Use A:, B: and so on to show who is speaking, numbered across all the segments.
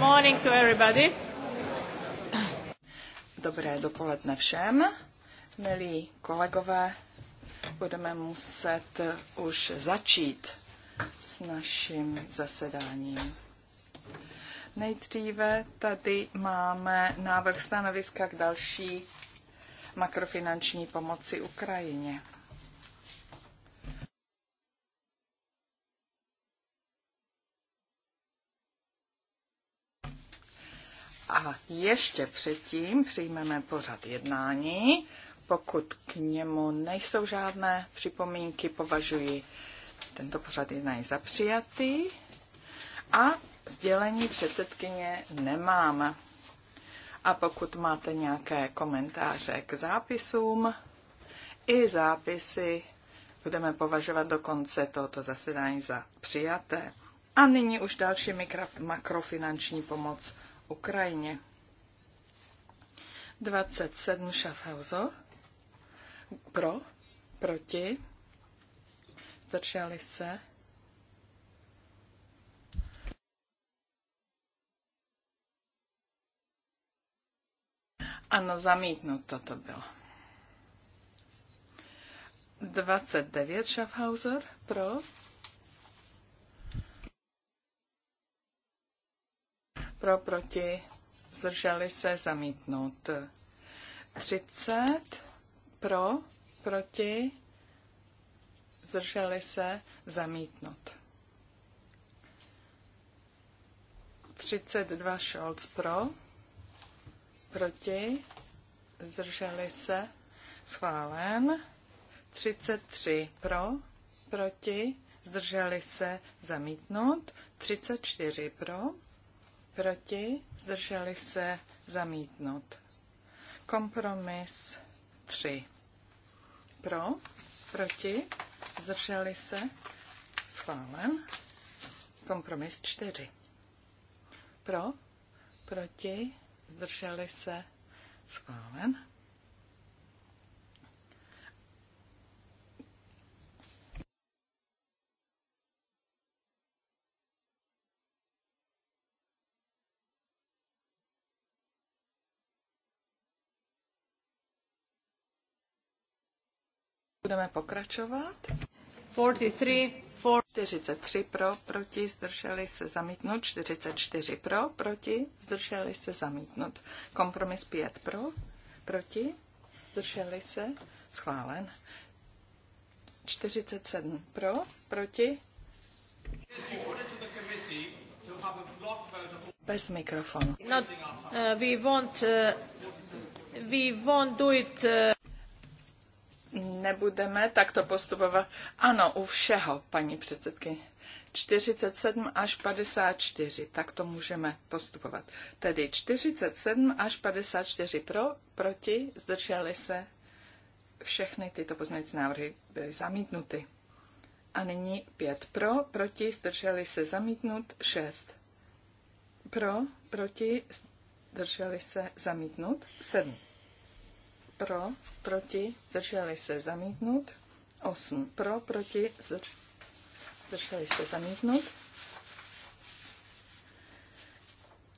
A: Morning to everybody. Dobré dopoledne všem. Milí kolegové, budeme muset už začít s naším zasedáním. Nejdříve tady máme návrh stanoviska k další makrofinanční pomoci Ukrajině. A ještě předtím přijmeme pořad jednání. Pokud k němu nejsou žádné připomínky, považuji tento pořad jednání za přijatý. A sdělení předsedkyně nemám. A pokud máte nějaké komentáře k zápisům, i zápisy budeme považovat do konce tohoto zasedání za přijaté. A nyní už další makrofinanční pomoc Ukrajině. 27 Schaffhauser pro, proti, zdrželi se. Ano, zamítnuto to bylo. 29 Schaffhauser pro, Pro, proti, zdrželi se, zamítnout. 30 pro, proti, zdrželi se, zamítnout. 32 Scholz pro, proti, zdrželi se, schválen. 33 pro, proti, zdrželi se, zamítnout. 34 pro, proti, zdrželi se zamítnout. Kompromis 3. Pro, proti, zdrželi se schválen. Kompromis 4. Pro, proti, zdrželi se schválen. Budeme pokračovat. 43, 43 pro, proti, zdrželi se zamítnout. 44 pro, proti, zdrželi se zamítnout. Kompromis 5 pro, proti, zdrželi se schválen. 47 pro, proti. Bez mikrofonu. Not, uh, we won't,
B: uh,
A: we won't do it, uh nebudeme takto postupovat. Ano, u všeho, paní předsedky. 47 až 54, tak to můžeme postupovat. Tedy 47 až 54 pro, proti, zdrželi se. Všechny tyto pozměňovací návrhy byly zamítnuty. A nyní 5 pro, proti, zdrželi se zamítnut, 6 pro, proti, zdrželi se zamítnut, 7 pro, proti, zdrželi se zamítnout. 8 pro, proti, zdrželi se zamítnout.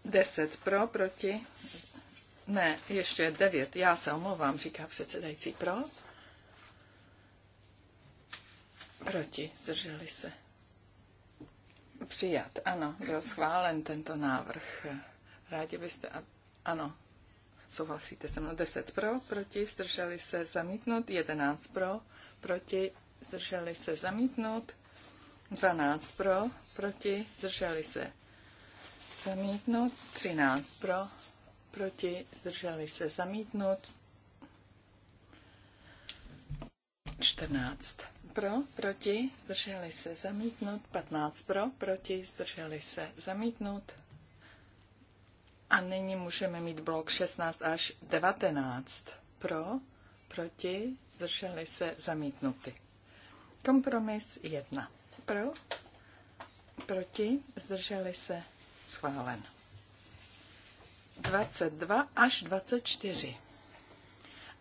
A: 10 pro, proti, ne, ještě 9, já se omlouvám, říká předsedající pro. Proti, zdrželi se. Přijat, ano, byl schválen tento návrh. Rádi byste, ano, Souhlasíte se mnou? 10 pro, proti, zdrželi se zamítnout. 11 pro, proti, zdrželi se zamítnout. 12 pro, proti, zdrželi se zamítnout. 13 pro, proti, zdrželi se zamítnout. 14 pro, proti, zdrželi se zamítnout, 15 pro, proti, zdrželi se zamítnout, a nyní můžeme mít blok 16 až 19. Pro, proti, zdrželi se zamítnuty. Kompromis 1. Pro, proti, zdrželi se schválen. 22 až 24.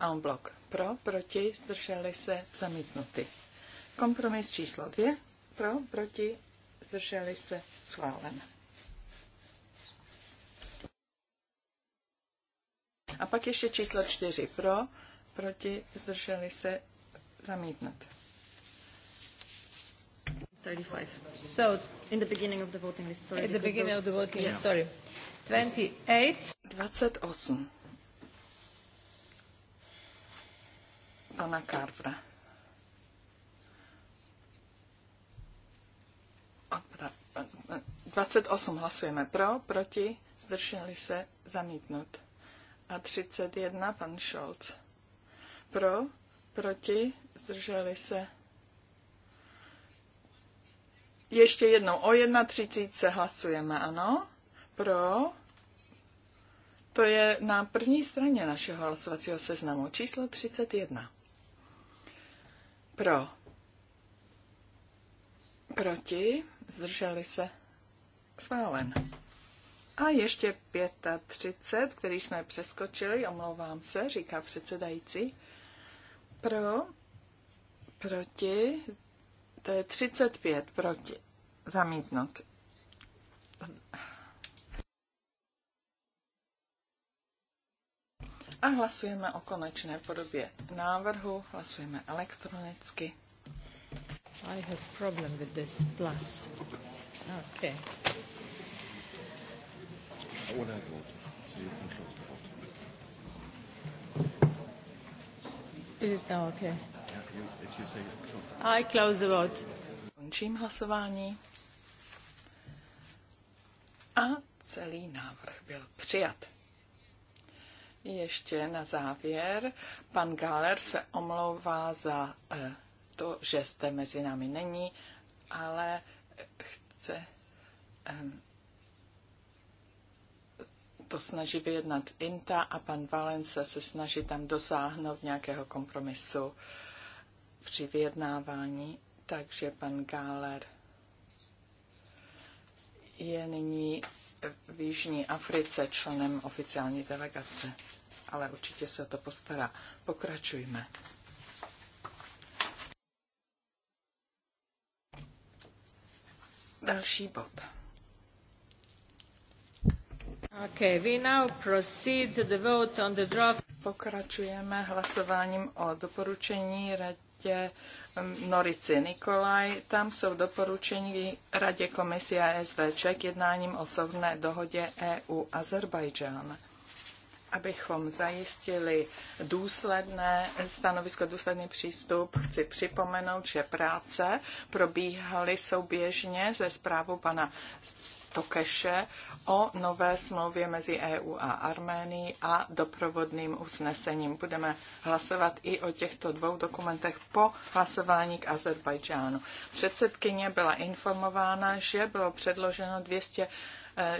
A: En blok pro, proti, zdrželi se zamítnuty. Kompromis číslo 2. Pro, proti, zdrželi se schválen. A pak ještě číslo čtyři pro, proti, zdrželi se, zamítnout.
C: 35. So, in the beginning of the voting list, sorry. At the beginning of the
A: voting list, sorry. 28. 28. Anna Carvera. Pra, 28 hlasujeme pro, proti, zdrželi se, zamítnout a 31 pan Scholz. Pro, proti, zdrželi se. Ještě jednou, o 1.30 se hlasujeme, ano? Pro. To je na první straně našeho hlasovacího seznamu, číslo 31. Pro. Proti, zdrželi se. Schválen. A ještě 35, který jsme přeskočili, omlouvám se, říká předsedající. Pro, proti, to je 35 proti, zamítnout. A hlasujeme o konečné podobě návrhu, hlasujeme elektronicky. I have problem with this plus. Okay.
D: I close the vote.
A: Končím hlasování. A celý návrh byl přijat. Ještě na závěr, pan Gáler se omlouvá za eh, to, že jste mezi námi není, ale chce eh, to snaží vyjednat INTA a pan Valence se snaží tam dosáhnout nějakého kompromisu při vyjednávání. Takže pan Gáler je nyní v Jižní Africe členem oficiální delegace, ale určitě se to postará. Pokračujme. Další bod. Okay, we now proceed the vote on the draft. Pokračujeme hlasováním o doporučení radě um, Norici Nikolaj. Tam jsou doporučení radě komisi a SVČ k jednáním o soudné dohodě EU Azerbajdžán abychom zajistili důsledné stanovisko, důsledný přístup, chci připomenout, že práce probíhaly souběžně ze zprávu pana Tokeše o nové smlouvě mezi EU a Arménií a doprovodným usnesením. Budeme hlasovat i o těchto dvou dokumentech po hlasování k Azerbajdžánu. Předsedkyně byla informována, že bylo předloženo 200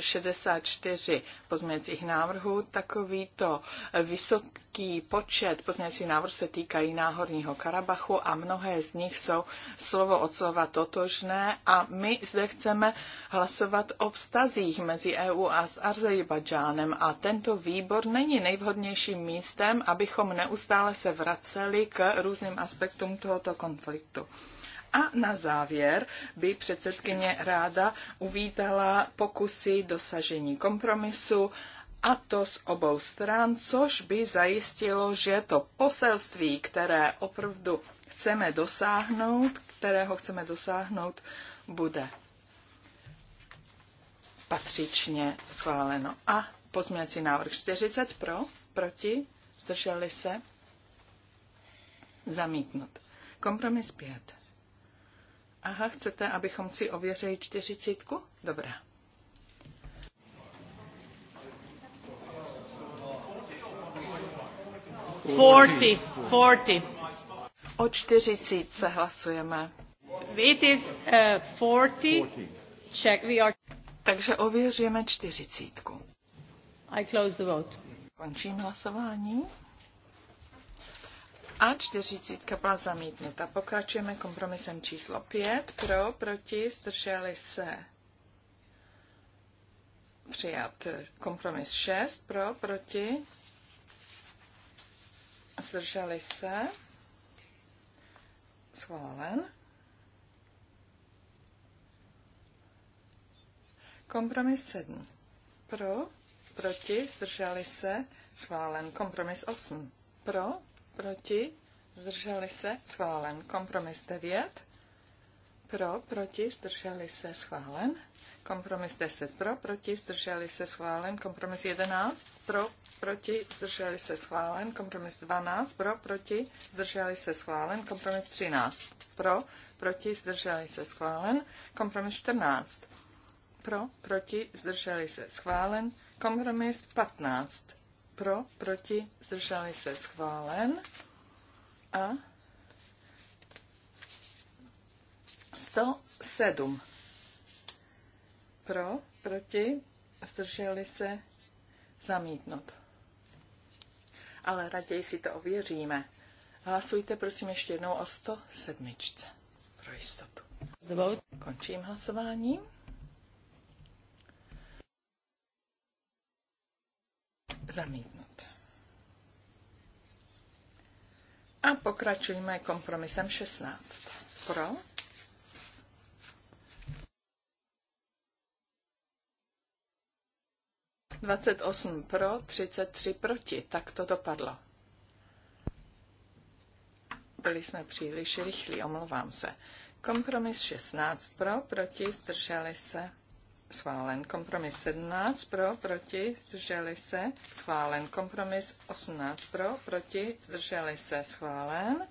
A: 64 pozměňovacích návrhů. Takovýto vysoký počet pozměňovacích návrhů se týkají Náhorního Karabachu a mnohé z nich jsou slovo od slova totožné a my zde chceme hlasovat o vztazích mezi EU a s Azerbajdžánem a tento výbor není nejvhodnějším místem, abychom neustále se vraceli k různým aspektům tohoto konfliktu. A na závěr by předsedkyně ráda uvítala pokusy dosažení kompromisu a to z obou stran, což by zajistilo, že to poselství, které opravdu chceme dosáhnout, kterého chceme dosáhnout, bude patřičně schváleno. A pozměňovací návrh 40 pro, proti, zdrželi se, zamítnut. Kompromis 5 Aha, chcete, abychom si ověřili čtyřicítku? Dobrá. Forty, forty. O čtyřicítce hlasujeme. It is uh, 40. Check, we are... Takže ověřujeme čtyřicítku. I close the vote. Končím hlasování. A 40 byla zamítnuta. Pokračujeme kompromisem číslo 5. Pro, proti, zdrželi se. Přijat kompromis 6. Pro, proti, zdrželi se. Schválen. Kompromis 7. Pro, proti, zdrželi se. Schválen. Kompromis 8. Pro, proti, zdrželi se, schválen. Kompromis 9, pro, proti, zdrželi se, schválen. Kompromis 10, pro, proti, zdrželi se, schválen. Kompromis 11, pro, proti, zdrželi se, schválen. Kompromis 12, pro, proti, zdrželi se, schválen. Kompromis 13, pro, proti, zdrželi se, schválen. Kompromis 14, pro, proti, zdrželi se, schválen. Kompromis 15, pro, proti, zdrželi se schválen. A 107 pro, proti, zdrželi se zamítnout. Ale raději si to ověříme. Hlasujte prosím ještě jednou o 107. Pro jistotu. Končím hlasováním. Zamítnut. A pokračujeme kompromisem 16. Pro. Dvacet osm pro, třicet tři proti. Tak to dopadlo. Byli jsme příliš rychlí, omlouvám se. Kompromis 16 pro, proti, zdrželi se schválen. Kompromis 17 pro, proti, zdrželi se, schválen. Kompromis 18 pro, proti, zdrželi se, schválen.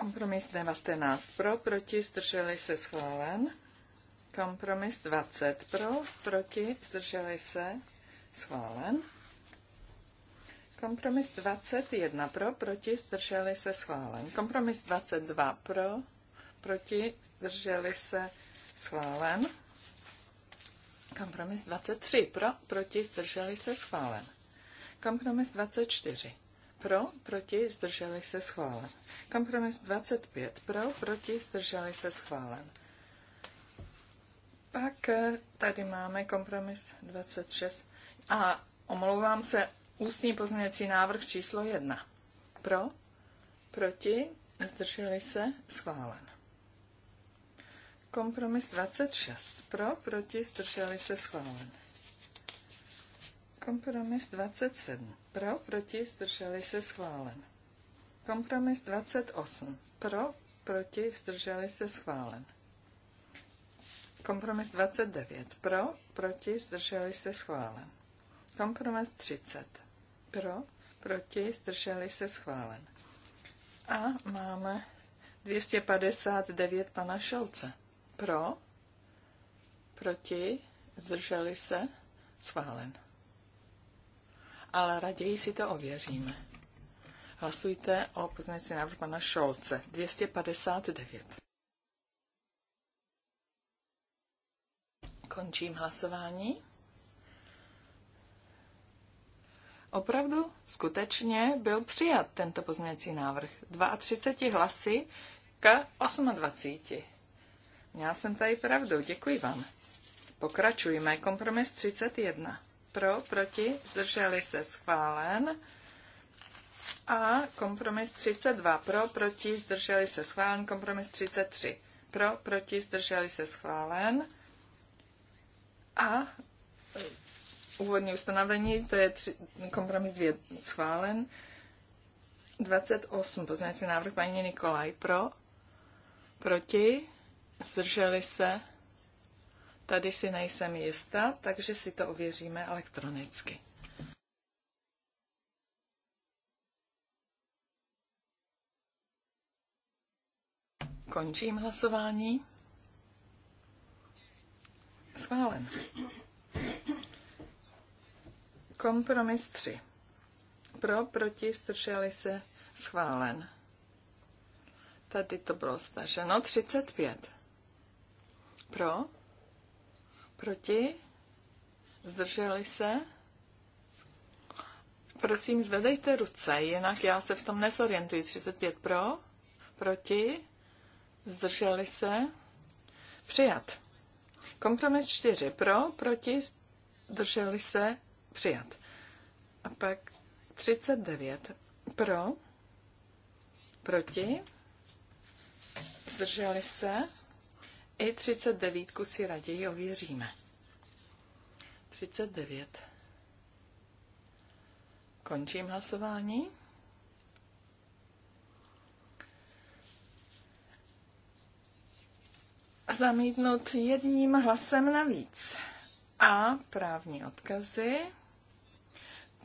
A: Kompromis 19 pro, proti, zdrželi se, schválen. Kompromis 20 pro, proti, zdrželi se, schválen. Kompromis 21 pro, proti, zdrželi se, schválen. Kompromis 22 pro, proti, zdrželi se, schválen. Kompromis 23 pro, proti, zdrželi se, schválen. Kompromis 24 pro, proti, zdrželi se, schválen. Kompromis 25 pro, proti, zdrželi se, schválen. Pak eh, tady máme kompromis 26 a omlouvám se, ústní pozměňovací návrh číslo 1. Pro, proti, zdrželi se, schválen. Kompromis 26. Pro, proti, zdrželi se schválen. Kompromis 27. Pro, proti, zdrželi se schválen. Kompromis 28. Pro, proti, zdrželi se schválen. Kompromis 29. Pro, proti, zdrželi se schválen. Kompromis 30. Pro, proti, zdrželi se schválen. A máme 259 pana Šolce. Pro, proti, zdrželi se, schválen. Ale raději si to ověříme. Hlasujte o poznací návrh pana Šolce 259. Končím hlasování. Opravdu, skutečně byl přijat tento pozměňovací návrh 32 hlasy k 28. Já jsem tady pravdu, děkuji vám. Pokračujme. Kompromis 31. Pro, proti, zdrželi se schválen. A kompromis 32. Pro, proti, zdrželi se schválen. Kompromis 33. Pro, proti, zdrželi se schválen. A úvodní ustanovení, to je tři, kompromis 2 schválen. 28. si návrh paní Nikolaj. Pro, proti, zdrželi se, tady si nejsem jistá, takže si to ověříme elektronicky. Končím hlasování. Schválen. Kompromis 3. Pro, proti, zdrželi se, schválen. Tady to bylo staženo. 35. Pro? Proti? Zdrželi se? Prosím, zvedejte ruce, jinak já se v tom nesorientuji. 35 pro, proti, zdrželi se, přijat. Kompromis 4 pro, proti, zdrželi se, přijat. A pak 39 pro, proti, zdrželi se, i 39 si raději ověříme. 39. Končím hlasování. Zamítnout jedním hlasem navíc. A právní odkazy.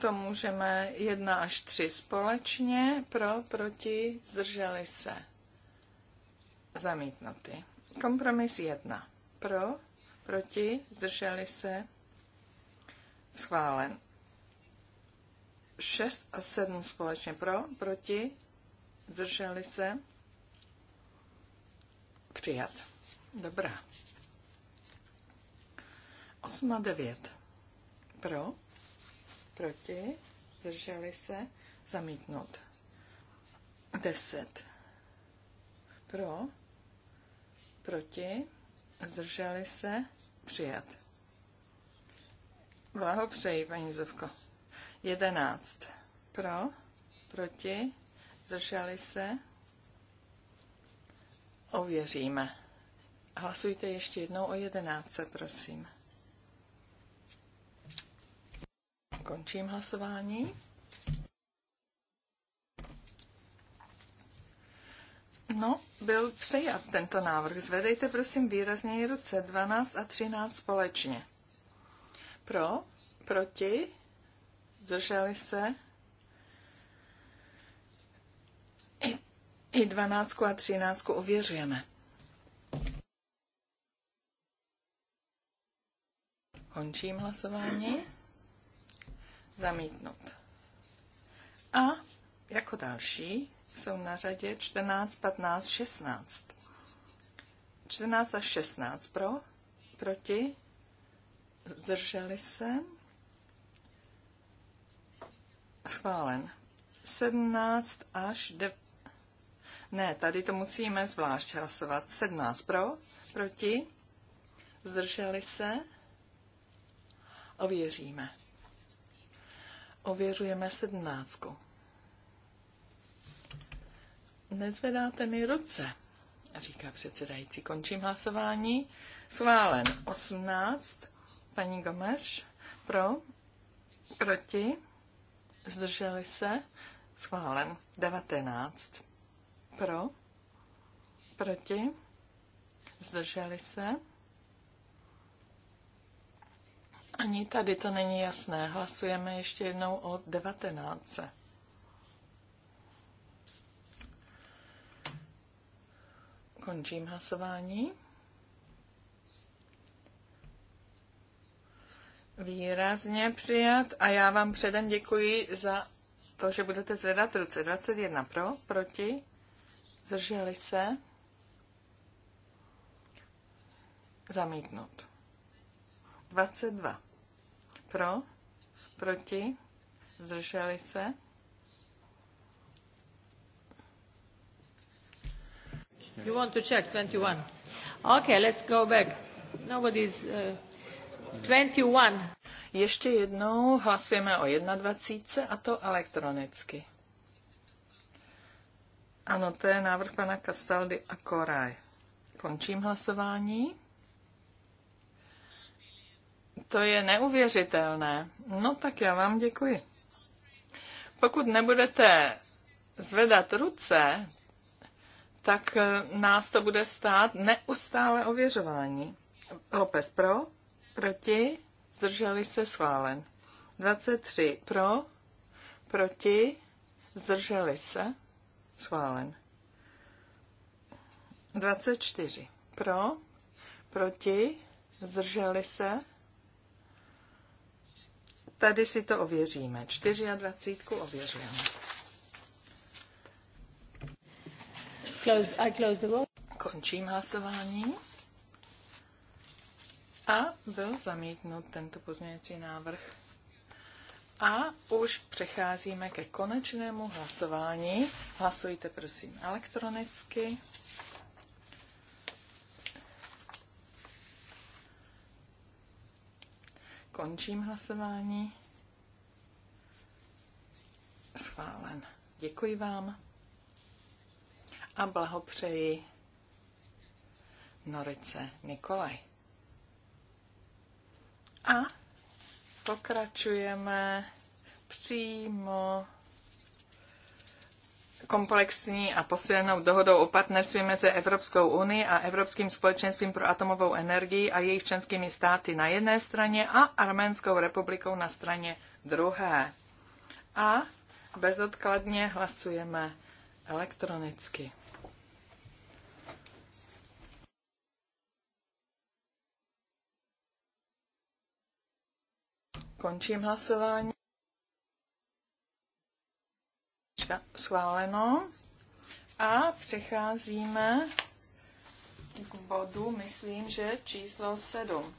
A: To můžeme jedna až tři společně. Pro, proti, zdrželi se. Zamítnuty. Kompromis jedna. Pro, proti, zdrželi se, schválen. 6 a 7 společně pro, proti, zdrželi se, přijat. Dobrá. 8 a 9. Pro, proti, zdrželi se, zamítnout. 10. Pro, Proti? Zdrželi se? Přijat. Blahopřeji, paní Zovko. Jedenáct. Pro? Proti? Zdrželi se? Ověříme. Hlasujte ještě jednou o jedenáctce, prosím. Končím hlasování. No, byl přijat tento návrh. Zvedejte prosím výrazněji ruce 12 a 13 společně. Pro, proti, zdrželi se. I, i 12 a 13 ověřujeme. Končím hlasování. Zamítnout. A jako další jsou na řadě 14, 15, 16. 14 a 16 pro, proti, zdrželi se, schválen. 17 až de... Ne, tady to musíme zvlášť hlasovat. 17 pro, proti, zdrželi se, ověříme. Ověřujeme sedmnáctku. Nezvedáte mi ruce, říká předsedající. Končím hlasování. Schválen 18. Paní Gomeš, pro, proti, zdrželi se. Schválen 19. Pro, proti, zdrželi se. Ani tady to není jasné. Hlasujeme ještě jednou o 19. Končím hlasování. Výrazně přijat a já vám předem děkuji za to, že budete zvedat ruce. 21 pro, proti, zrželi se, zamítnout. 22 pro, proti, zrželi se,
D: You want to check 21? Okay, let's go back.
A: Nobody's... Uh, 21. Ještě jednou hlasujeme o 21 a to elektronicky. Ano, to je návrh pana Castaldi a Koraj. Končím hlasování. To je neuvěřitelné. No tak já vám děkuji. Pokud nebudete zvedat ruce, tak eh, nás to bude stát neustále ověřování. Lopez pro, proti, zdrželi se schválen. 23 pro, proti, zdrželi se, schválen. 24 pro, proti, zdrželi se. Tady si to ověříme. 24 ověřujeme. Closed, I closed the vote. Končím hlasování. A byl zamítnut tento pozměňovací návrh. A už přecházíme ke konečnému hlasování. Hlasujte prosím elektronicky. Končím hlasování. Schválen. Děkuji vám a blahopřeji Norice Nikolaj. A pokračujeme přímo komplexní a posílenou dohodou o partnerství mezi Evropskou unii a Evropským společenstvím pro atomovou energii a jejich členskými státy na jedné straně a Arménskou republikou na straně druhé. A bezodkladně hlasujeme elektronicky. Končím hlasování. Schváleno. A přecházíme k bodu, myslím, že číslo 7.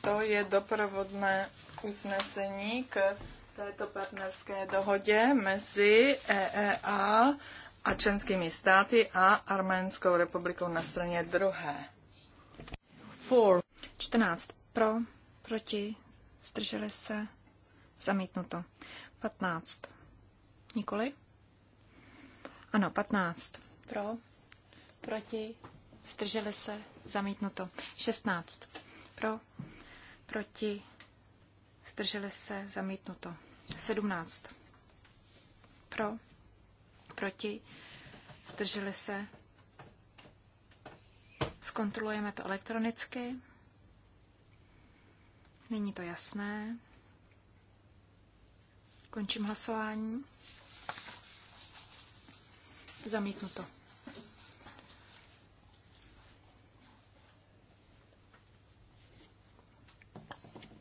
A: To je doprovodné usnesení k této partnerské dohodě mezi EEA a členskými státy a Arménskou republikou na straně druhé. 4. 14 pro, Proti? Zdrželi se?
E: Zamítnuto. 15. Nikoli? Ano, 15. Pro? Proti? Zdrželi se? Zamítnuto. 16. Pro? Proti? Zdrželi se? Zamítnuto. 17. Pro? Proti? Zdrželi se? Zkontrolujeme to elektronicky. Není to jasné. Končím hlasování. Zamítnu to.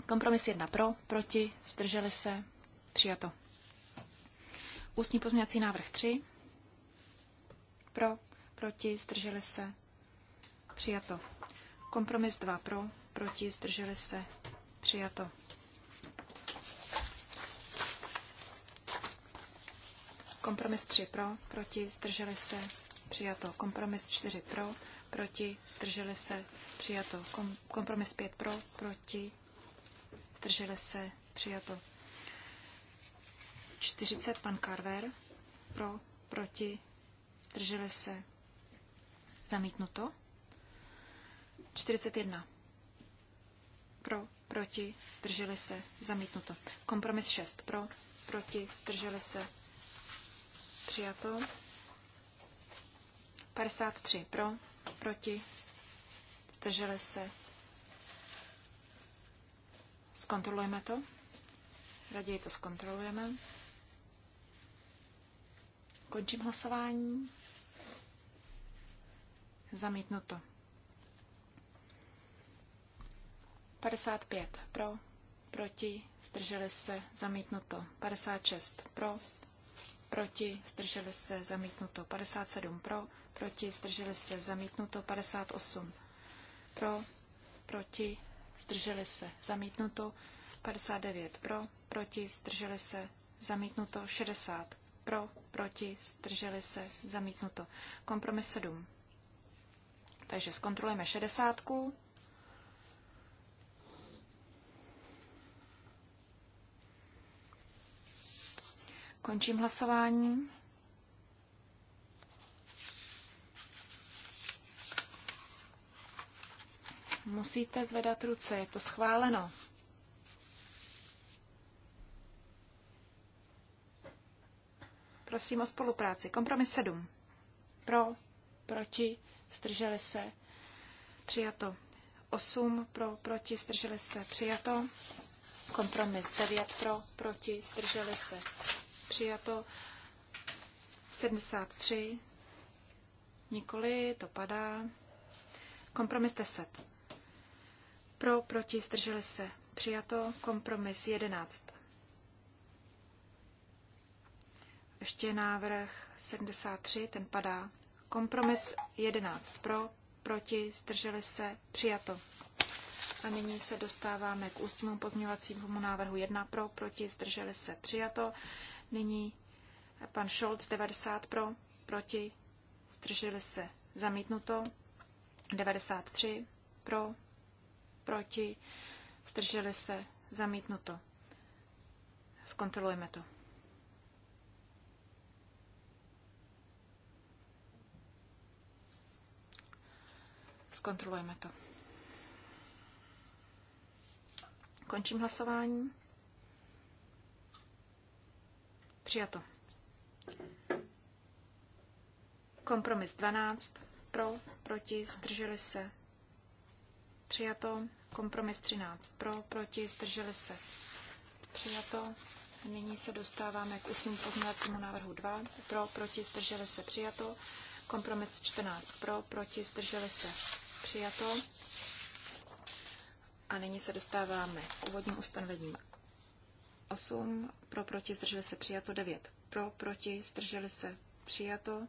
E: Kompromis jedna pro, proti, zdrželi se, přijato. Ústní pozměňovací návrh 3. Pro, proti, zdrželi se, přijato. Kompromis 2 pro, proti, zdrželi se, Přijato. Kompromis 3 pro, proti, zdrželi se, přijato. Kompromis 4 pro, proti, zdrželi se, přijato. Kom- kompromis 5 pro, proti, zdrželi se, přijato. 40 pan Carver, pro, proti, zdrželi se, zamítnuto. 41 pro, proti, zdrželi se, zamítnuto. Kompromis 6 pro, proti, zdrželi se, přijato. 53 pro, proti, zdrželi se. Zkontrolujeme to. Raději to zkontrolujeme. Končím hlasování. Zamítnuto. 55 pro, proti, zdrželi se, zamítnuto. 56 pro, proti, zdrželi se, zamítnuto. 57 pro, proti, zdrželi se, zamítnuto. 58 pro, proti, zdrželi se, zamítnuto. 59 pro, proti, zdrželi se, zamítnuto. 60 pro, proti, zdrželi se, zamítnuto. Kompromis 7. Takže zkontrolujeme 60. Končím hlasování. Musíte zvedat ruce, je to schváleno. Prosím o spolupráci. Kompromis 7. Pro, proti, strželi se, přijato. 8 pro, proti, strželi se, přijato. Kompromis 9 pro, proti, strželi se, přijato 73, nikoli, to padá. Kompromis 10. Pro, proti, zdrželi se, přijato. Kompromis 11. Ještě návrh 73, ten padá. Kompromis 11. Pro, proti, zdrželi se, přijato. A nyní se dostáváme k ústnímu pozměňovacímu návrhu 1 pro, proti, zdrželi se, přijato. Nyní pan Scholz 90 pro, proti, zdrželi se zamítnuto. 93 pro, proti, zdrželi se zamítnuto. Zkontrolujeme to. Zkontrolujeme to. Končím hlasování. Přijato. Kompromis 12. Pro, proti, zdrželi se. Přijato. Kompromis 13. Pro, proti, zdrželi se. Přijato. Nyní se dostáváme k ústnímu pozměňovacímu návrhu 2. Pro, proti, zdrželi se. Přijato. Kompromis 14. Pro, proti, zdrželi se. Přijato. A nyní se dostáváme k úvodním ustanovením 8, pro, proti, zdrželi se přijato 9, pro, proti, zdrželi se přijato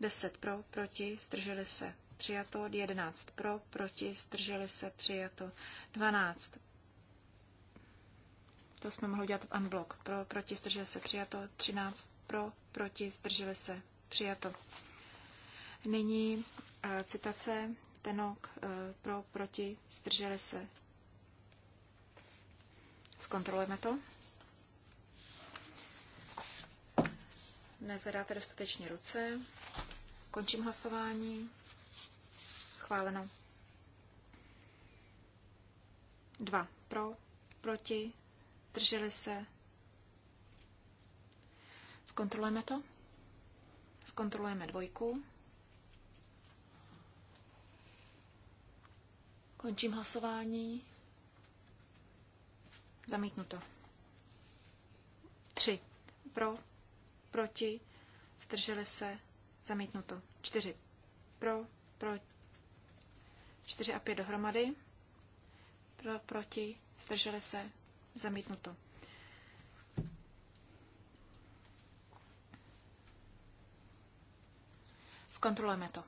E: 10, pro, proti, zdrželi se přijato 11, pro, proti, zdrželi se přijato 12. To jsme mohli dělat v unblock. Pro, proti, zdrželi se přijato 13, pro, proti, zdrželi se přijato. Nyní eh, citace Tenok eh, pro, proti, zdrželi se Zkontrolujeme to. Nezvedáte dostatečně ruce. Končím hlasování. Schváleno. Dva pro, proti, drželi se. Zkontrolujeme to. Zkontrolujeme dvojku. Končím hlasování. Zamítnuto. 3. Pro, proti, zdrželi se, zamítnuto. 4. Pro, pro, 4 a 5 dohromady. Pro, proti, zdrželi se, zamítnuto. Zkontrolujeme to.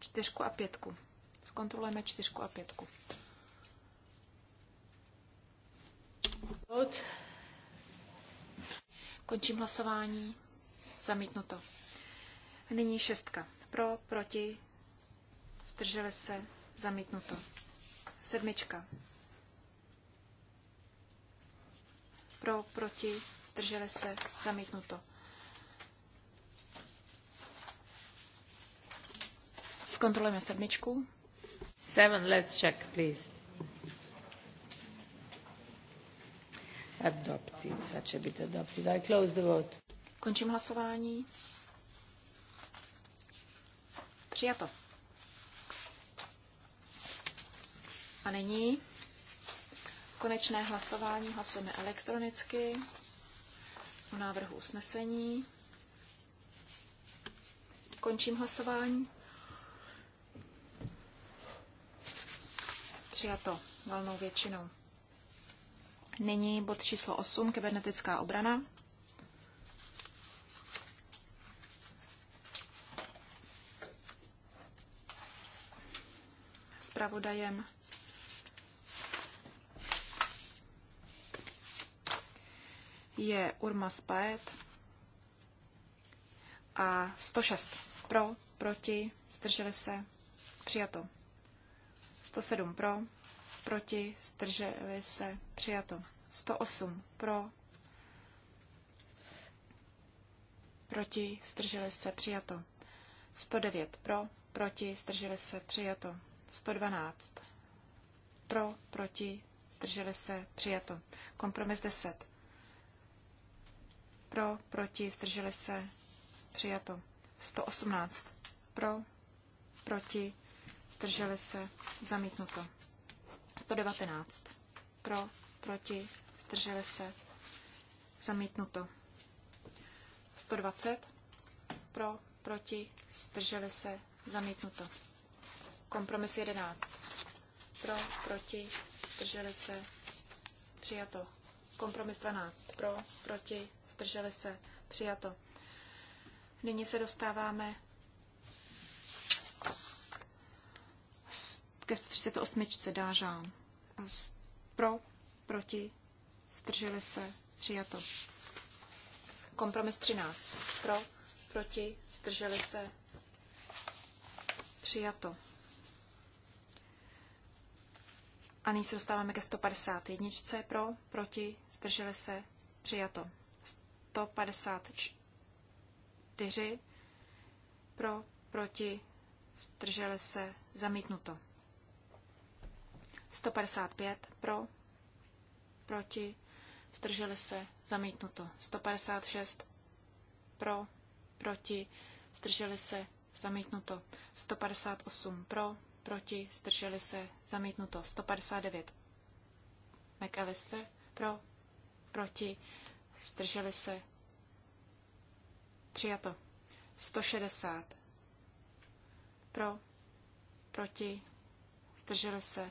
E: Čtyřku a pětku. Zkontrolujeme čtyřku a pětku. Vote. Končím hlasování. Zamítnuto. Nyní šestka. Pro, proti, zdrželi se, zamítnuto. Sedmička. Pro, proti, zdrželi se, zamítnuto. Zkontrolujeme sedmičku.
D: Seven, let's check, please. Adopted, such a bit adopted. I close the vote. Končím hlasování. Přijato.
E: A nyní konečné hlasování hlasujeme elektronicky o návrhu usnesení. Končím hlasování. Přijato valnou většinou. Nyní bod číslo 8, kybernetická obrana. Spravodajem je Urma Spajet a 106 pro, proti, zdrželi se, přijato. 107 pro, proti, zdrželi se, přijato. 108 pro, proti, zdrželi se, přijato. 109 pro, proti, zdrželi se, přijato. 112 pro, proti, zdrželi se, přijato. Kompromis 10 pro, proti, zdrželi se, přijato. 118 pro, proti, zdrželi se, zamítnuto. 119. Pro, proti, zdrželi se, zamítnuto. 120. Pro, proti, zdrželi se, zamítnuto. Kompromis 11. Pro, proti, zdrželi se, přijato. Kompromis 12. Pro, proti, zdrželi se, přijato. Nyní se dostáváme ke 138. dážám. Pro, proti, strželi se, přijato. Kompromis 13. Pro, proti, strželi se, přijato. A nyní se dostáváme ke 151. Pro, proti, strželi se, přijato. 154. Pro, proti, strželi se, zamítnuto. 155 pro, proti, zdrželi se, zamítnuto. 156 pro, proti, zdrželi se, zamítnuto. 158 pro, proti, zdrželi se, zamítnuto. 159 McAllister pro, proti, zdrželi se, přijato. 160 pro, proti, zdrželi se,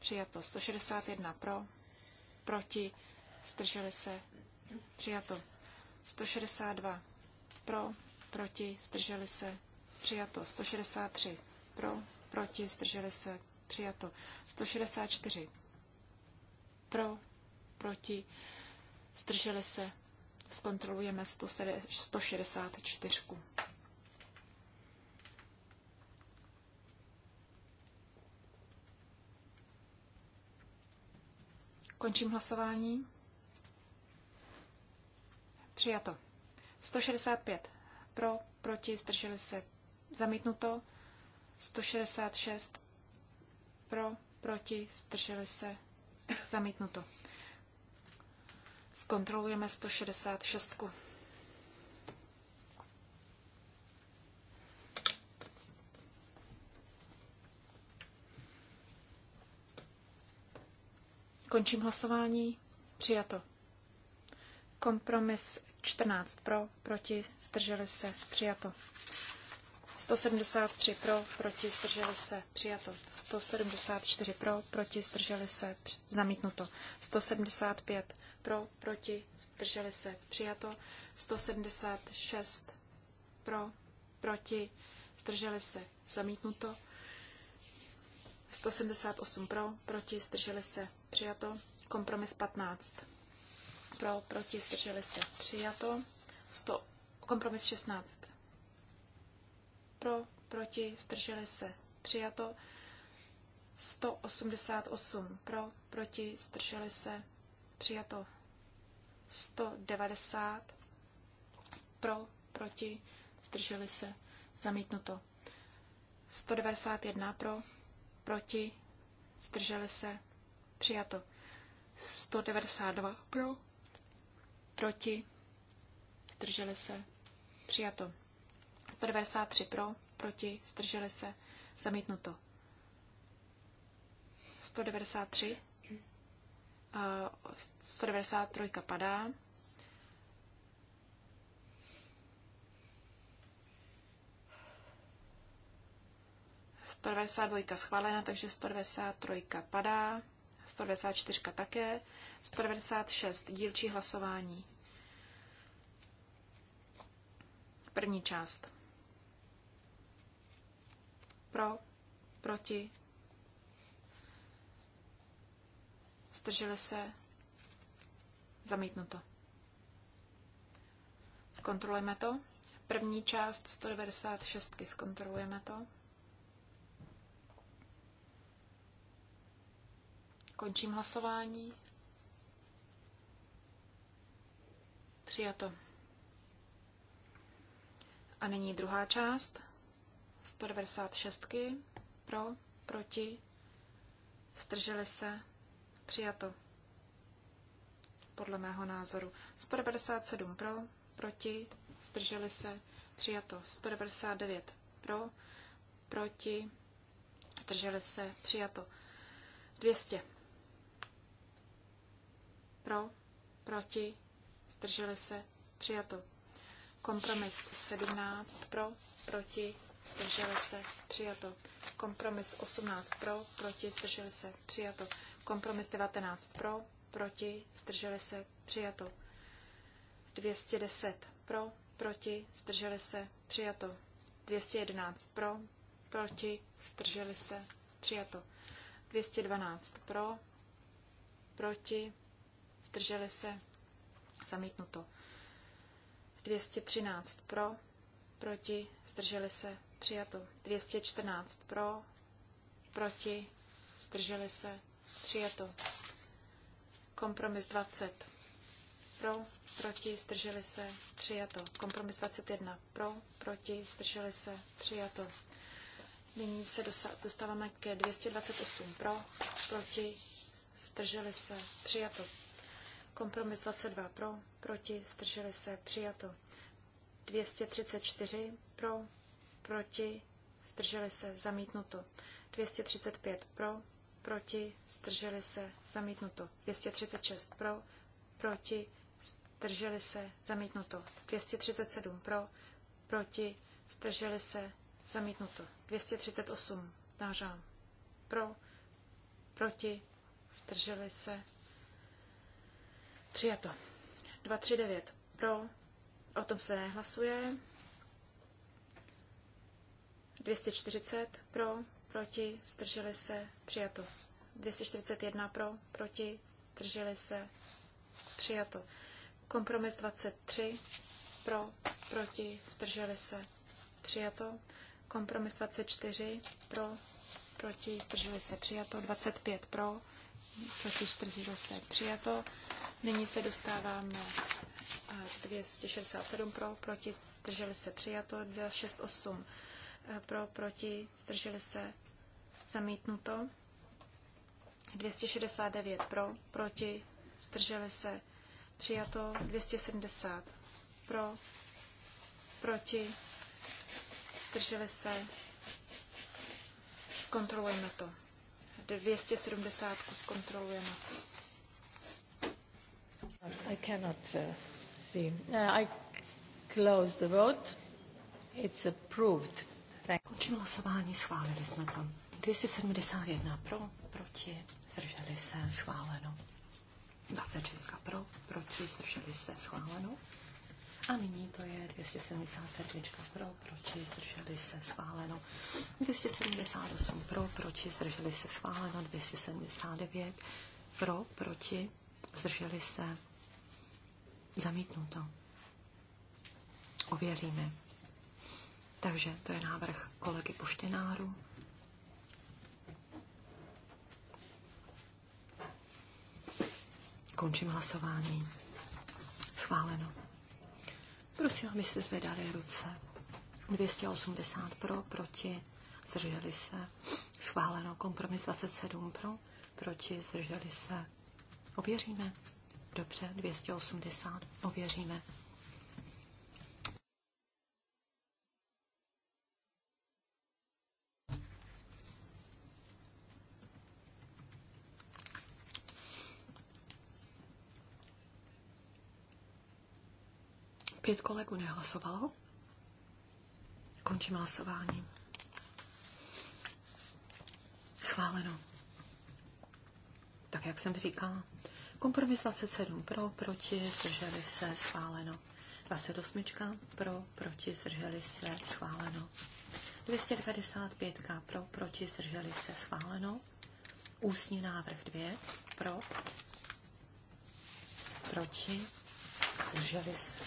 E: přijato. 161 pro, proti, strželi se, přijato. 162 pro, proti, strželi se, přijato. 163 pro, proti, strželi se, přijato. 164 pro, proti, strželi se, zkontrolujeme 164. Končím hlasování. Přijato. 165 pro, proti, zdrželi se. Zamítnuto. 166 pro, proti, zdrželi se. Zamítnuto. Zkontrolujeme 166. Končím hlasování. Přijato. Kompromis 14 pro, proti, zdrželi se, přijato. 173 pro, proti, zdrželi se, přijato. 174 pro, proti, zdrželi se, zamítnuto. 175 pro, proti, zdrželi se, přijato. 176 pro, proti, zdrželi se, zamítnuto. 178 pro, proti, zdrželi se, přijato. Kompromis 15 pro, proti, zdrželi se, přijato. 100, kompromis 16 pro, proti, zdrželi se, přijato. 188 pro, proti, zdrželi se, přijato. 190 pro, proti, zdrželi se, zamítnuto. 191 pro, proti, zdrželi se, přijato. 192 pro, proti, zdrželi se, přijato. 193 pro, proti, zdrželi se, zamítnuto. 193, 193 eh, padá, 192 schválena, takže 193 padá, 194 také, 196 dílčí hlasování. První část. Pro, proti, zdrželi se, zamítnuto. Zkontrolujeme to. První část 196 zkontrolujeme to. Končím hlasování. Přijato. A nyní druhá část. 196. Pro, proti, strželi se, přijato. Podle mého názoru. 197 pro, proti, strželi se, přijato. 199 pro, proti, strželi se, přijato. 200 pro, proti, zdrželi se, přijato. Kompromis 17 pro, proti, zdrželi se, přijato. Kompromis 18 pro, proti, zdrželi se, přijato. Kompromis 19 pro, proti, zdrželi se, přijato. 210 pro, proti, zdrželi se, přijato. 211 pro, proti, zdrželi se, přijato. 212 pro, proti, zdrželi se, zamítnuto. 213 pro, proti, zdrželi se, přijato. 214 pro, proti, zdrželi se, přijato. Kompromis 20 pro, proti, zdrželi se, přijato. Kompromis 21 pro, proti, zdrželi se, přijato. Nyní se dostáváme ke 228 pro, proti, zdrželi se, přijato. Kompromis 22 pro, proti, zdrželi se, přijato. 234 pro, proti, zdrželi se, zamítnuto. 235 pro, proti, zdrželi se, zamítnuto. 236 pro, proti, zdrželi se, zamítnuto. 237 pro, proti, zdrželi se, zamítnuto. 238 nářám pro, proti, zdrželi se, Přijato. 239 pro, o tom se nehlasuje. 240 pro, proti, zdrželi se, přijato. 241 pro, proti, zdrželi se, přijato. Kompromis 23 pro, proti, zdrželi se, přijato. Kompromis 24 pro, proti, zdrželi se, přijato. 25 pro, proti, zdrželi se, přijato. Nyní se dostáváme 267 eh, pro, proti, zdrželi se přijato, 268 eh, pro, proti, zdrželi se zamítnuto, 269 pro, proti, zdrželi se přijato, 270 pro, proti, zdrželi se, zkontrolujeme to. 270 zkontrolujeme.
D: I cannot uh, see. Uh, I close the vote.
C: It's approved. Thank Končím hlasování, schválili jsme to. 271 pro, proti, zdrželi se, schváleno. 26 pro, proti, zdrželi se, schváleno. A nyní to je 277 pro, proti, zdrželi se, schváleno. 278 pro, proti, zdrželi se, schváleno. 279 pro, proti, zdrželi se, Zamítnuto. Ověříme. Takže to je návrh kolegy Poštěnáru. Končím hlasování. Schváleno. Prosím, abyste zvedali ruce. 280 pro, proti, zdrželi se. Schváleno. Kompromis 27 pro, proti, zdrželi se. Ověříme. Dobře, 280. Ověříme. Pět kolegů nehlasovalo. Končím hlasování. Schváleno. Tak, jak jsem říkala. Kompromis 27 pro, proti, zdrželi se, schváleno. 28 pro, proti, zdrželi se, schváleno. 295 pro, proti, zdrželi se, schváleno. Ústní návrh 2 pro, proti, zdrželi se,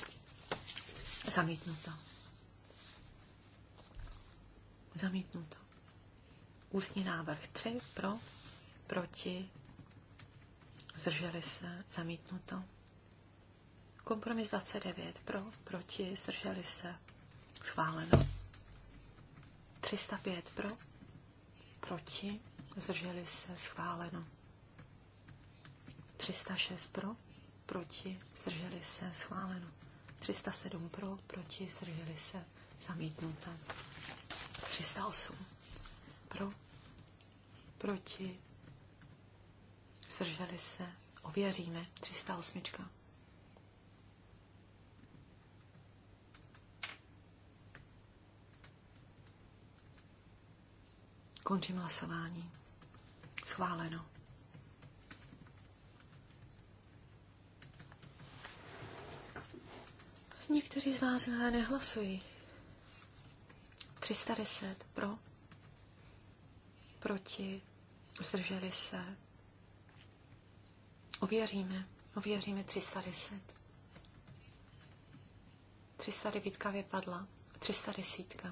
C: zamítnuto. Zamítnuto. Ústní návrh 3 pro, proti, zdrželi se, zamítnuto. Kompromis 29 pro, proti, zdrželi se, schváleno. 305 pro, proti, zdrželi se, schváleno. 306 pro, proti, zdrželi se, schváleno. 307 pro, proti, zdrželi se, zamítnuto. 308 pro, proti, zdrželi se, ověříme, 308. Končím hlasování. Schváleno. Někteří z vás ne, nehlasují. 310 pro, proti, zdrželi se, Ověříme. Ověříme 310. 309 vypadla. 310.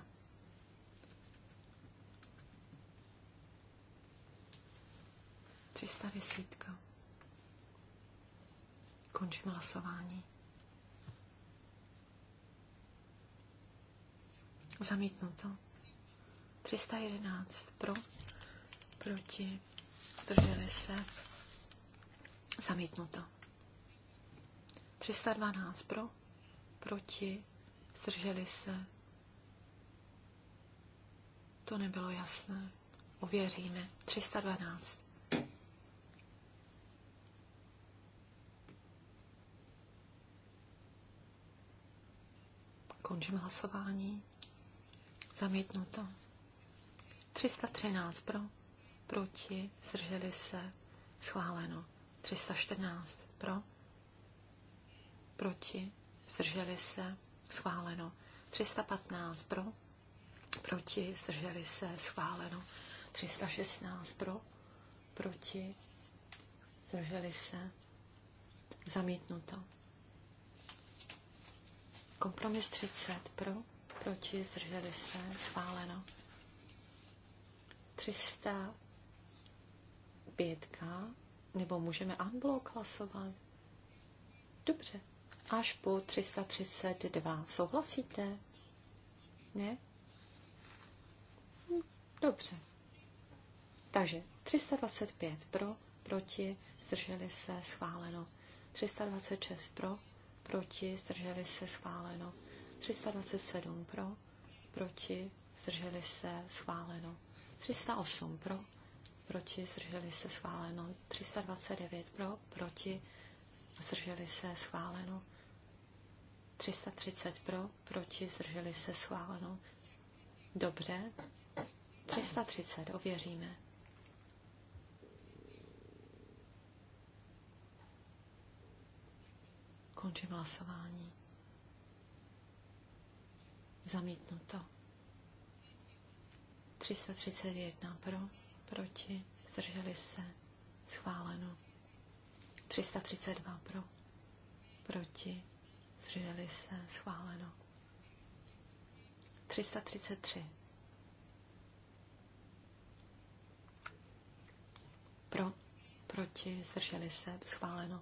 C: Třista desítka. Končím hlasování. Zamítnuto. 311 pro, proti, zdrželi se. Zamítnuto. 312 pro, proti, zdrželi se. To nebylo jasné. Ověříme. 312. Končím hlasování. Zamítnuto. 313 pro, proti, zdrželi se, schváleno. 314 pro, proti, zdrželi se, schváleno. 315 pro, proti, zdrželi se, schváleno. 316 pro, proti, zdrželi se, zamítnuto. Kompromis 30 pro, proti, zdrželi se, schváleno. 305 nebo můžeme unblock hlasovat? Dobře. Až po 332. Souhlasíte? Ne? Hm, dobře. Takže 325 pro, proti, zdrželi se, schváleno. 326 pro, proti, zdrželi se, schváleno. 327 pro, proti, zdrželi se, schváleno. 308 pro, proti, zdrželi se schváleno. 329 pro, proti, zdrželi se schváleno. 330 pro, proti, zdrželi se schváleno. Dobře. 330, ověříme. Končím hlasování. Zamítnuto. 331 pro proti, zdrželi se, schváleno. 332 pro, proti, zdrželi se, schváleno. 333 pro, proti, zdrželi se, schváleno.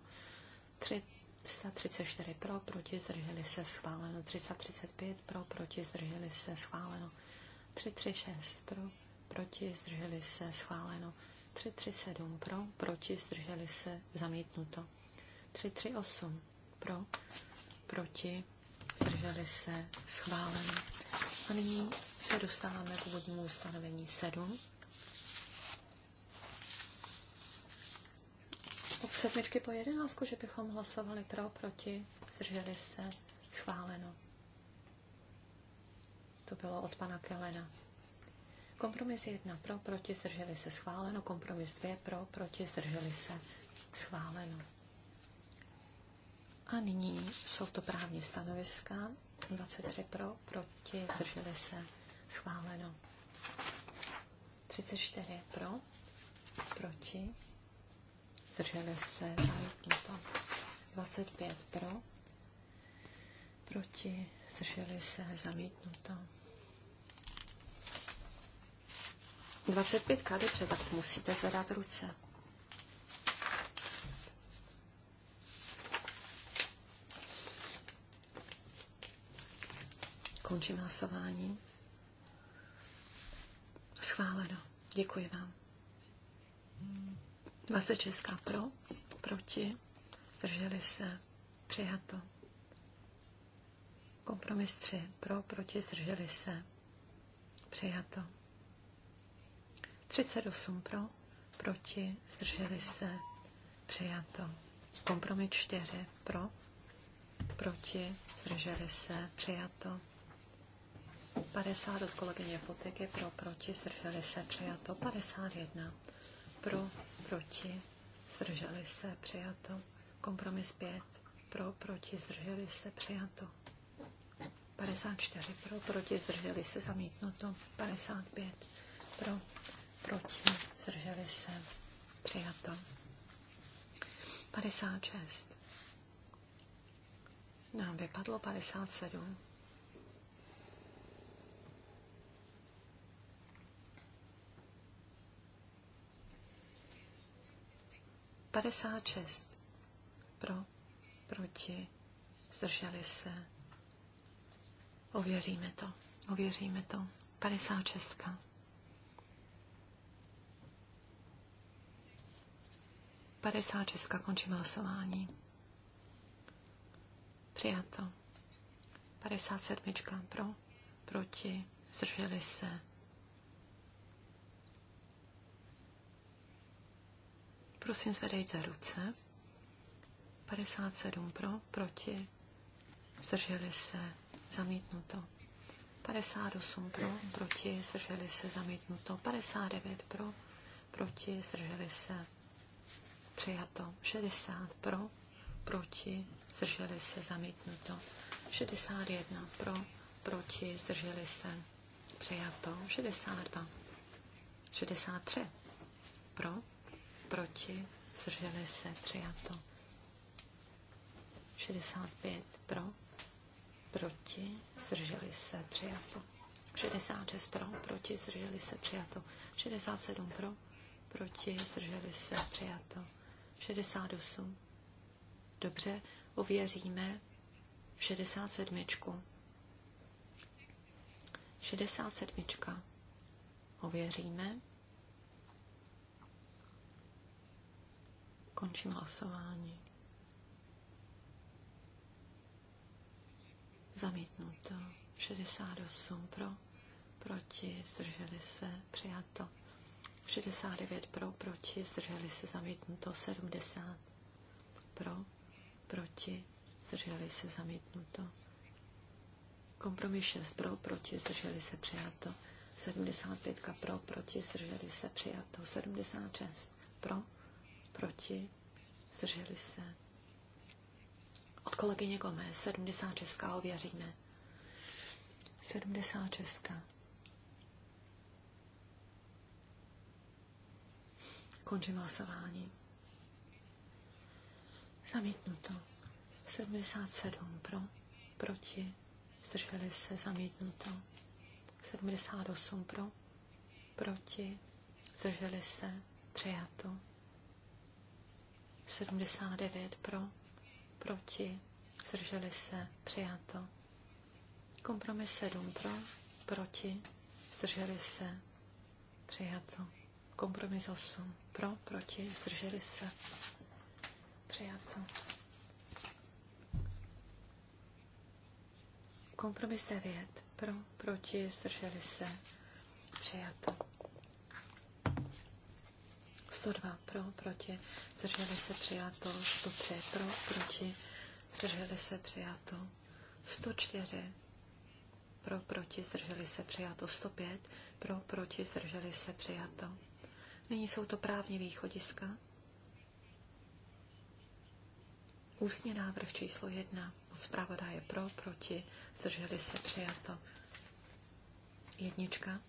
C: 334 pro, proti, zdrželi se, schváleno. 335 pro, proti, zdrželi se, schváleno. 336 pro, proti, zdrželi se, schváleno. 337 pro, proti, zdrželi se, zamítnuto. 338 pro, proti, zdrželi se, schváleno. A nyní se dostáváme k úvodnímu ustanovení 7. Od sedmičky po jedenáctku, že bychom hlasovali pro, proti, zdrželi se, schváleno. To bylo od pana Kelena. Kompromis 1 pro, proti, zdrželi se schváleno. Kompromis 2 pro, proti, zdrželi se schváleno. A nyní jsou to právní stanoviska. 23 pro, proti, zdrželi se schváleno. 34 pro, proti, zdrželi se zamítnuto. 25 pro, proti, zdrželi se zamítnuto. 25 dobře, tak musíte zvedat ruce. Končím hlasování. Schváleno. Děkuji vám. 26 pro, proti, zdrželi se, přijato. Kompromis 3 pro, proti, zdrželi se, přijato. 38 pro, proti, zdrželi se, přijato. Kompromis 4 pro, proti, zdrželi se, přijato. 50 od kolegyně Poteky pro, proti, zdrželi se, přijato. 51 pro, proti, zdrželi se, přijato. Kompromis 5 pro, proti, zdrželi se, přijato. 54 pro, proti, zdrželi se, zamítnuto. 55 pro, proti, zdrželi se, přijato. 56. Nám vypadlo 57. Padesát šest. Pro, proti, zdrželi se. Ověříme to, ověříme to. Padesát šestka. 56. Končím hlasování. Přijato. 57. Pro. Proti. Zdrželi se. Prosím, zvedejte ruce. 57 pro, proti. Zdrželi se. Zamítnuto. 58 pro, proti. Zdrželi se. Zamítnuto. 59 pro, proti. Zdrželi se přijato. 60 pro, proti, zdrželi se, zamítnuto. 61 pro, proti, zdrželi se, přijato. 62, 63 pro, proti, zdrželi se, přijato. 65 pro, proti, zdrželi se, přijato. 66 pro, proti, zdrželi se, přijato. 67 pro, proti, zdrželi se, přijato. 68. Dobře, ověříme 67. 67. Ověříme. Končím hlasování. Zamítnuto. 68 pro, proti, zdrželi se, přijato. 69 pro, proti, zdrželi se zamítnuto, 70 pro, proti, zdrželi se zamítnuto. Kompromis 6 pro, proti, zdrželi se přijato, 75 pro, proti, zdrželi se přijato, 76 pro, proti, zdrželi se. Od kolegyně Gomez, 76 ověříme. 76. Končím hlasování. Zamítnuto. 77 pro, proti, zdrželi se, zamítnuto. 78 pro, proti, zdrželi se, přijato. 79 pro, proti, zdrželi se, přijato. Kompromis 7 pro, proti, zdrželi se, přijato. Kompromis 8. Pro, proti, zdrželi se. Přijato. Kompromis 9. Pro, proti, zdrželi se. Přijato. 102 pro, proti, zdrželi se přijato, 103 pro, proti, zdrželi se přijato, 104 pro, proti, zdrželi se přijato, 105 pro, proti, zdrželi se přijato, Nyní jsou to právní východiska. Ústně návrh číslo jedna. Zprávoda je pro, proti, zdrželi se, přijato. Jednička.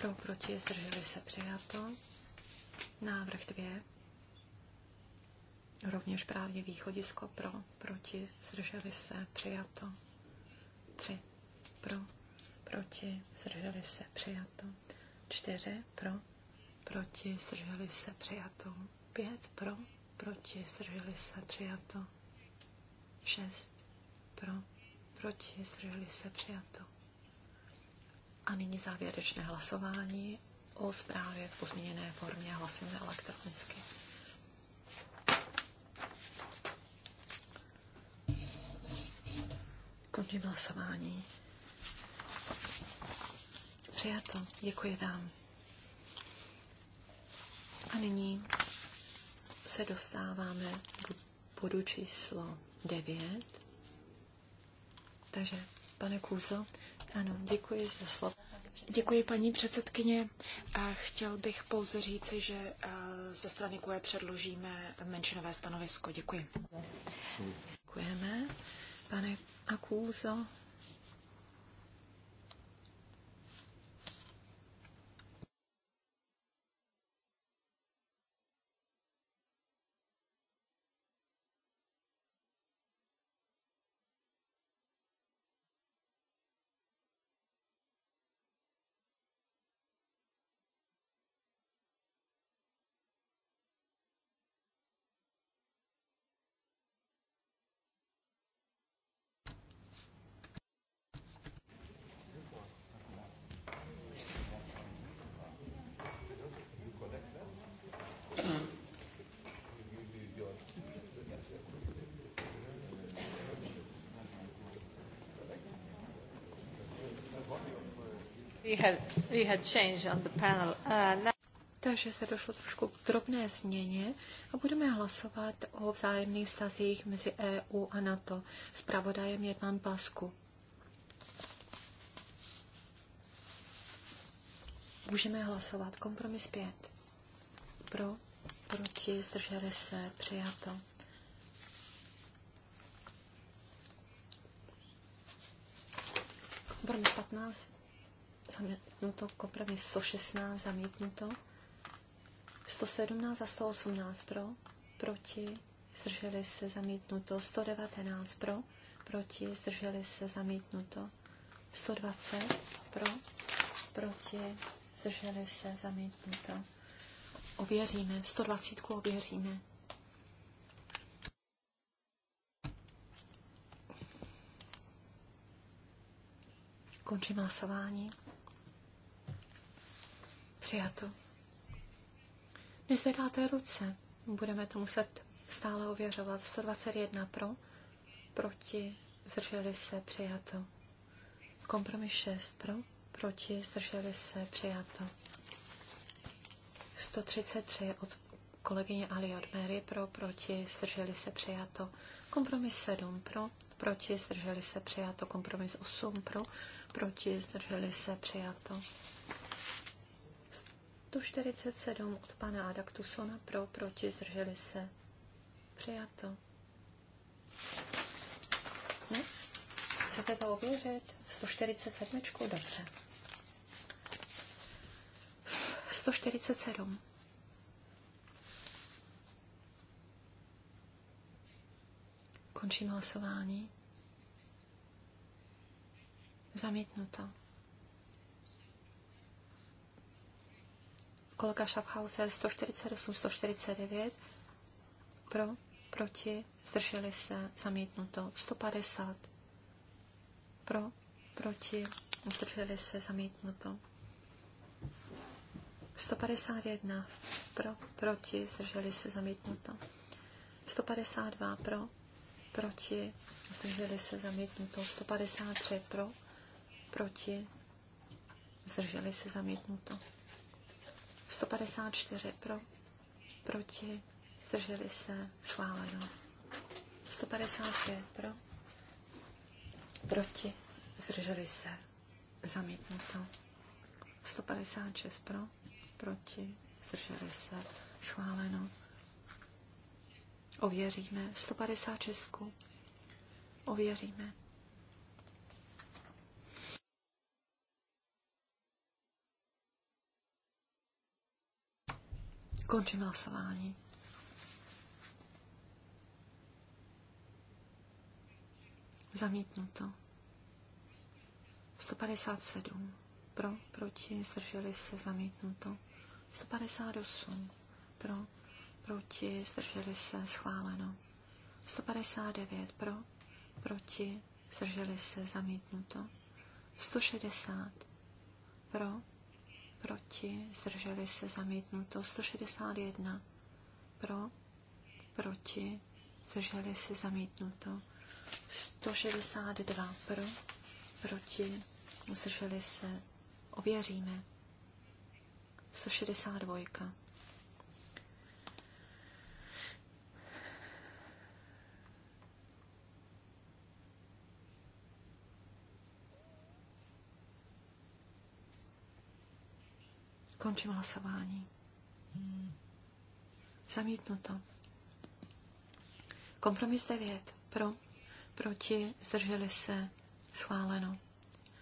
C: Pro, proti, zdrželi se, přijato. Návrh dvě. Rovněž právně východisko pro, proti, zdrželi se, přijato. Tři. Pro, proti, zdrželi se, přijato. čtyři pro, proti, zdrželi se, přijato. pět pro, proti, zdrželi se, přijato. šest pro, proti, zdrželi se, přijato. A nyní závěrečné hlasování o zprávě v pozměněné formě. Hlasujeme elektronicky. Končím hlasování. Přijato. Děkuji vám. A nyní se dostáváme k bodu číslo 9. Takže, pane Kůzo, ano, děkuji za slovo. Děkuji, paní předsedkyně.
E: A chtěl bych pouze říci, že ze strany KUE předložíme menšinové stanovisko. Děkuji.
C: Děkujeme. Pane
D: Akůzo, Uh,
C: Takže se došlo trošku k drobné změně a budeme hlasovat o vzájemných vztazích mezi EU a NATO. Spravodajem je pan Pasku. Můžeme hlasovat. Kompromis 5. Pro, proti, zdrželi se, přijato. Kompromis 15 zamítnuto, kompromis 116 zamítnuto, 117 a 118 pro, proti, zdrželi se zamítnuto, 119 pro, proti, zdrželi se zamítnuto, 120 pro, proti, zdrželi se zamítnuto. Ověříme, 120 ověříme. Končím hlasování. Přijato. Nezvedáte ruce, budeme to muset stále ověřovat. 121 pro, proti, zdrželi se, přijato. Kompromis 6 pro, proti, zdrželi se, přijato. 133 od kolegyně Ali od Mary pro, proti, zdrželi se, přijato. Kompromis 7 pro, proti, zdrželi se, přijato. Kompromis 8 pro, proti, zdrželi se, přijato. 147 od pana Adaktusona pro, proti, zdrželi se. Přijato. Ne? Chcete to ověřit? 147, dobře. 147. Končím hlasování. Zamítnuto. kolega Schaffhauser 148, 149 pro, proti, zdrželi se, zamítnuto 150 pro, proti, zdrželi se, zamítnuto 151 pro, proti, zdrželi se, zamítnuto 152 pro, proti, zdrželi se, zamítnuto 153 pro, proti, zdrželi se, zamítnuto 154 pro, proti, zdrželi se, schváleno. 155 pro, proti, zdrželi se, zamítnuto. 156 pro, proti, zdrželi se, schváleno. Ověříme 156. Ověříme. Končím hlasování. Zamítnuto. 157. Pro, proti, zdrželi se, zamítnuto. 158. Pro, proti, zdrželi se, schváleno. 159. Pro, proti, zdrželi se, zamítnuto. 160. Pro, proti, zdrželi se zamítnuto 161 pro, proti, zdrželi se zamítnuto 162 pro, proti, zdrželi se, ověříme 162. Končím hlasování. Zamítnuto. Kompromis 9. Pro, proti, zdrželi se, schváleno.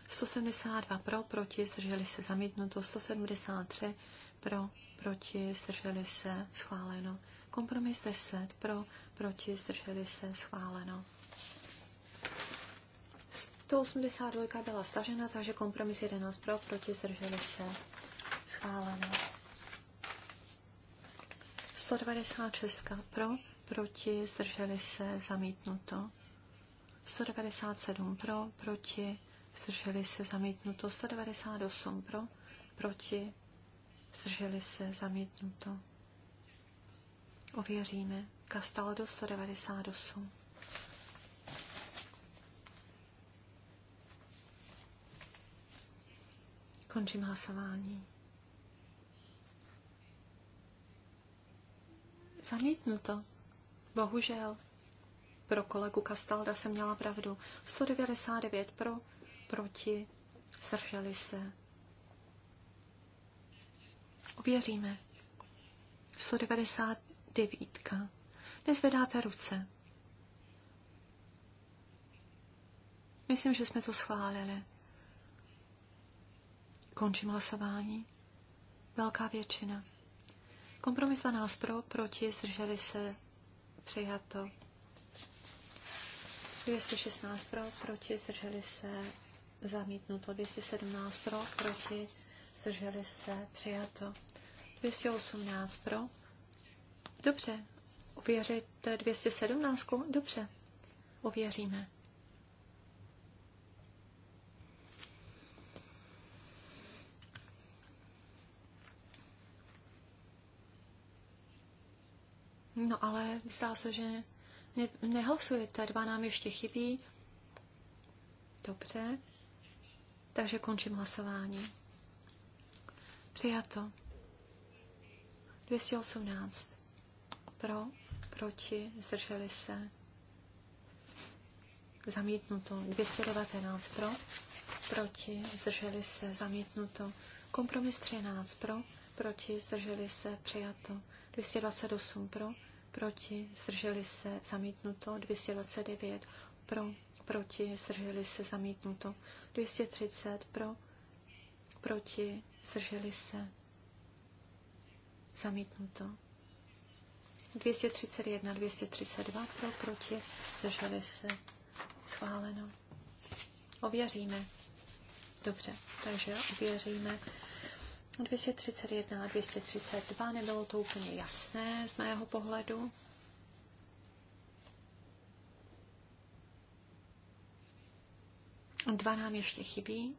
C: 172 pro, proti, zdrželi se, zamítnuto. 173 pro, proti, zdrželi se, schváleno. Kompromis 10 pro, proti, zdrželi se, schváleno. 182 byla stažena, takže kompromis 11 pro, proti, zdrželi se, Schváleno. 196 pro, proti, zdrželi se, zamítnuto. 197 pro, proti, zdrželi se, zamítnuto. 198 pro, proti, zdrželi se, zamítnuto. Ověříme. Castaldo 198. Končím hlasování. Zamítnuto. Bohužel. Pro kolegu Kastalda se měla pravdu. 199 pro, proti, zdrželi se. Uvěříme? 199. Nezvedáte ruce. Myslím, že jsme to schválili. Končím hlasování. Velká většina. Kompromis nás pro, proti, zdrželi se, přijato. 216 pro, proti, zdrželi se, zamítnuto. 217 pro, proti, zdrželi se, přijato. 218 pro. Dobře. Uvěřit 217? Dobře. Uvěříme. No ale zdá se, že ne, nehlasujete. Dva nám ještě chybí. Dobře. Takže končím hlasování. Přijato. 218. Pro, proti, zdrželi se. Zamítnuto. 219 pro, proti, zdrželi se. Zamítnuto. Kompromis 13 pro, proti, zdrželi se. Přijato. 228 pro, proti, zdrželi se, zamítnuto, 229 pro, proti, zdrželi se, zamítnuto, 230 pro, proti, zdrželi se, zamítnuto. 231, 232 pro, proti, zdrželi se, schváleno. Ověříme. Dobře, takže ověříme 231 a 232, nebylo to úplně jasné z mého pohledu. Dva nám ještě chybí.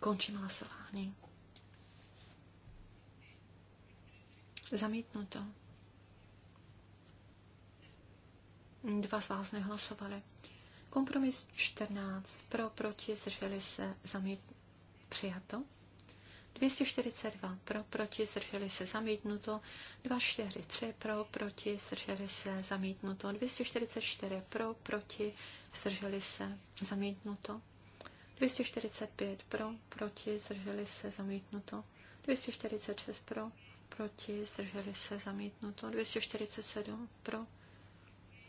C: Končím hlasování. Zamítnu to. Dva z vás nehlasovali. Kompromis 14. Pro, proti, zdrželi se, zamít, přijato. 242 pro, proti, zdrželi se zamítnuto, 243 pro, proti, zdrželi se zamítnuto, 244 pro, proti, zdrželi se zamítnuto, 245 pro, proti, zdrželi se zamítnuto, 246 pro, proti, zdrželi se zamítnuto, 247 pro,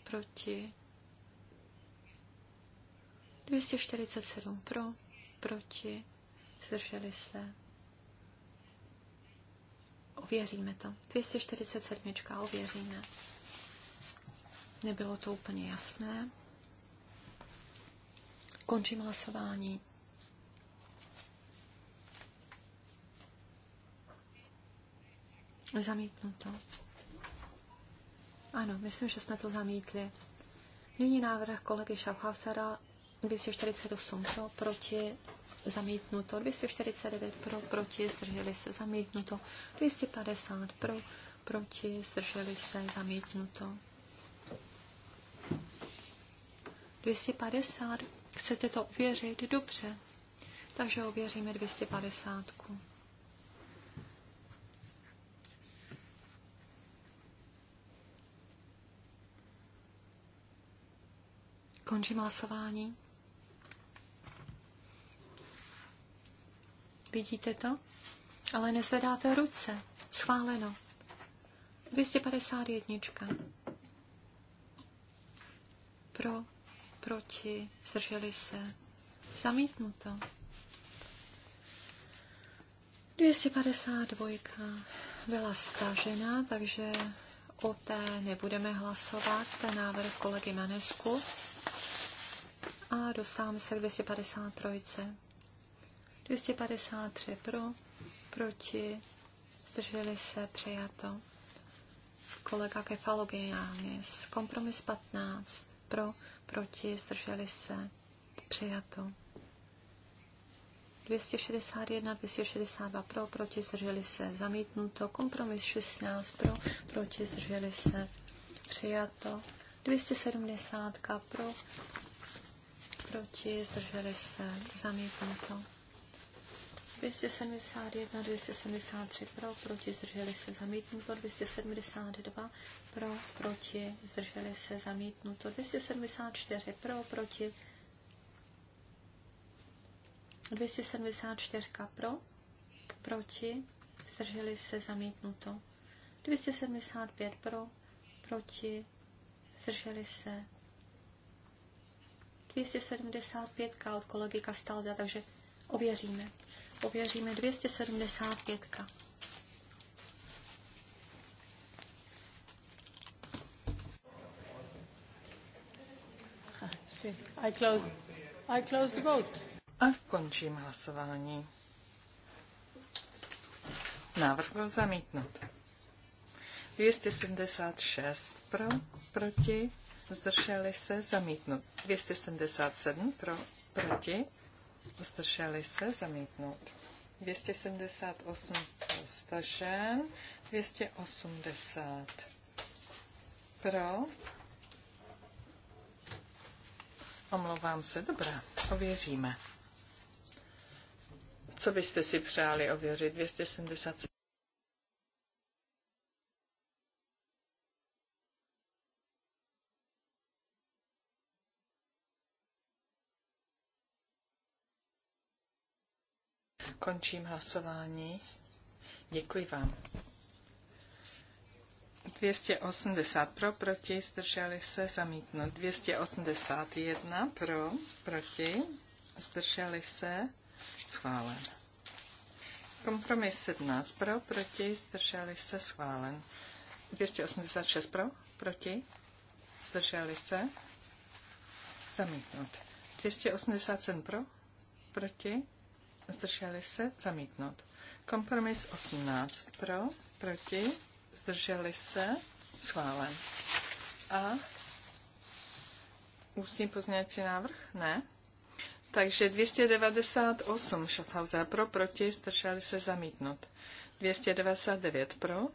C: proti, 247 pro, proti, zdrželi se Ověříme to. 247. Ověříme. Nebylo to úplně jasné. Končím hlasování. Zamítnuto. Ano, myslím, že jsme to zamítli. Nyní návrh kolegy Schaffhausera 248 pro, proti, zamítnuto, 249 pro, proti, zdrželi se, zamítnuto, 250 pro, proti, zdrželi se, zamítnuto. 250, chcete to ověřit? Dobře. Takže ověříme 250. Končím hlasování. Vidíte to? Ale nezvedáte ruce. Schváleno. 251. Pro, proti, zdrželi se. Zamítnuto. 252 byla stažena, takže o té nebudeme hlasovat, ten návrh kolegy Manesku. A dostáváme se k 253. 253 pro, proti, zdrželi se, přijato. Kolega Kefalogianis, kompromis 15, pro, proti, zdrželi se, přijato. 261, 262 pro, proti, zdrželi se, zamítnuto. Kompromis 16 pro, proti, zdrželi se, přijato. 270 pro, proti, zdrželi se, zamítnuto. 271, 273 pro, proti zdrželi se zamítnuto, 272 pro, proti zdrželi se zamítnuto, 274 pro, proti 274 pro, proti zdrželi se zamítnuto, 275 pro, proti zdrželi se 275 od kolegy Kastalda, takže ověříme. Pověříme 275.
A: Ah, I close, I close the vote. A končím hlasování. Návrh byl zamítnut. 276 pro, proti, zdrželi se, zamítnut. 277 pro, proti, zdrželi se, zamítnout. 278 stažen, 280 pro. Omlouvám se, dobrá, ověříme. Co byste si přáli ověřit? 270. Končím hlasování. Děkuji vám. 280 pro, proti, zdrželi se, zamítnout. 281 pro, proti, zdrželi se, schválen. Kompromis 17 pro, proti, zdrželi se, schválen. 286 pro, proti, zdrželi se, zamítnout. 287 pro, proti, zdrželi se, zamítnout. Kompromis 18 pro, proti, zdrželi se, schválen. A ústní pozměňovací návrh? Ne. Takže 298 Schaffhauser pro, proti, zdrželi se, zamítnout. 299 pro,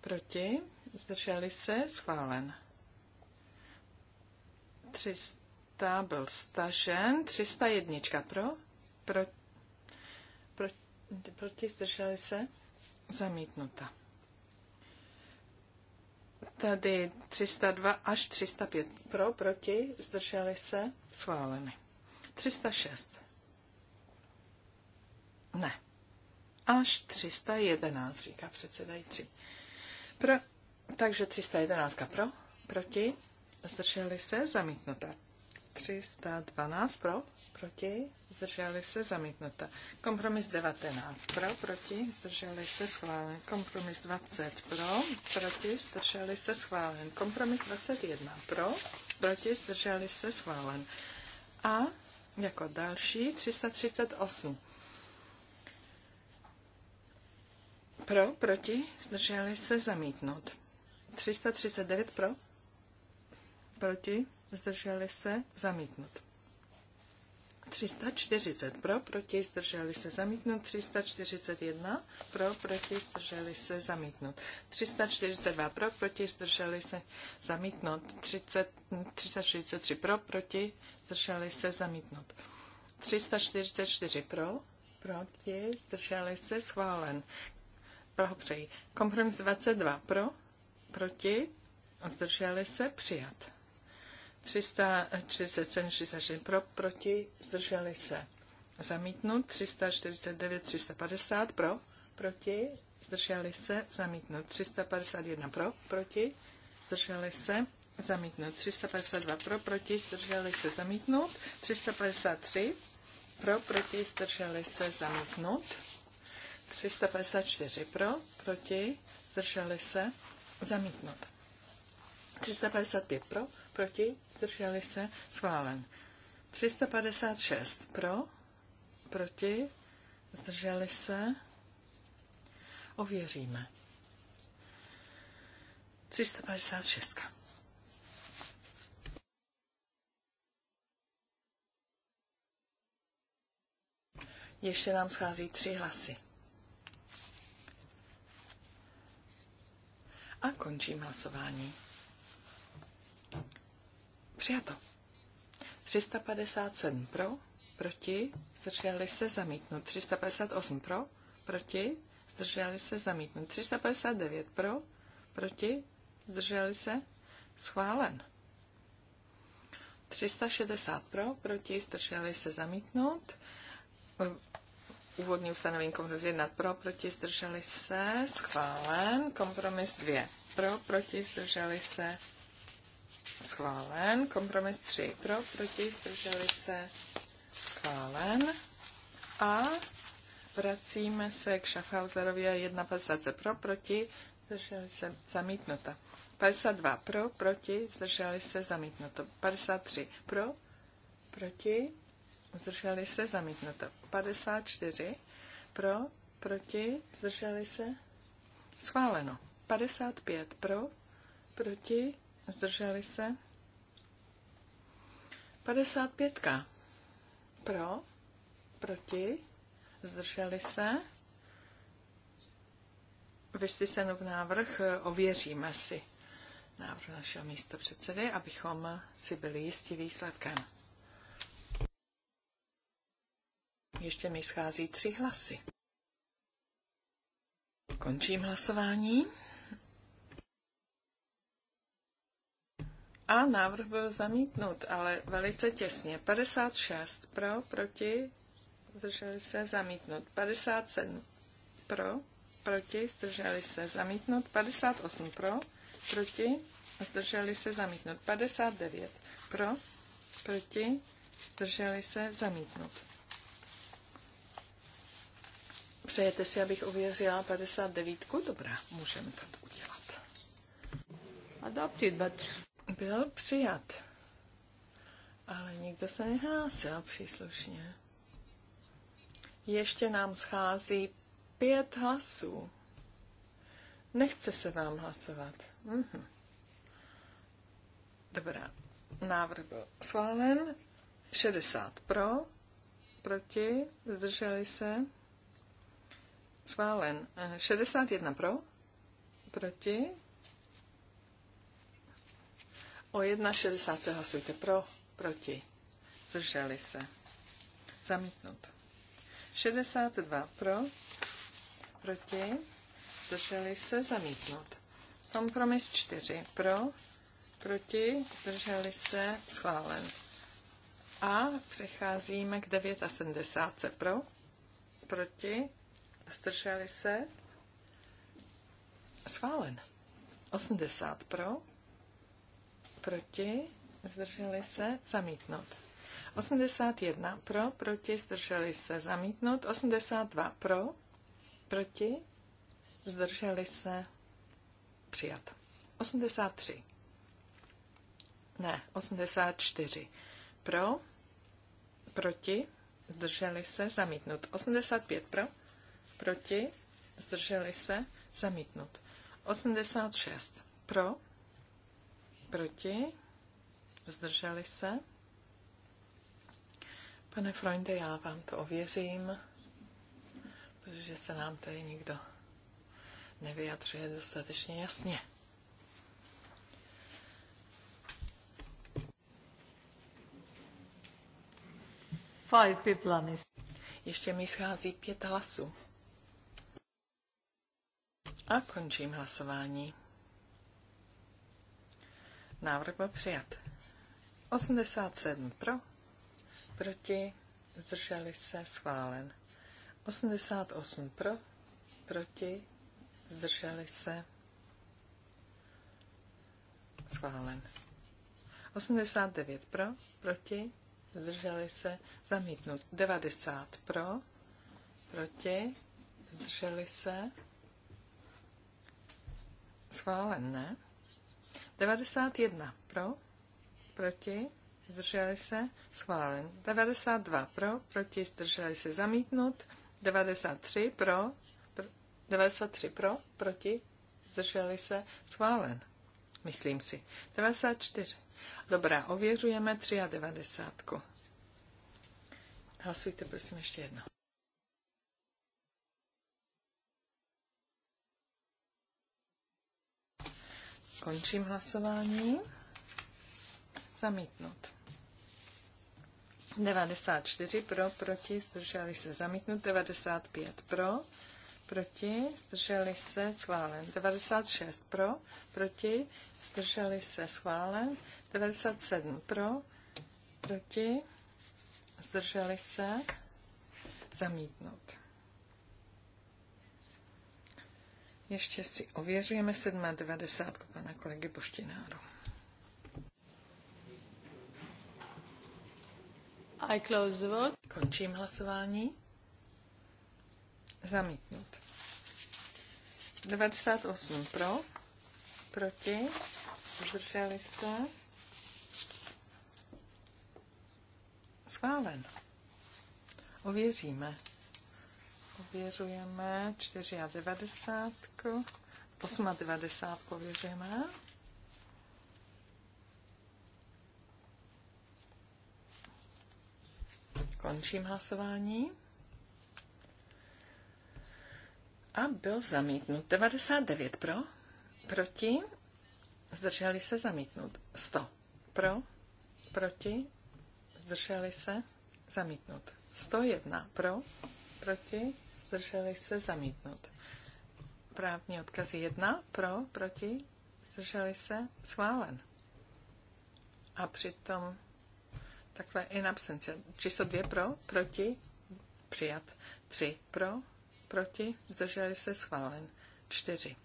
A: proti, zdrželi se, schválen. 300 byl stažen, 301 pro, pro, pro, proti, zdrželi se, zamítnuta. Tady 302 až 305 pro, proti, zdrželi se, schváleny. 306. Ne. Až 311, říká předsedající. Pro, takže 311 pro, proti, zdrželi se, zamítnuta. 312 pro, proti, zdrželi se, zamítnuta. Kompromis 19 pro, proti, zdrželi se, schválen. Kompromis 20 pro, proti, zdrželi se, schválen. Kompromis 21 pro, proti, zdrželi se, schválen. A jako další 338. Pro, proti, zdrželi se, zamítnout. 339 pro, proti, zdrželi se, zamítnout. 340 pro, proti, zdrželi se zamítnout. 341 pro, proti, zdrželi se zamítnout. 342 pro, proti, zdrželi se zamítnout. 30, 343 pro, proti, zdrželi se zamítnout. 344 pro, proti, zdrželi se schválen. Blahopřeji. Kompromis 22 pro, proti, zdrželi se přijat. 337, 364 pro, proti, zdrželi se. Zamítnut 349, 350 pro, proti, zdrželi se. Zamítnut 351 pro, proti, zdrželi se. Zamítnut 352 pro, proti, zdrželi se. Zamítnut 353 pro, proti, zdrželi se. Zamítnut 354 pro, proti, zdrželi se. Zamítnut. 355 pro, proti, zdrželi se, schválen. 356 pro, proti, zdrželi se, ověříme. 356. Ještě nám schází tři hlasy. A končím hlasování. Přijato. 357 pro, proti, zdrželi se zamítnout. 358 pro, proti, zdrželi se zamítnout. 359 pro, proti, zdrželi se schválen. 360 pro, proti, zdrželi se zamítnout. Úvodní ustanovení kompromis 1 pro, proti, zdrželi se schválen. Kompromis 2 pro, proti, zdrželi se Schválen. Kompromis 3 pro, proti, zdrželi se. Schválen. A vracíme se k Schaffhauserovi a 1,50 pro, proti, zdrželi se. Zamítnuta. 52 pro, proti, zdrželi se. Zamítnuto. 53 pro, proti, zdrželi se. Zamítnuto. 54 pro, proti, zdrželi se. Schváleno. 55 pro, proti, zdrželi se. 55. Pro, proti, zdrželi se. v návrh ověříme si návrh našeho místo předsedy, abychom si byli jistí výsledkem. Ještě mi schází tři hlasy. Končím hlasování. A návrh byl zamítnut, ale velice těsně. 56 pro, proti, zdrželi se, zamítnut. 57 pro, proti, zdrželi se, zamítnut. 58 pro, proti, zdrželi se, zamítnut. 59 pro, proti, zdrželi se, zamítnut. Přejete si, abych ověřila 59? Dobrá, můžeme to udělat. Adopted, but byl přijat. Ale nikdo se nehlásil příslušně. Ještě nám schází pět hlasů. Nechce se vám hlasovat. Mhm. Dobrá. Návrh byl schválen. 60 pro, proti, zdrželi se. Schválen. 61 eh, pro, proti, O 1,60 hlasujte pro, proti. Zdrželi se. Zamítnut. 62 pro, proti. Zdrželi se. Zamítnut. Kompromis 4 pro, proti. Zdrželi se. Schválen. A přecházíme k 79 pro, proti. Zdrželi se. Schválen. 80 pro, proti, zdrželi se, zamítnout. 81 pro, proti, zdrželi se, zamítnout. 82 pro, proti, zdrželi se, přijat. 83. Ne, 84. Pro, proti, zdrželi se, zamítnout. 85 pro, proti, zdrželi se, zamítnout. 86 pro, Proti? Zdrželi se? Pane Freunde, já vám to ověřím, protože se nám tady nikdo nevyjadřuje dostatečně jasně. Five people are Ještě mi schází pět hlasů. A končím hlasování. Návrh byl přijat. 87 pro, proti, zdrželi se, schválen. 88 pro, proti, zdrželi se, schválen. 89 pro, proti, zdrželi se, zamítnut. 90 pro, proti, zdrželi se, schválen, ne? 91 pro, proti, zdrželi se, schválen. 92 pro, proti, zdrželi se, zamítnut. 93 pro, pr, 93 pro, proti, zdrželi se, schválen. Myslím si. 94. Dobrá, ověřujeme 93. Hlasujte prosím ještě jedno. Končím hlasování. Zamítnut. 94 pro, proti, zdrželi se zamítnut, 95 pro, proti, zdrželi se schválen, 96 pro, proti, zdrželi se schválen, 97 pro, proti, zdrželi se zamítnut. Ještě si ověřujeme 7.90 pana kolegy Poštináru. I close the vote. Končím hlasování. Zamítnut. 98 pro, proti, zdrželi se. Schválen. Ověříme ověřujeme a 90 ověřujeme. Končím hlasování. A byl zamítnut 99 pro, proti, zdrželi se zamítnut 100 pro, proti, zdrželi se zamítnut 101 pro, proti, zdrželi se zamítnout. Právní odkaz jedna pro, proti, zdrželi se schválen. A přitom takhle in absence. Číslo Dvě pro, proti, přijat. tři pro, proti, zdrželi se schválen. čtyři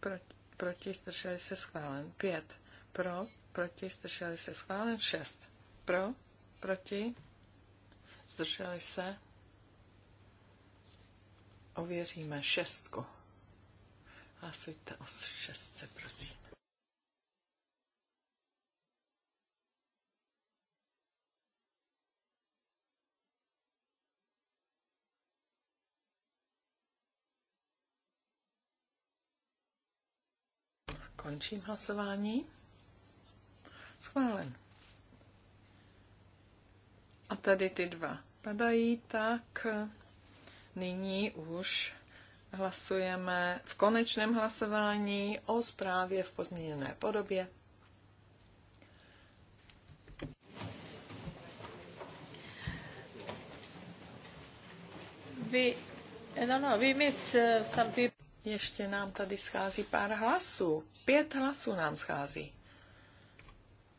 A: proti, proti, zdrželi se schválen. pět pro, proti, zdrželi se schválen. šest pro, proti, zdrželi se Ověříme šestku. Hlasujte o šestce, prosím. Končím hlasování. Schválen. A tady ty dva padají, tak nyní už hlasujeme v konečném hlasování o zprávě v pozměněné podobě. Eh, no, no, eh, Ještě nám tady schází pár hlasů. Pět hlasů nám schází.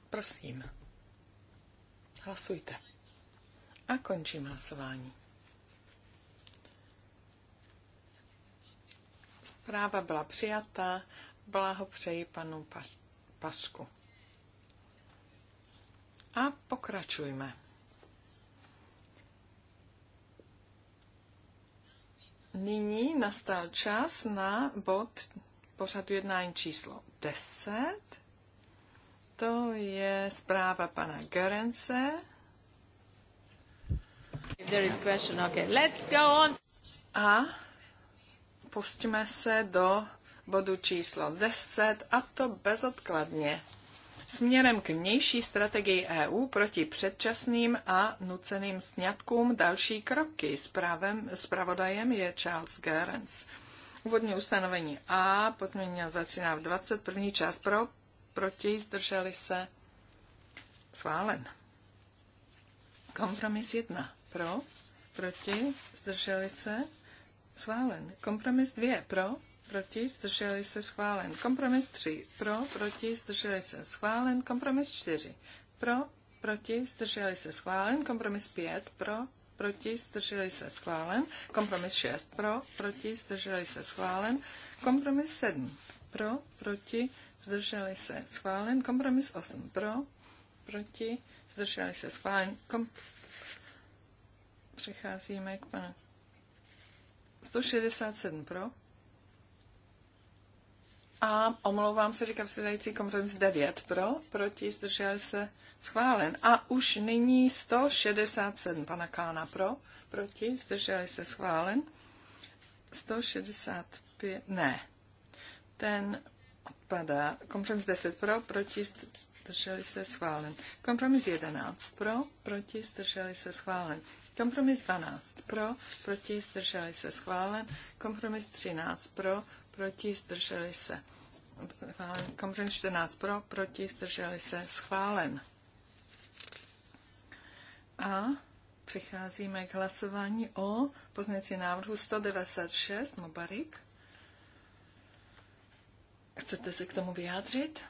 A: Prosím, hlasujte. A končím hlasování. Zpráva byla přijata. Blahopřeji panu Pasku. A pokračujme. Nyní nastal čas na bod pořadu jednání číslo 10. To je zpráva pana Gerence. If there is question, okay. Let's go on. A pustíme se do bodu číslo 10 a to bezodkladně. Směrem k vnější strategii EU proti předčasným a nuceným sňatkům další kroky. Správem, spravodajem je Charles Gerens. Úvodní ustanovení A, začíná v 20, první část pro, proti, zdrželi se, schválen. Kompromis 1, pro, proti, zdrželi se, schválen. Kompromis 2 pro, proti, zdrželi se schválen. Kompromis 3 pro, proti, zdrželi se schválen. Kompromis 4 pro, proti, zdrželi se schválen. Kompromis 5 pro, proti, zdrželi se schválen. Kompromis 6 pro, proti, zdrželi se schválen. Kompromis 7 pro, proti, zdrželi se schválen. Kompromis 8 pro, proti, zdrželi se schválen. Kom... Přecházíme k panu 167 pro. A omlouvám se, říkám předající kompromis 9 pro, proti, zdržel se schválen. A už nyní 167 pana Kána pro, proti, zdrželi se schválen. 165, ne. Ten odpadá. Kompromis 10 pro, proti, zdrželi se schválen. Kompromis 11 pro, proti, zdrželi se schválen. Kompromis 12 pro, proti, zdrželi se schválen. Kompromis 13 pro, proti, zdrželi se schválen. Kompromis 14 pro, proti, zdrželi se schválen. A přicházíme k hlasování o pozměnci návrhu 196 Mobarik. Chcete se k tomu vyjádřit?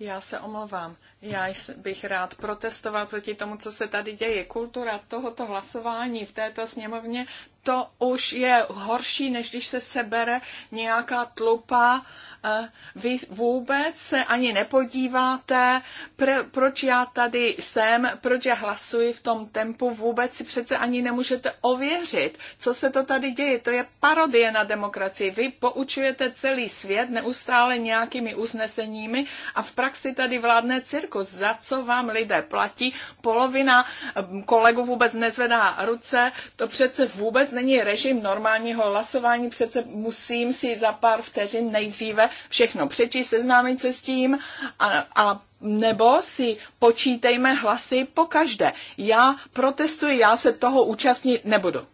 A: Já se omlouvám. Já bych rád protestoval proti tomu, co se tady děje. Kultura tohoto hlasování v této sněmovně, to už je horší, než když se sebere nějaká tlupa. Eh, vy vůbec se ani nepodíváte, pr- proč já tady jsem, proč já hlasuji v tom tempu, vůbec si přece ani nemůžete ověřit, co se to tady děje. To je parodie na demokracii. Vy poučujete celý svět neustále nějakými usneseními a v praxi tady vládne cirkus, za co vám lidé platí. Polovina eh, kolegů vůbec nezvedá ruce, to přece vůbec vůbec není režim normálního hlasování, přece musím si za pár vteřin nejdříve všechno přečíst, seznámit se s tím a, a nebo si počítejme hlasy po každé. Já protestuji, já se toho účastnit nebudu.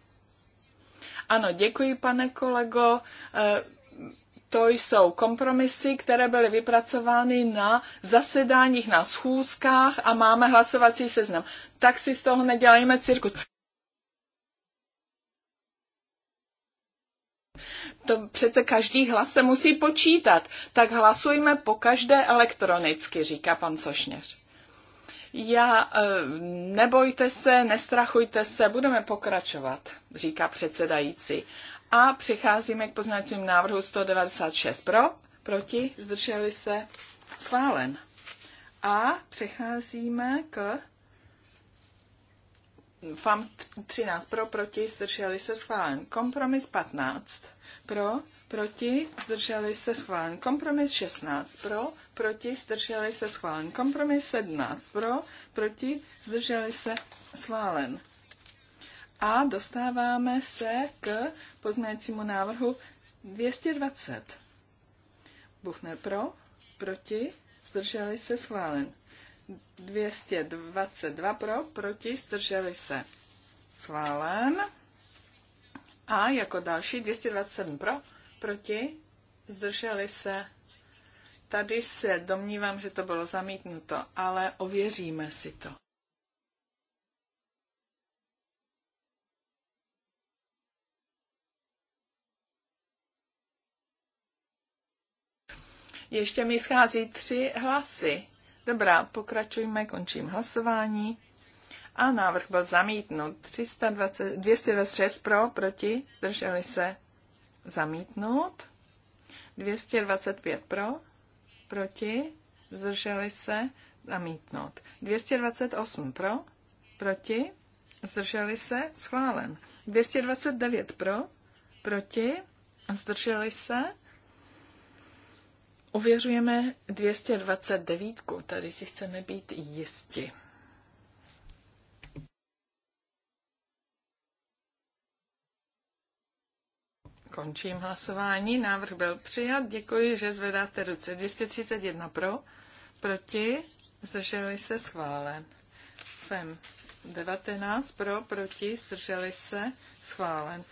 A: Ano, děkuji, pane kolego. E, to jsou kompromisy, které byly vypracovány na zasedáních, na schůzkách a máme hlasovací seznam. Tak si z toho nedělejme cirkus. To přece každý hlas se musí počítat. Tak hlasujme po každé elektronicky, říká pan Sošněř. Já, e, nebojte se, nestrachujte se, budeme pokračovat, říká předsedající. A přicházíme k poznacím návrhu 196 pro, proti, zdrželi se, schválen. A přecházíme k FAM 13 pro, proti, zdrželi se schválen. Kompromis 15 pro, proti, zdrželi se schválen. Kompromis 16 pro, proti, zdrželi se schválen. Kompromis 17 pro, proti, zdrželi se schválen. A dostáváme se k poznajícímu návrhu 220. Buchner pro, proti, zdrželi se schválen. 222 pro, proti, zdrželi se. Schválen. A jako další 227 pro, proti, zdrželi se. Tady se domnívám, že to bylo zamítnuto, ale ověříme si to. Ještě mi schází tři hlasy. Dobrá, pokračujme, končím hlasování. A návrh byl zamítnut. 226 pro, proti, zdrželi se zamítnout. 225 pro, proti, zdrželi se zamítnout. 228 pro, proti, zdrželi se schválen. 229 pro, proti, zdrželi se Ověřujeme 229. Tady si chceme být jisti. Končím hlasování. Návrh byl přijat. Děkuji, že zvedáte ruce. 231 pro, proti, zdrželi se schválen. FEM 19 pro, proti, zdrželi se schválen.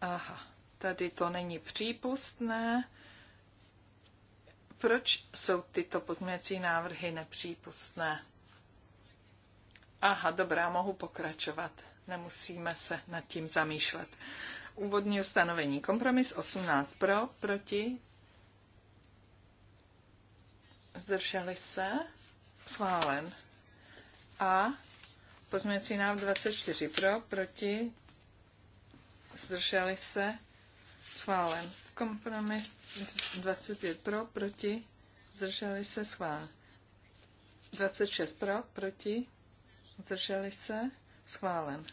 A: Aha, tady to není přípustné. Proč jsou tyto pozměňovací návrhy nepřípustné? Aha, dobrá, mohu pokračovat. Nemusíme se nad tím zamýšlet. Úvodní ustanovení. Kompromis 18 pro, proti. Zdrželi se. Schválen. A pozměňovací návrh 24 pro, proti. Zdrželi se. Schválen. Kompromis 25 pro, proti, zdrželi se schvál. 26 pro, proti, zdrželi se schválen.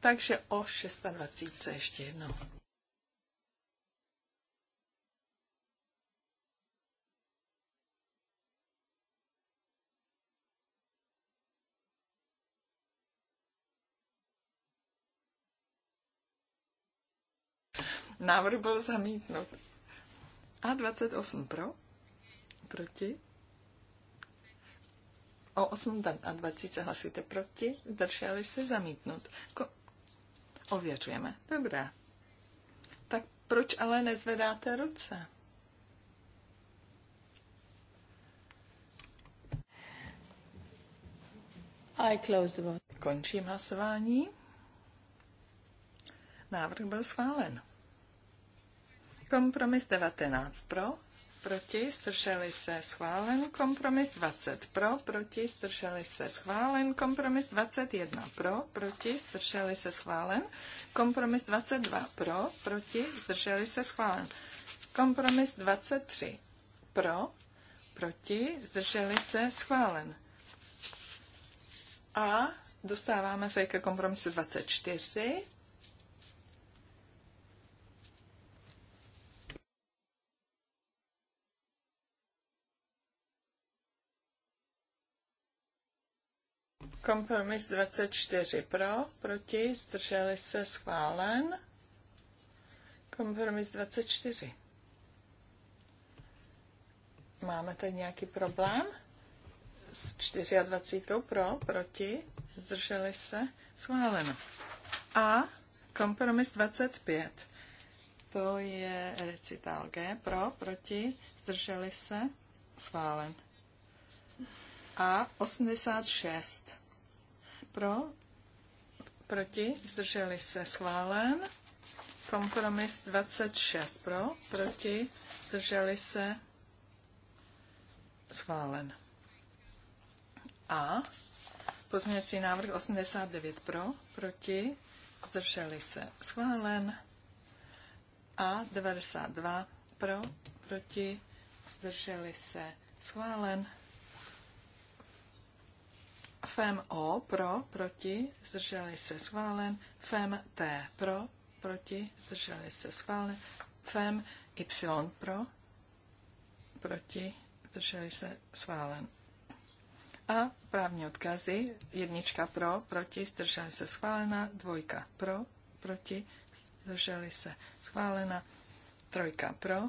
A: Takže o 26 ještě jednou. Návrh byl zamítnut. A28 pro, proti. O 8 dan a 20 hlasujte proti, zdrželi se zamítnout. Ko- Ověřujeme. Dobrá. Tak proč ale nezvedáte ruce? I close the vote. Končím hlasování. Návrh byl schválen. Kompromis 19 pro, proti, zdrželi se schválen. Kompromis 20 pro, proti, zdrželi se schválen. Kompromis 21 pro, proti, zdrželi se schválen. Kompromis 22 pro, proti, zdrželi se schválen. Kompromis 23 pro, proti, zdrželi se schválen. A dostáváme se ke kompromisu 24 Kompromis 24 pro, proti, zdrželi se schválen. Kompromis 24. Máme tady nějaký problém? S 24 pro, proti, zdrželi se schváleno. A kompromis 25. To je recital G. Pro, proti, zdrželi se schválen. A 86 pro? Proti? Zdrželi se schválen. Kompromis 26 pro, proti, zdrželi se, schválen. A pozměňovací návrh 89 pro, proti, zdrželi se, schválen. A 92 pro, proti, zdrželi se, schválen o pro, proti, zdrželi se schválen. t pro, proti, zdrželi se schválen. FEM Y pro, proti, zdrželi se schválen. A právní odkazy, jednička pro, proti, zdrželi se schválena, dvojka pro, proti, zdrželi se schválena, trojka pro,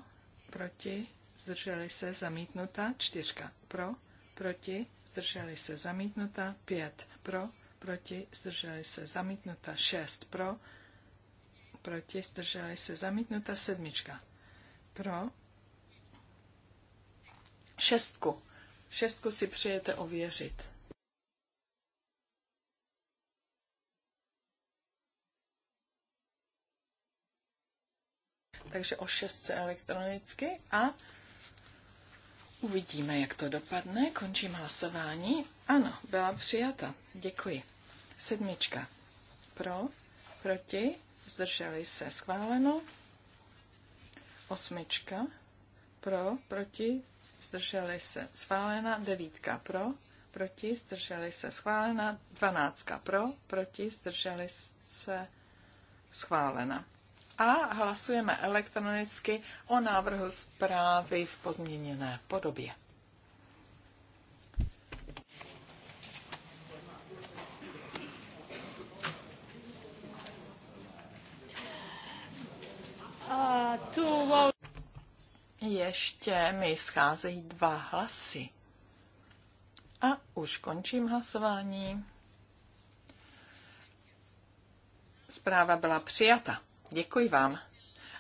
A: proti, zdrželi se zamítnuta, čtyřka pro, proti, zdrželi se zamítnuta, 5 pro, proti, zdrželi se zamítnuta, 6 pro, proti, zdrželi se zamítnuta, sedmička pro, šestku. Šestku si přejete ověřit. Takže o šestce elektronicky a Uvidíme, jak to dopadne. Končím hlasování. Ano, byla přijata. Děkuji. Sedmička. Pro, proti, zdrželi se. Schváleno. Osmička. Pro, proti, zdrželi se. Schválena. Devítka. Pro, proti, zdrželi se. Schválena. Dvanáctka. Pro, proti, zdrželi se. Schválena a hlasujeme elektronicky o návrhu zprávy v pozměněné podobě. Ještě mi scházejí dva hlasy. A už končím hlasování. Zpráva byla přijata. Děkuji vám.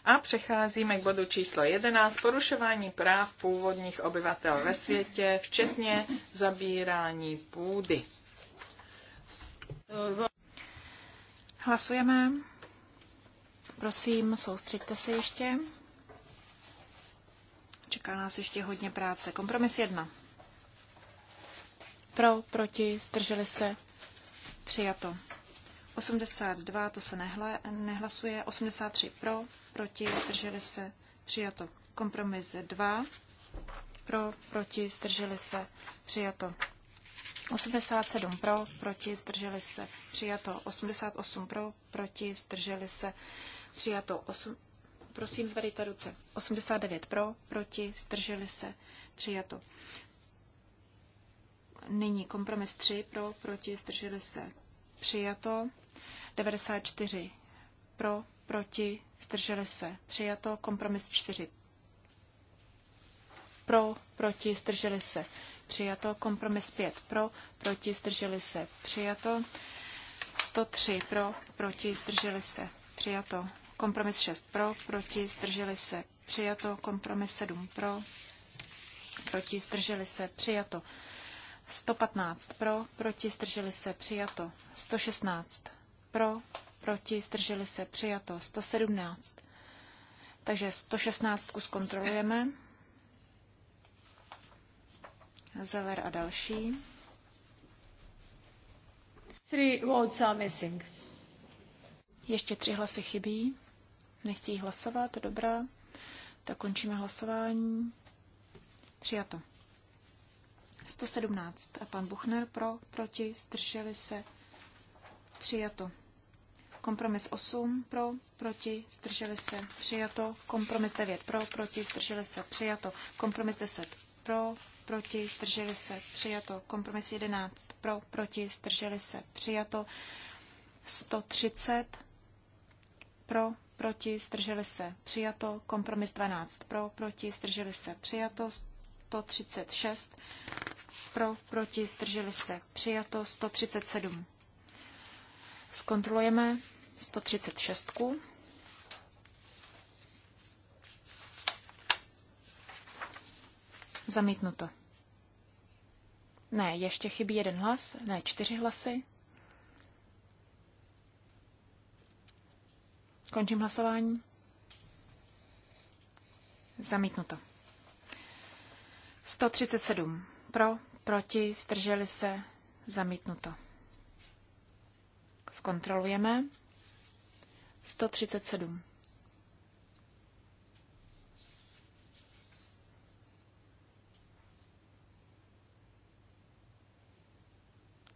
A: A přecházíme k bodu číslo 11. Porušování práv původních obyvatel ve světě, včetně zabírání půdy. Hlasujeme.
E: Prosím, soustřeďte se ještě. Čeká nás ještě hodně práce. Kompromis 1. Pro, proti, zdrželi se. Přijato. 82, to se nehle, nehlasuje. 83 pro, proti, zdrželi se, přijato. Kompromis 2, pro, proti, zdrželi se, přijato. 87 pro, proti, zdrželi se, přijato. 88 pro, proti, zdrželi se, přijato. 8, prosím, zvedejte ruce. 89 pro, proti, zdrželi se, přijato. Nyní kompromis 3 pro, proti, zdrželi se, přijato. 94 pro, proti, zdrželi se, přijato. Kompromis 4 pro, proti, zdrželi se, přijato. Kompromis 5 pro, proti, zdrželi se, přijato. 103 pro, proti, zdrželi se, přijato. Kompromis 6 pro, proti, zdrželi se, přijato. Kompromis 7 pro, proti, zdrželi se, přijato. 115 pro, proti, zdrželi se, přijato. 116 pro, proti, zdrželi se, přijato. 117. Takže 116 zkontrolujeme. Zeller a další. Three votes are missing. Ještě tři hlasy chybí. Nechtějí hlasovat, dobrá. Tak končíme hlasování. Přijato. 117. A pan Buchner pro, proti, strželi se, přijato. Kompromis 8 pro, proti, strželi se, přijato. Kompromis 9 pro, proti, strželi se, přijato. Kompromis 10 pro, proti, strželi se, přijato. Kompromis 11 pro, proti, strželi se, přijato. 130 pro, proti, strželi se, přijato. Kompromis 12 pro, proti, strželi se, přijato. 136 pro, proti, zdrželi se, přijato 137. Zkontrolujeme 136. Zamítnuto. Ne, ještě chybí jeden hlas, ne, čtyři hlasy. Končím hlasování. Zamítnuto. 137. Pro, proti, strželi se, zamítnuto. Zkontrolujeme. 137.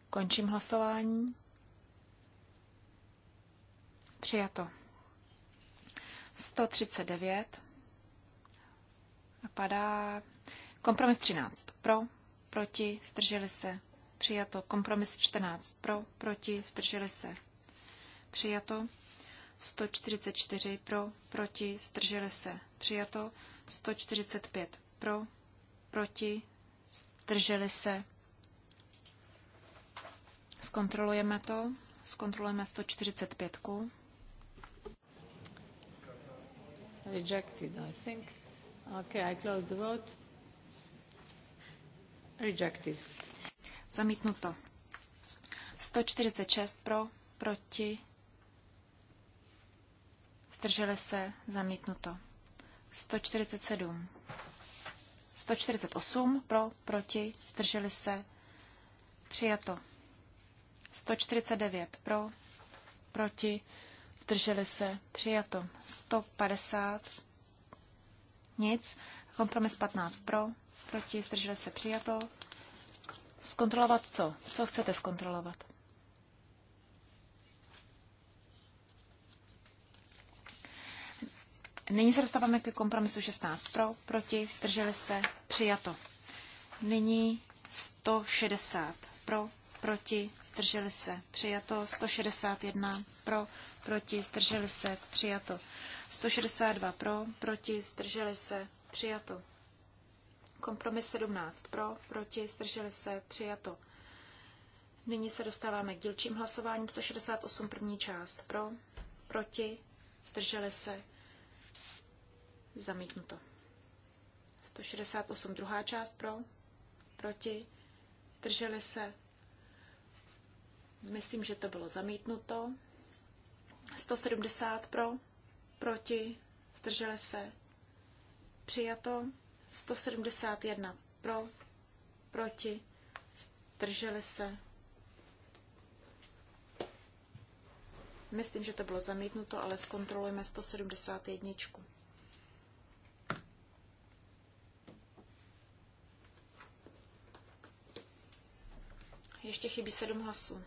E: Končím hlasování. Přijato. 139. Padá kompromis 13. Pro proti, zdrželi se. Přijato. Kompromis 14 pro, proti, zdrželi se. Přijato. 144 pro, proti, zdrželi se. Přijato. 145 pro, proti, zdrželi se. Zkontrolujeme to. Zkontrolujeme 145. -ku.
D: Rejected, I think. Okay, I close the vote. Rejected. Zamítnuto.
E: 146 pro, proti, zdrželi se, zamítnuto. 147. 148 pro, proti, zdrželi se, přijato. 149 pro, proti, zdrželi se, přijato. 150, nic, kompromis 15 pro, proti, zdržel se přijato. Zkontrolovat co? Co chcete zkontrolovat? Nyní se dostáváme ke kompromisu 16 pro, proti, zdrželi se, přijato. Nyní 160 pro, proti, zdrželi se, přijato. 161 pro, proti, zdrželi se, přijato. 162 pro, proti, zdrželi se, přijato. Kompromis 17 pro, proti, zdrželi se, přijato. Nyní se dostáváme k dílčím hlasováním 168 první část pro, proti, zdrželi se, zamítnuto. 168 druhá část pro, proti, zdrželi se, myslím, že to bylo zamítnuto. 170 pro, proti, zdrželi se, přijato. 171 pro, proti, zdrželi se. Myslím, že to bylo zamítnuto, ale zkontrolujeme 171. Ještě chybí sedm hlasů.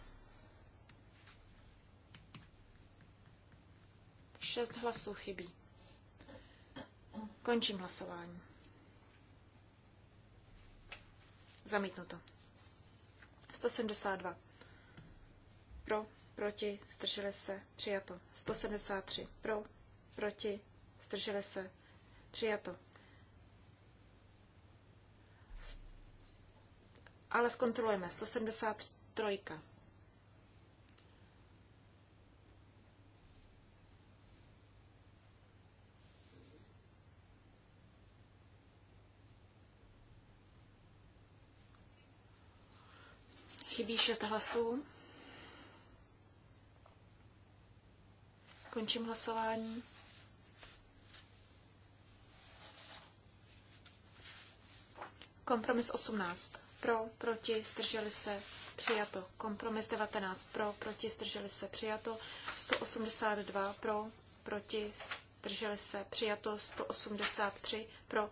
E: Šest hlasů chybí. Končím hlasování. Zamítnuto. 172. Pro, proti, zdrželi se, přijato. 173. Pro, proti, zdrželi se, přijato. Ale zkontrolujeme. 173. Chybí šest hlasů. Končím hlasování. Kompromis 18. Pro, proti, zdrželi se, přijato. Kompromis 19. Pro, proti, zdrželi se, přijato. 182. Pro, proti, zdrželi se, přijato. 183. Pro,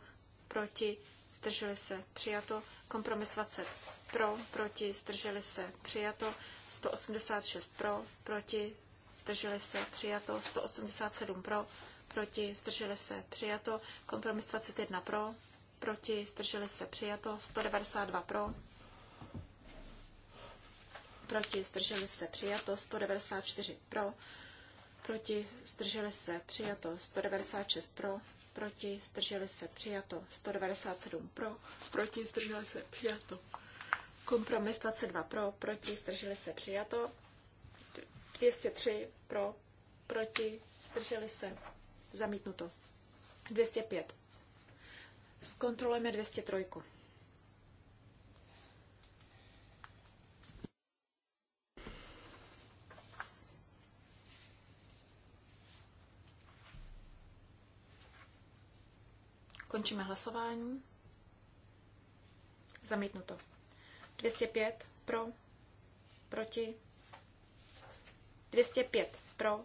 E: proti, zdrželi se, přijato. Kompromis 20 pro, proti, zdrželi se, přijato, 186 pro, proti, zdrželi se, přijato, 187 pro, proti, zdrželi se, přijato, kompromis 21 pro, proti, zdrželi se, přijato, 192 pro, proti, zdrželi se, přijato, 194 pro, proti, zdrželi se, přijato, 196 pro, proti, zdrželi se, přijato, 197 pro, proti, zdrželi se, přijato. Kompromis 22 pro, proti, zdrželi se přijato. 203 pro, proti, zdrželi se zamítnuto. 205. Zkontrolujeme 203. Končíme hlasování. Zamítnuto. 205 pro, proti, 205 pro,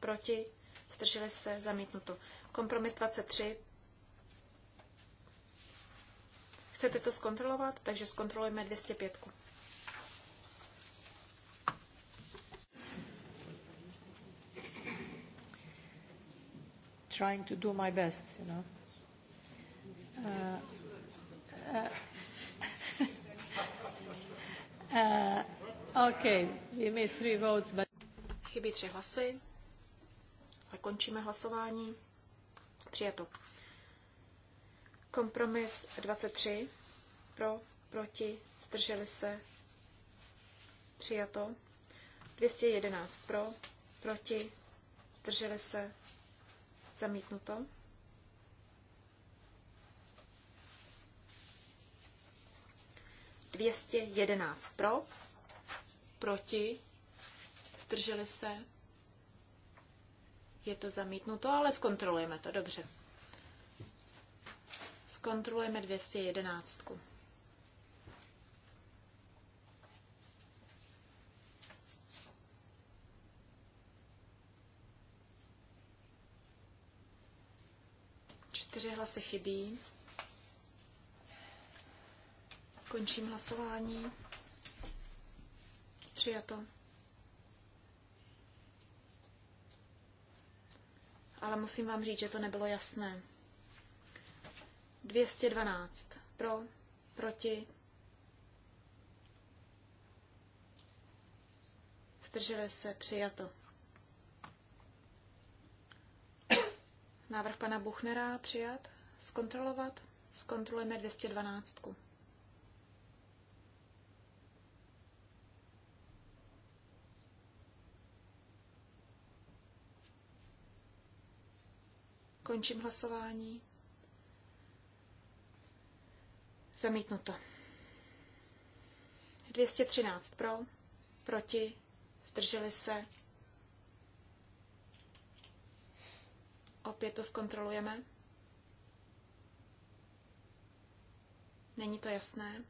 E: proti, zdrželi se, zamítnuto. Kompromis 23. Chcete to zkontrolovat? Takže zkontrolujeme 205.
D: Trying to do my best, you know. Uh, uh. Uh, okay. We three votes, but... Chybí tři hlasy. Ale končíme hlasování.
E: Přijato. Kompromis 23. Pro, proti, zdrželi se. Přijato. 211 pro, proti, zdrželi se. Zamítnuto. 211 pro, proti, zdrželi se. Je to zamítnuto, ale zkontrolujeme to, dobře. Zkontrolujeme 211. Čtyři hlasy chybí. Končím hlasování. Přijato. Ale musím vám říct, že to nebylo jasné. 212. Pro, proti. Zdrželi se, přijato. Návrh pana Buchnera přijat? Zkontrolovat? Zkontrolujeme 212. Končím hlasování. Zamítnuto. 213 pro, proti, zdrželi se. Opět to zkontrolujeme. Není to jasné.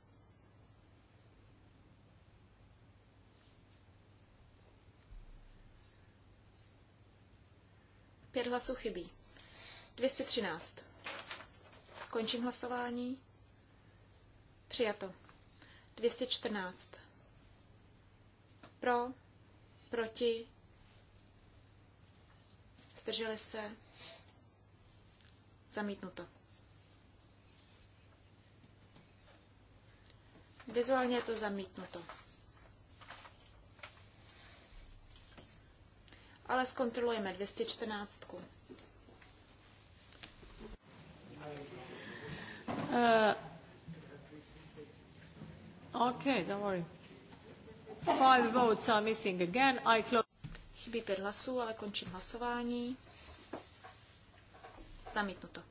E: Pět hlasů chybí. 213. Končím hlasování. Přijato. 214. Pro, proti, zdrželi se, zamítnuto. Vizuálně je to zamítnuto. Ale zkontrolujeme 214.
D: Uh, okay, don't worry.
A: Five votes
D: are missing again. I close. Chybí pět hlasů, ale končím hlasování.
E: Zamítnuto.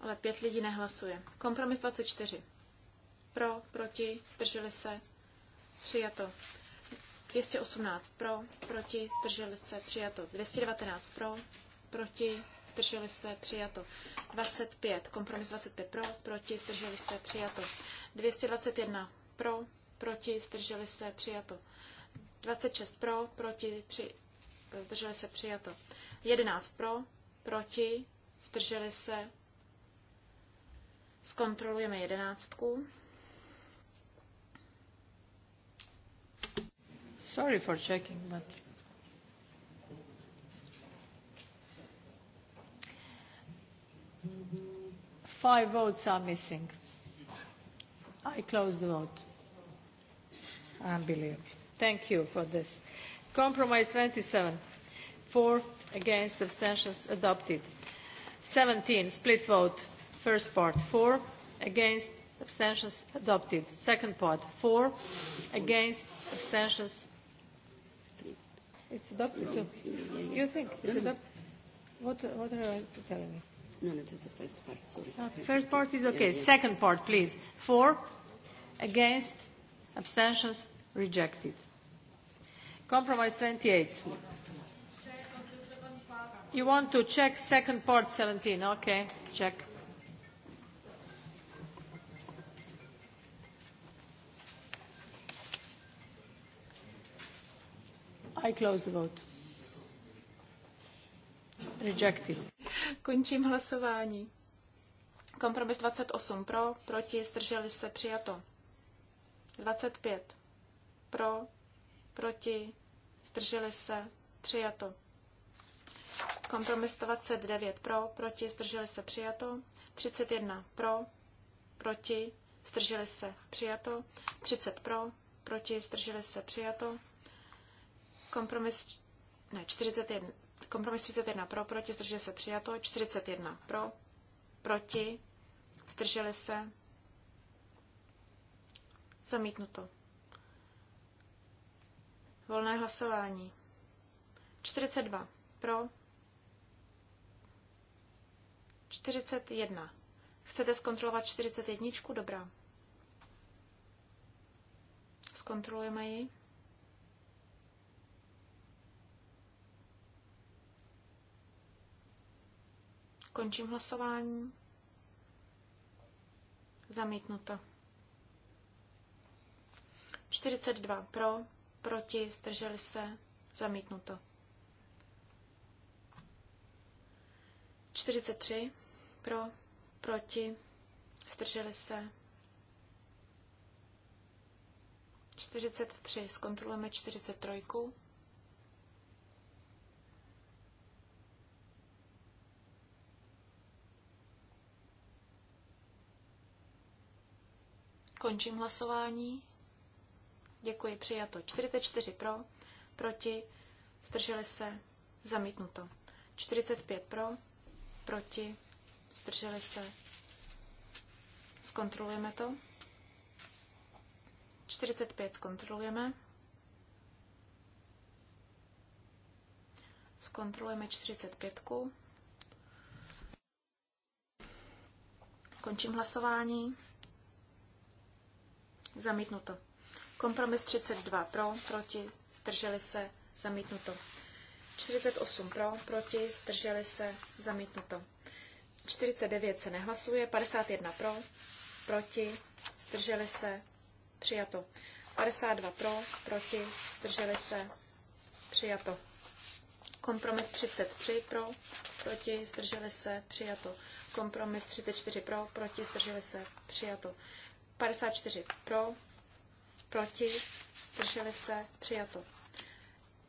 E: Ale pět lidí nehlasuje. Kompromis 24. Pro, proti, zdrželi se. Přijato. 218 pro, proti, zdrželi se, přijato. 219 pro, proti, zdrželi se, přijato. 25, kompromis 25 pro, proti, zdrželi se, přijato. 221 pro, proti, zdrželi se, přijato. 26 pro, proti, při, zdrželi se, přijato. 11 pro, proti, zdrželi se, zkontrolujeme jedenáctku.
D: Sorry for checking, but... Five votes are missing. I close the vote. Unbelievable. Thank you for this. Compromise 27. four against, abstentions adopted. 17, split vote. First part, four against, abstentions adopted. Second part, four against, abstentions It's a doctor. too. No, You think it's no, a no, no. doctor? What, what are you telling me? No, no, it's the first part. Sorry. Uh, first part is okay. Yeah, yeah. Second part, please. Four. against, abstentions, rejected. Compromise 28. You want to check second part 17? Okay, check. I close the vote. Rejected.
E: Končím hlasování. Kompromis 28 pro, proti, zdrželi se, přijato. 25 pro, proti, zdrželi se, přijato. Kompromis 29 pro, proti, zdrželi se, přijato. 31 pro, proti, zdrželi se, přijato. 30 pro, proti, zdrželi se, přijato. Kompromis, ne, 41, kompromis 31 pro, proti, zdrželi se přijato, 41 pro, proti, zdrželi se, zamítnuto. Volné hlasování. 42 pro, 41. Chcete zkontrolovat 41? Dobrá. Zkontrolujeme ji. Končím hlasování. Zamítnuto. 42 pro, proti, zdrželi se, zamítnuto. 43 pro, proti, zdrželi se. 43, zkontrolujeme 43. Končím hlasování. Děkuji, přijato. 44 pro, proti, zdrželi se, zamítnuto. 45 pro, proti, zdrželi se. Zkontrolujeme to. 45 zkontrolujeme. Zkontrolujeme 45. Končím hlasování. Zamítnuto. Kompromis 32 pro, proti, zdrželi se, zamítnuto. 48 pro, proti, zdrželi se, zamítnuto. 49 se nehlasuje, 51 pro, proti, zdrželi se, přijato. 52 pro, proti, zdrželi se, přijato. Kompromis 33 pro, proti, zdrželi se, přijato. Kompromis 34 pro, proti, zdrželi se, přijato. 54 pro, proti, zdrželi se, přijato.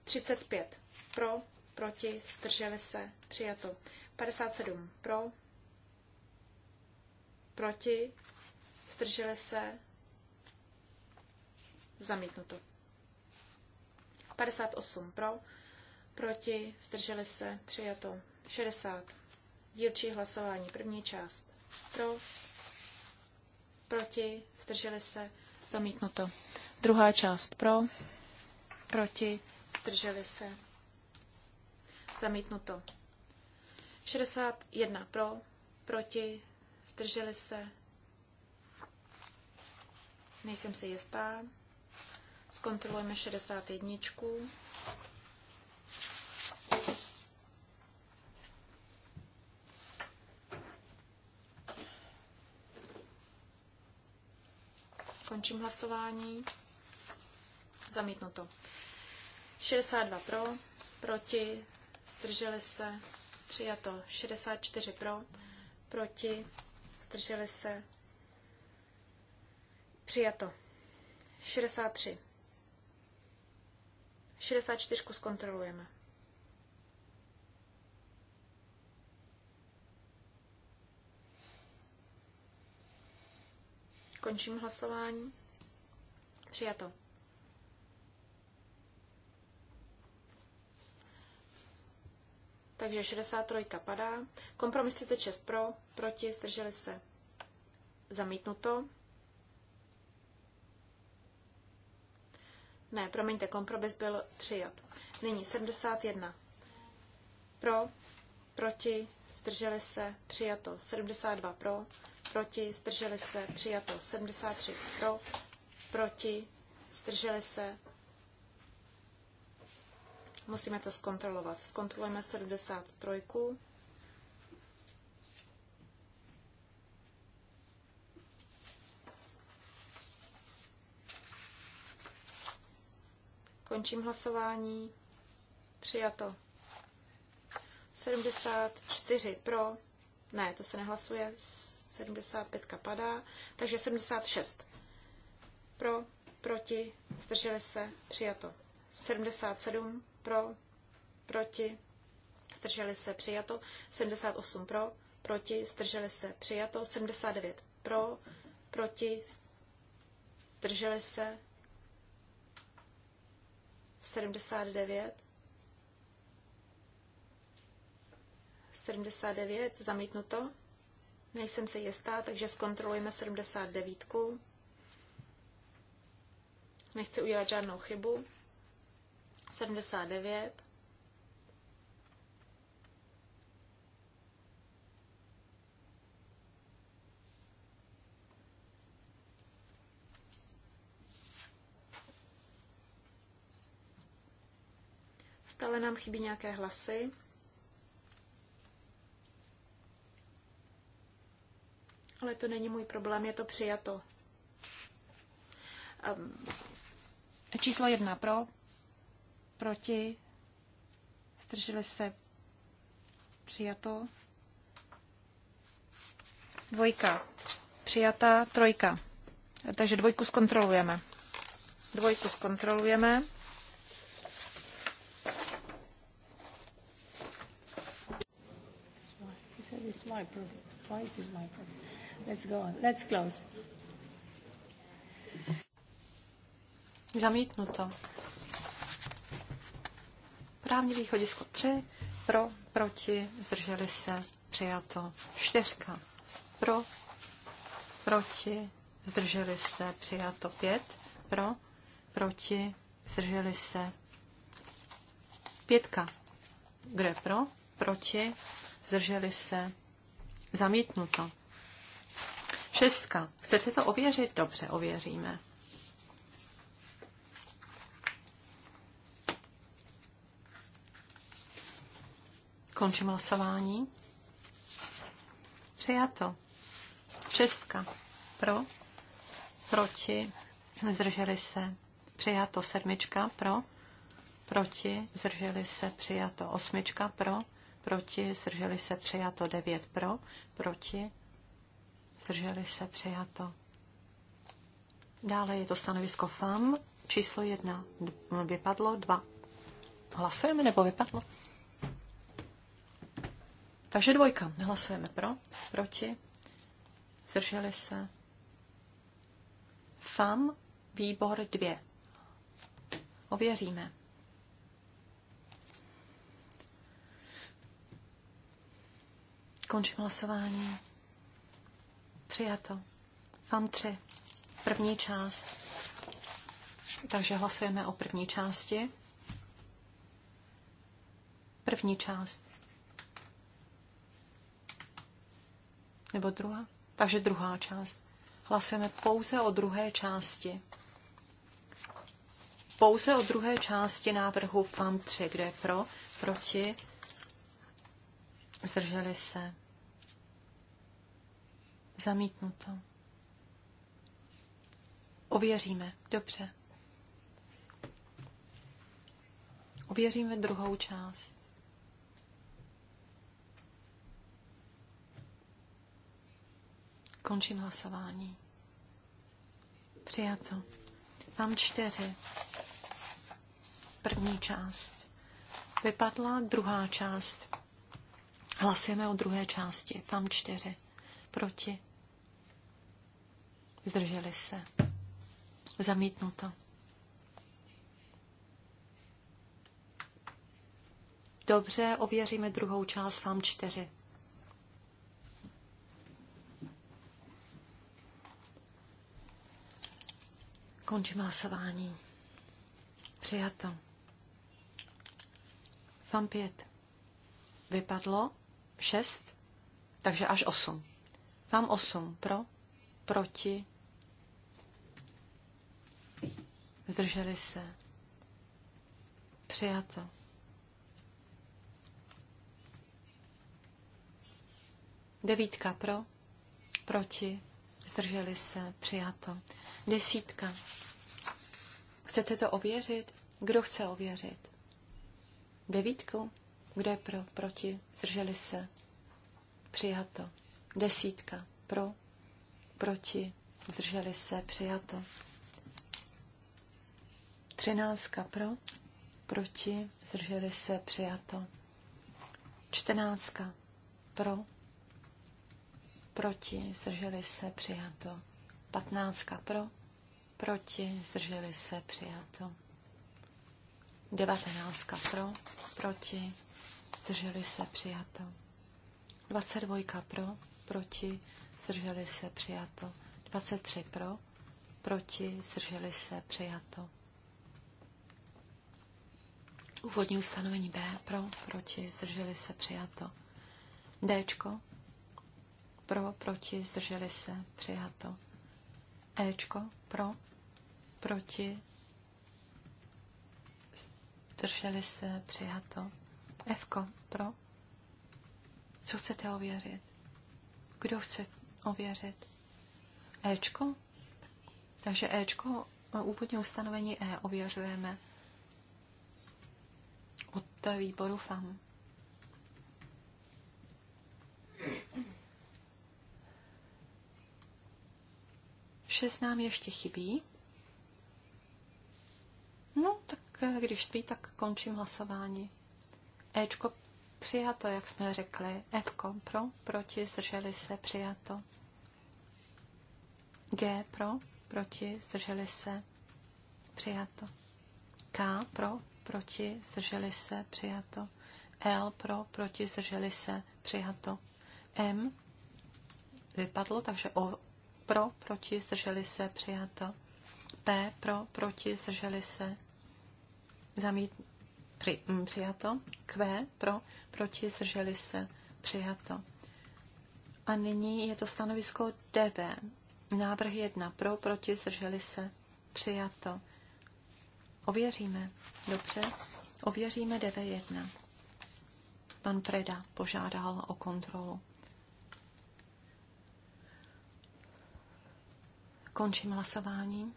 E: 35 pro, proti, zdrželi se, přijato. 57 pro, proti, zdrželi se, zamítnuto. 58 pro, proti, zdrželi se, přijato. 60. Dílčí hlasování, první část. Pro, proti, zdrželi se, zamítnuto. Druhá část pro, proti, zdrželi se, zamítnuto. 61 pro, proti, zdrželi se, nejsem si jistá, zkontrolujeme 61. Končím hlasování. Zamítnuto. 62 pro, proti, zdrželi se, přijato. 64 pro, proti, zdrželi se, přijato. 63. 64 zkontrolujeme. Končím hlasování. Přijato. Takže 63 padá. Kompromis 36 pro, proti, zdrželi se. Zamítnuto. Ne, promiňte, kompromis byl přijat. Nyní 71. Pro, proti, zdrželi se, přijato. 72 pro, proti, zdrželi se, přijato 73 pro, proti, zdrželi se, musíme to zkontrolovat. Zkontrolujeme 73. Končím hlasování. Přijato. 74 pro. Ne, to se nehlasuje. 75 padá, takže 76. Pro, proti, zdrželi se, přijato. 77 pro, proti, zdrželi se, přijato. 78 pro, proti, zdrželi se, přijato. 79 pro, proti, zdrželi se, 79, 79, zamítnuto. Nejsem si jistá, takže zkontrolujeme 79. Nechci udělat žádnou
D: chybu. 79.
E: Stále nám chybí nějaké hlasy. ale to není můj problém, je to přijato. Číslo jedna pro, proti, zdrželi se, přijato. Dvojka, přijata trojka. Takže dvojku zkontrolujeme. Dvojku zkontrolujeme.
D: It's my problem. Why is this my problem? Let's go on. Let's close.
C: Zamítnuto. Právní východisko 3. Pro, proti, zdrželi se, přijato. 4. Pro, proti, zdrželi se, přijato. 5. Pro, proti, zdrželi se. Pětka. Kdo je pro? Proti? Zdrželi se? Zamítnuto. Šestka. Chcete to ověřit? Dobře, ověříme. Končím hlasování. Přijato. Šestka. Pro. Proti. Zdrželi se. Přijato. Sedmička. Pro. Proti. Zdrželi se. Přijato. Osmička. Pro. Proti. Zdrželi se. Přijato. Devět. Pro. Proti zdrželi se, přijato. Dále je to stanovisko FAM, číslo jedna vypadlo, dva. Hlasujeme nebo vypadlo? Takže dvojka. Hlasujeme pro, proti, zdrželi se. FAM, výbor dvě. Ověříme. Končím hlasování. Přijato. FAM 3. První část. Takže hlasujeme o první části. První část. Nebo druhá? Takže druhá část. Hlasujeme pouze o druhé části. Pouze o druhé části návrhu FAM 3, kde je pro, proti, zdrželi se. Zamítnuto. Ověříme. Dobře. Ověříme druhou část. Končím hlasování. Přijato. Mám čtyři. První část. Vypadla druhá část. Hlasujeme o druhé části. Tam čtyři. Proti zdrželi se. Zamítnuto. Dobře, ověříme druhou část FAM 4. Končím hlasování. Přijato. FAM 5. Vypadlo 6, takže až 8. FAM 8 pro, proti, zdrželi se, přijato. Devítka pro, proti, zdrželi se, přijato. Desítka. Chcete to ověřit? Kdo chce ověřit? Devítku. kde pro, proti, zdrželi se, přijato. Desítka pro, proti, zdrželi se, přijato. 13 pro, proti, zdrželi se, přijato. 14 pro, proti, zdrželi se, přijato. 15 pro, proti, zdrželi se, přijato. 19 pro, proti, zdrželi se, přijato. 22 pro, proti, zdrželi se, přijato. 23 pro, proti, zdrželi se, přijato. Úvodní ustanovení B pro, proti, zdrželi se, přijato. D pro, proti, zdrželi se, přijato. E pro, proti, zdrželi se, přijato. F pro. Co chcete ověřit? Kdo chce ověřit? Ečko? Takže Ečko, úvodní ustanovení E ověřujeme od výboru FAM. Šest nám ještě chybí. No, tak eh, když spí, tak končím hlasování. Ečko přijato, jak jsme řekli. Fko pro, proti, zdrželi se, přijato. G pro, proti, zdrželi se, přijato. K pro, proti, zdrželi se, přijato. L pro, proti, zdrželi se, přijato. M vypadlo, takže O pro, proti, zdrželi se, přijato. P pro, proti, zdrželi se, zamít, při, m, mm, přijato. Q pro, proti, zdrželi se, přijato. A nyní je to stanovisko DB. Návrh 1 pro, proti, zdrželi se, přijato. Ověříme. Dobře. Ověříme DV1. Pan Preda požádal o kontrolu. Končím hlasování.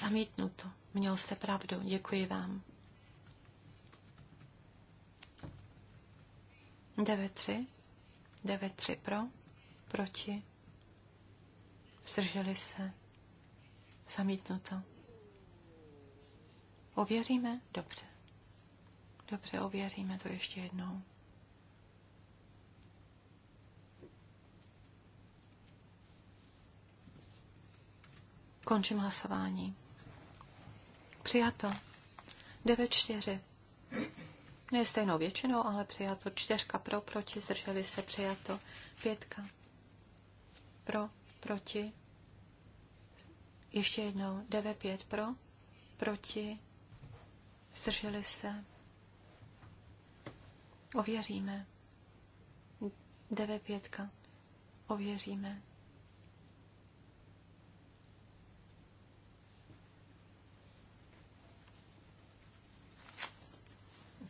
C: Zamítnuto. Měl jste pravdu. Děkuji vám. 9-3. 9-3 pro. Proti. Zdrželi se. Zamítnuto. Ověříme? Dobře. Dobře, ověříme to ještě jednou. Končím hlasování. Přijato. 9 čtyři. Ne stejnou většinou, ale přijato. Čtyřka pro, proti, zdrželi se, přijato. Pětka. Pro, proti. Ještě jednou. 9 pět pro, proti, Zdrželi se. Ověříme. 9.5. Ověříme.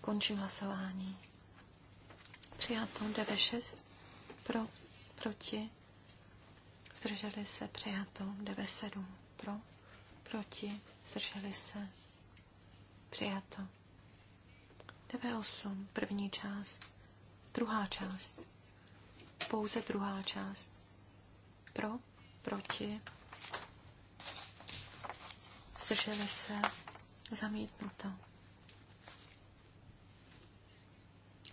C: Končím hlasování. Přijato 96 pro, proti, zdrželi se, přijato 97 pro, proti, zdrželi se, Přijato. 98. První část. Druhá část. Pouze druhá část. Pro, proti. Zdrželi se. Zamítnuto.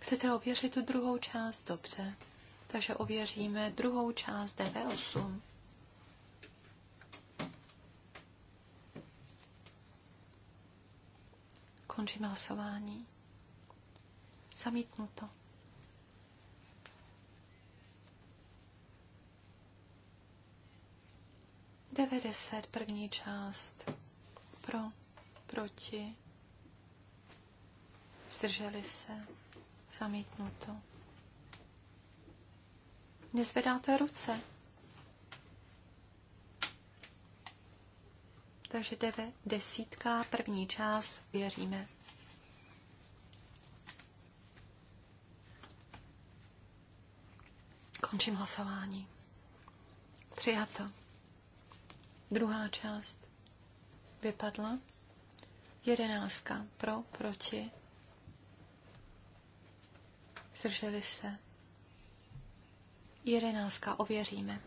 C: Chcete ověřit tu druhou část? Dobře. Takže ověříme druhou část DV8. Končím hlasování. Zamítnuto. Devadesát první část. Pro, proti, zdrželi se, zamítnuto. Nezvedáte ruce. takže deve desítka, první část, věříme. Končím hlasování. Přijato. Druhá část vypadla. Jedenáctka pro, proti. Zdrželi se. Jedenáctka ověříme.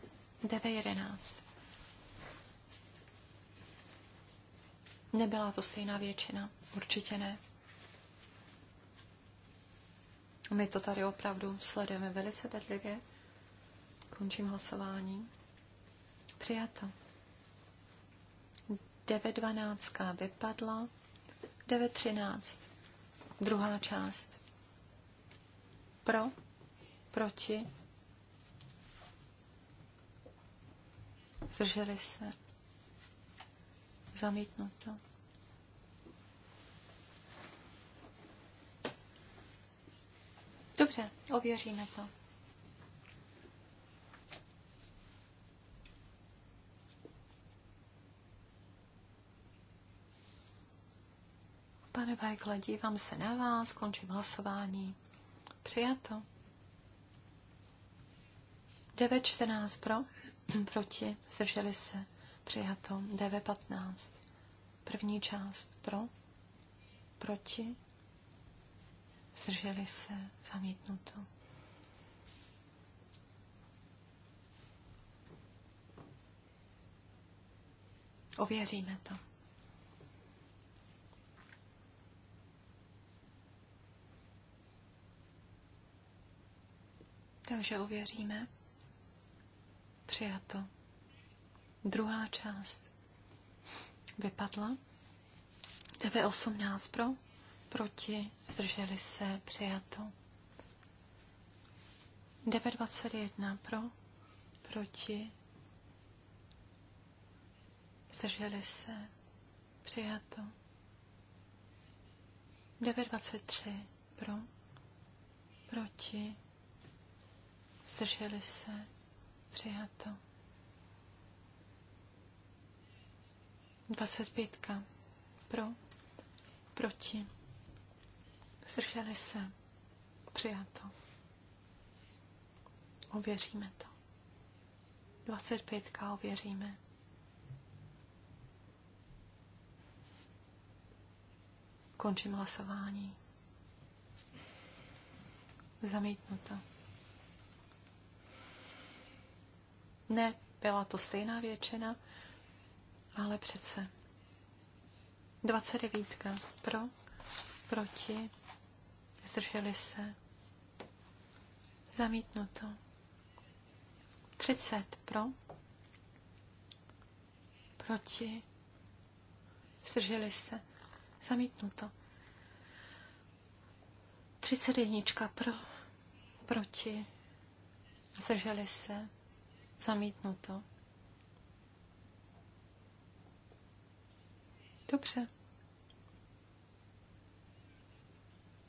C: jedenáct. Nebyla to stejná většina, určitě ne. My to tady opravdu sledujeme velice bedlivě. Končím hlasování. Přijato. 9.12 vypadla. 9.13. Druhá část. Pro. Proti. Zdrželi se. Zamítnuto. Dobře, ověříme to. Pane Vajkle, dívám se na vás, končím hlasování. Přijato. 9.14 pro, proti, zdrželi se. Přijato. DV15. První část pro, proti, zdrželi se, zamítnuto. Ověříme to. Takže ověříme. Přijato. Druhá část vypadla. DV18 pro, proti, zdrželi se, přijato. 921 pro, proti, zdrželi se, přijato. 923 pro, proti, zdrželi se, přijato. 25. Pro. Proti. Zdrželi se. Přijato. Ověříme to. 25. Ověříme. Končím hlasování. Zamítnuto. Ne, byla to stejná většina. Ale přece. 29. Pro, proti, zdrželi se. Zamítnuto. 30. Pro, proti, zdrželi se. Zamítnuto. 31. Pro, proti, zdrželi se. Zamítnuto. Dobře.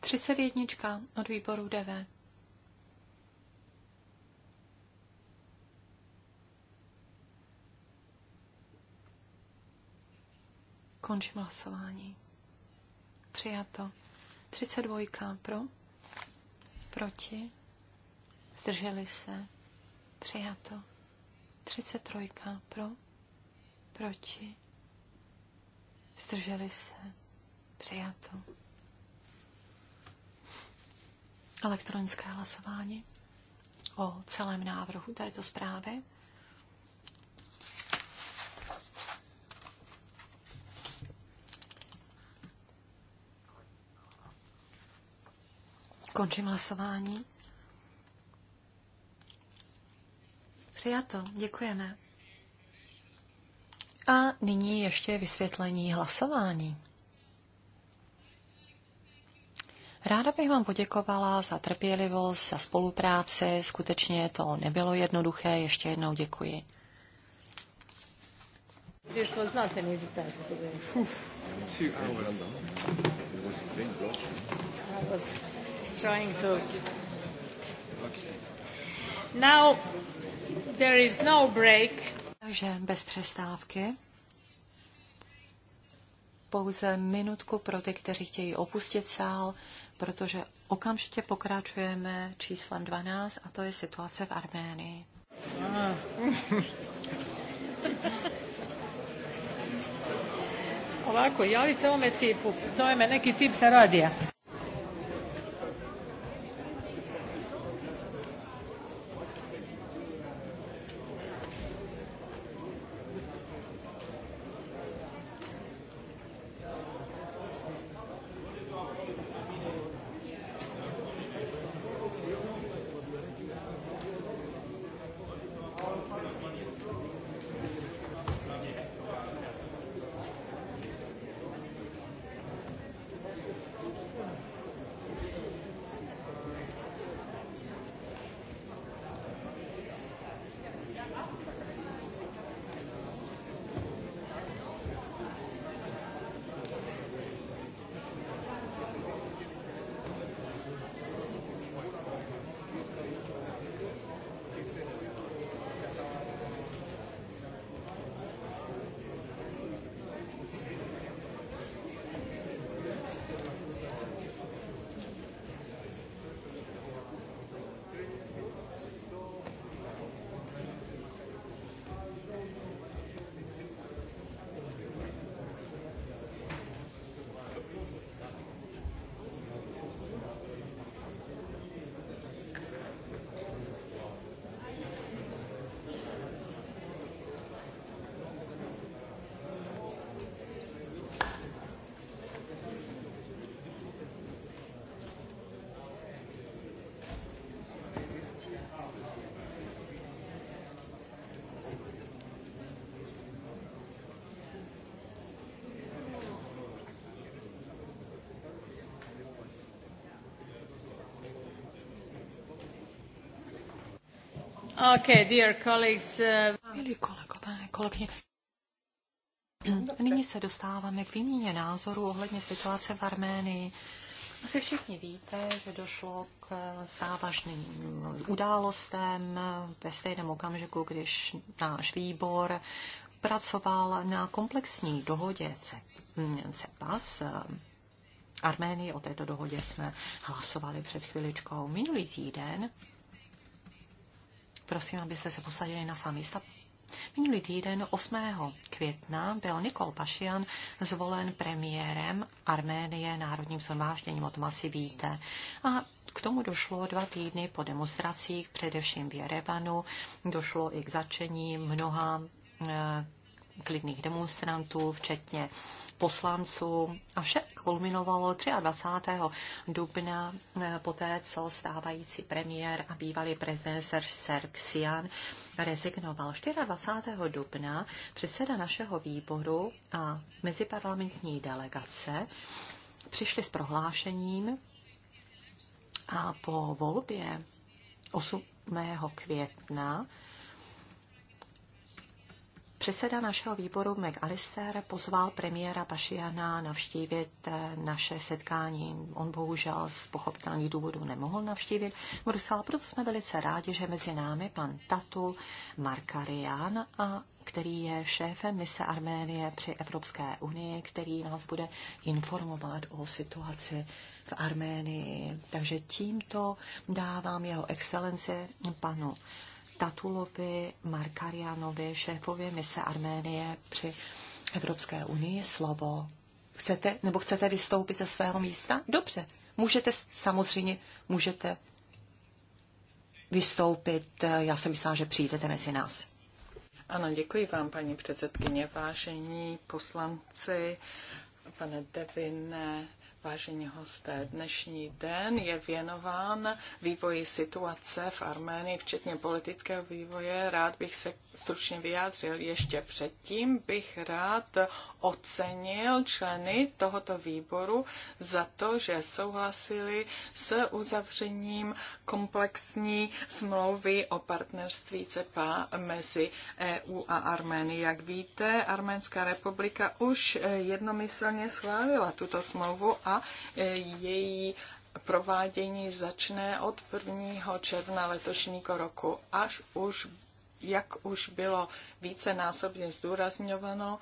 C: 31 od výboru DV. Končím hlasování. Přijato. 32 pro. Proti. Zdrželi se. Přijato. 33 pro. Proti. Vzdrželi se. Přijato. Elektronické hlasování o celém návrhu této zprávy. Končím hlasování. Přijato, děkujeme. A nyní ještě vysvětlení hlasování. Ráda bych vám poděkovala za trpělivost, za spolupráci. Skutečně to nebylo jednoduché. Ještě jednou děkuji.
D: I was trying to.
C: Now there is no break. Takže bez přestávky. Pouze minutku pro ty, kteří chtějí opustit sál, protože okamžitě pokračujeme číslem 12 a to je situace v Arménii. Ovako, javi se ovome
D: tipu, zove me neki tip sa radija. Okay, dear colleagues. Uh, Milí
C: kolegové, kolegyně. Nyní se dostáváme k výměně názoru ohledně situace v Arménii. Asi všichni víte, že došlo k závažným událostem ve stejném okamžiku, když náš výbor pracoval na komplexní dohodě CEPAS, Arménii. O této dohodě jsme hlasovali před chviličkou minulý týden. Prosím, abyste se posadili na svá místa. Minulý týden 8. května byl Nikol Pašian zvolen premiérem Arménie národním shromážděním, o tom asi víte. A k tomu došlo dva týdny po demonstracích, především v Jerevanu. Došlo i k začení mnoha eh, klidných demonstrantů, včetně poslanců. A vše kulminovalo 23. dubna eh, poté, co stávající premiér a bývalý prezident Serksian rezignoval. 24. dubna předseda našeho výboru a meziparlamentní delegace přišli s prohlášením a po volbě 8. května Předseda našeho výboru Meg Alister pozval premiéra Pašiana navštívit eh, naše setkání. On bohužel z pochopitelných důvodů nemohl navštívit Brusel, proto jsme velice rádi, že mezi námi pan Tatu Markarian, a který je šéfem mise Arménie při Evropské unii, který nás bude informovat o situaci v Arménii. Takže tímto dávám jeho excelenci panu Tatulovi Markarianovi, šéfovi mise Arménie při Evropské unii, slovo. Chcete, nebo chcete vystoupit ze svého místa? Dobře, můžete, samozřejmě můžete vystoupit. Já jsem myslela, že přijdete mezi nás.
A: Ano, děkuji vám, paní předsedkyně. Vážení poslanci, pane Devine, Vážení hosté, dnešní den je věnován vývoji situace v Arménii, včetně politického vývoje. Rád bych se stručně vyjádřil. Ještě předtím bych rád ocenil členy tohoto výboru za to, že souhlasili s uzavřením komplexní smlouvy o partnerství CEPA mezi EU a Arménií. Jak víte, Arménská republika už jednomyslně schválila tuto smlouvu a Eh, její provádění začne od 1. června letošního roku, až už jak už bylo vícenásobně zdůrazňováno,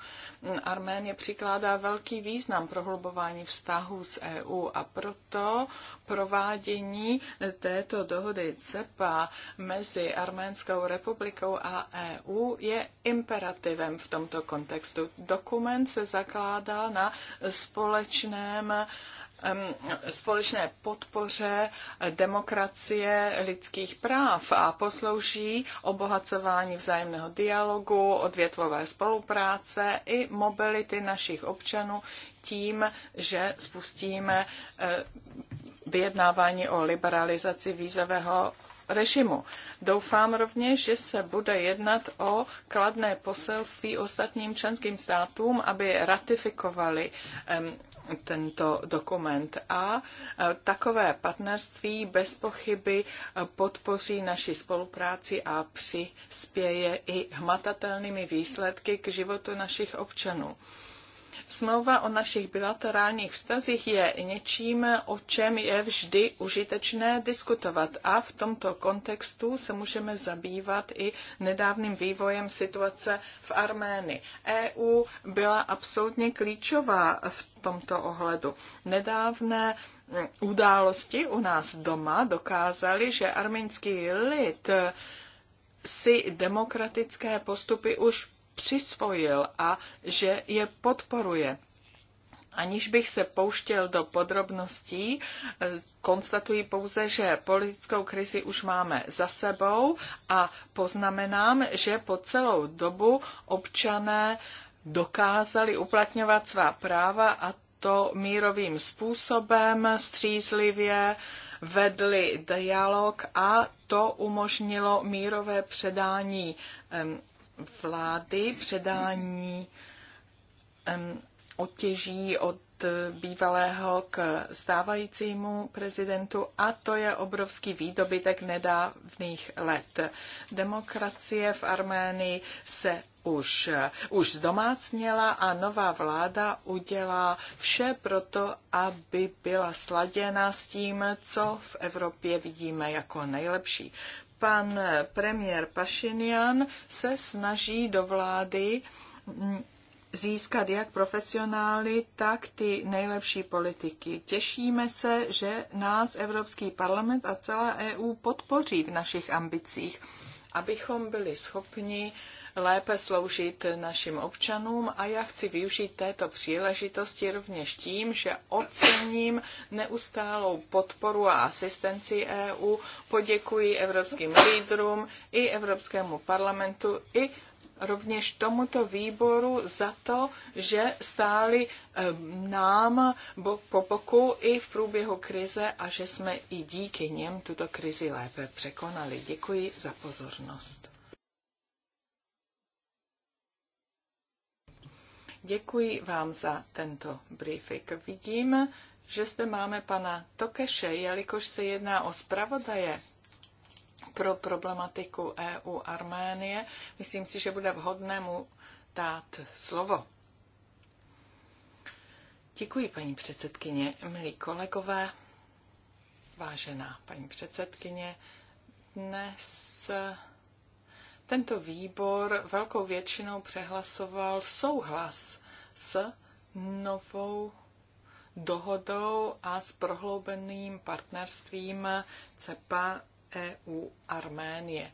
A: Arménie přikládá velký význam prohlubování vztahů s EU a proto provádění této dohody CEPA mezi Arménskou republikou a EU je imperativem v tomto kontextu. Dokument se zakládá na společném společné podpoře demokracie lidských práv a poslouží obohacování vzájemného dialogu, odvětvové spolupráce i mobility našich občanů tím, že spustíme eh, vyjednávání o liberalizaci vízového režimu. Doufám rovněž, že se bude jednat o kladné poselství ostatním členským státům, aby ratifikovali tento dokument. A e, takové partnerství bez pochyby e, podpoří naši spolupráci a přispěje i hmatatelnými výsledky k životu našich občanů. Smlouva o našich bilaterálních vztazích je něčím, o čem je vždy užitečné diskutovat a v tomto kontextu se můžeme zabývat i nedávným vývojem situace v Arménii. EU byla absolutně klíčová v tomto ohledu. Nedávné události u nás doma dokázaly, že arménský lid si demokratické postupy už přisvojil a že je podporuje. Aniž bych se pouštěl do podrobností, konstatuji pouze, že politickou krizi už máme za sebou a poznamenám, že po celou dobu občané dokázali uplatňovat svá práva a to mírovým způsobem, střízlivě, vedli dialog a to umožnilo mírové předání vlády, předání otěží od bývalého k stávajícímu prezidentu a to je obrovský výdobytek nedávných let. Demokracie v Arménii se už, už zdomácněla a nová vláda udělá vše proto, aby byla sladěna s tím, co v Evropě vidíme jako nejlepší pan premiér Pašinian se snaží do vlády mm, získat jak profesionály, tak ty nejlepší politiky. Těšíme se, že nás Evropský parlament a celá EU podpoří v našich ambicích, abychom byli schopni uh, lépe sloužit našim občanům a já chci využít této příležitosti rovněž tím, že ocením neustálou podporu a asistenci EU, poděkuji evropským lídrům i Evropskému parlamentu i rovněž tomuto výboru za to, že stáli eh, nám po boku i v průběhu krize a že jsme i díky něm tuto krizi lépe překonali. Děkuji za pozornost. Děkuji vám za tento briefing. Vidím, že zde máme pana Tokeše, jelikož se jedná o zpravodaje pro problematiku EU Arménie. Myslím si, že bude vhodné mu dát slovo. Děkuji, paní předsedkyně, milí kolegové, vážená paní předsedkyně. Dnes tento výbor velkou většinou přehlasoval souhlas s novou dohodou a s prohloubeným partnerstvím CEPA EU Arménie.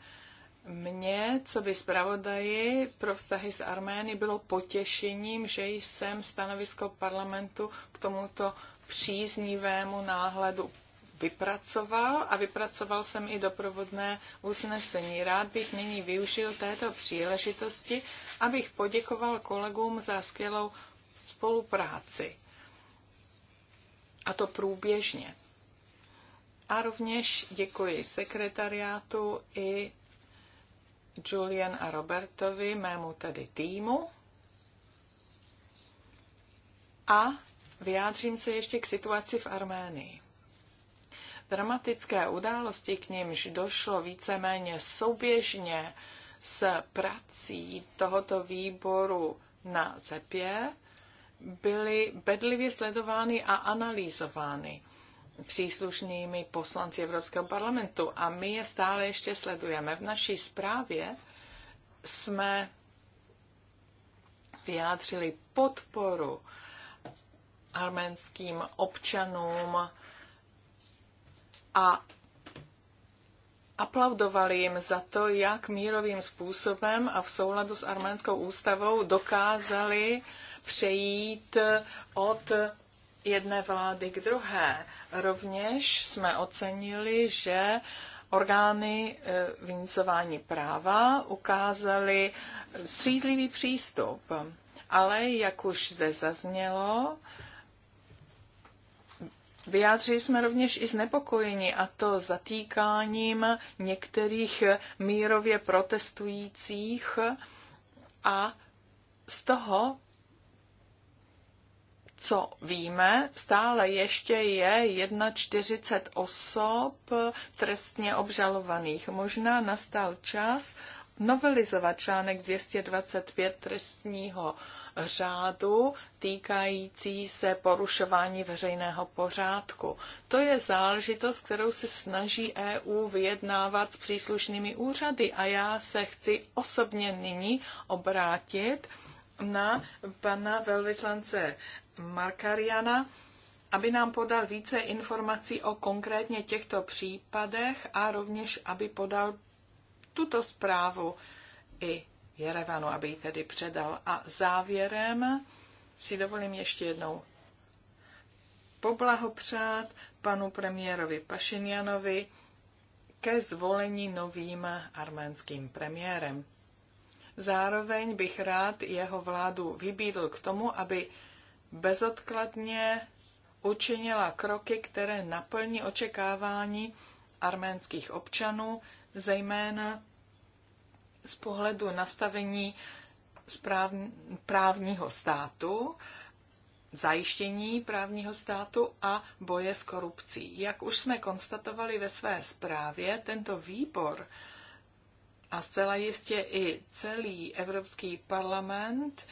A: Mně, co by zpravodaji pro vztahy s Armény, bylo potěšením, že jsem stanovisko parlamentu k tomuto příznivému náhledu vypracoval a vypracoval jsem i doprovodné usnesení. Rád bych nyní využil této příležitosti, abych poděkoval kolegům za skvělou spolupráci. A to průběžně. A rovněž děkuji sekretariátu i Julian a Robertovi, mému tedy týmu. A vyjádřím se ještě k situaci v Arménii dramatické události, k nímž došlo víceméně souběžně s prací tohoto výboru na CEPě, byly bedlivě sledovány a analýzovány příslušnými poslanci Evropského parlamentu a my je stále ještě sledujeme. V naší zprávě jsme vyjádřili podporu arménským občanům a aplaudovali jim za to, jak mírovým způsobem a v souladu s arménskou ústavou dokázali přejít od jedné vlády k druhé. Rovněž jsme ocenili, že orgány e, vynicování práva ukázaly střízlivý přístup. Ale, jak už zde zaznělo, Vyjádřili jsme rovněž i znepokojení a to zatýkáním některých mírově protestujících a z toho, co víme, stále ještě je 41 osob trestně obžalovaných. Možná nastal čas, novelizovat článek 225 trestního řádu týkající se porušování veřejného pořádku. To je záležitost, kterou se snaží EU vyjednávat s příslušnými úřady a já se chci osobně nyní obrátit na pana velvyslance Markariana, aby nám podal více informací o konkrétně těchto případech a rovněž, aby podal tuto zprávu i Jerevanu, aby ji tedy předal. A závěrem si dovolím ještě jednou poblahopřát panu premiérovi Pašinjanovi ke zvolení novým arménským premiérem. Zároveň bych rád jeho vládu vybídl k tomu, aby bezodkladně učinila kroky, které naplní očekávání arménských občanů, zejména z pohledu nastavení správ, právního státu, zajištění právního státu a boje s korupcí. Jak už jsme konstatovali ve své zprávě, tento výbor a zcela jistě i celý Evropský parlament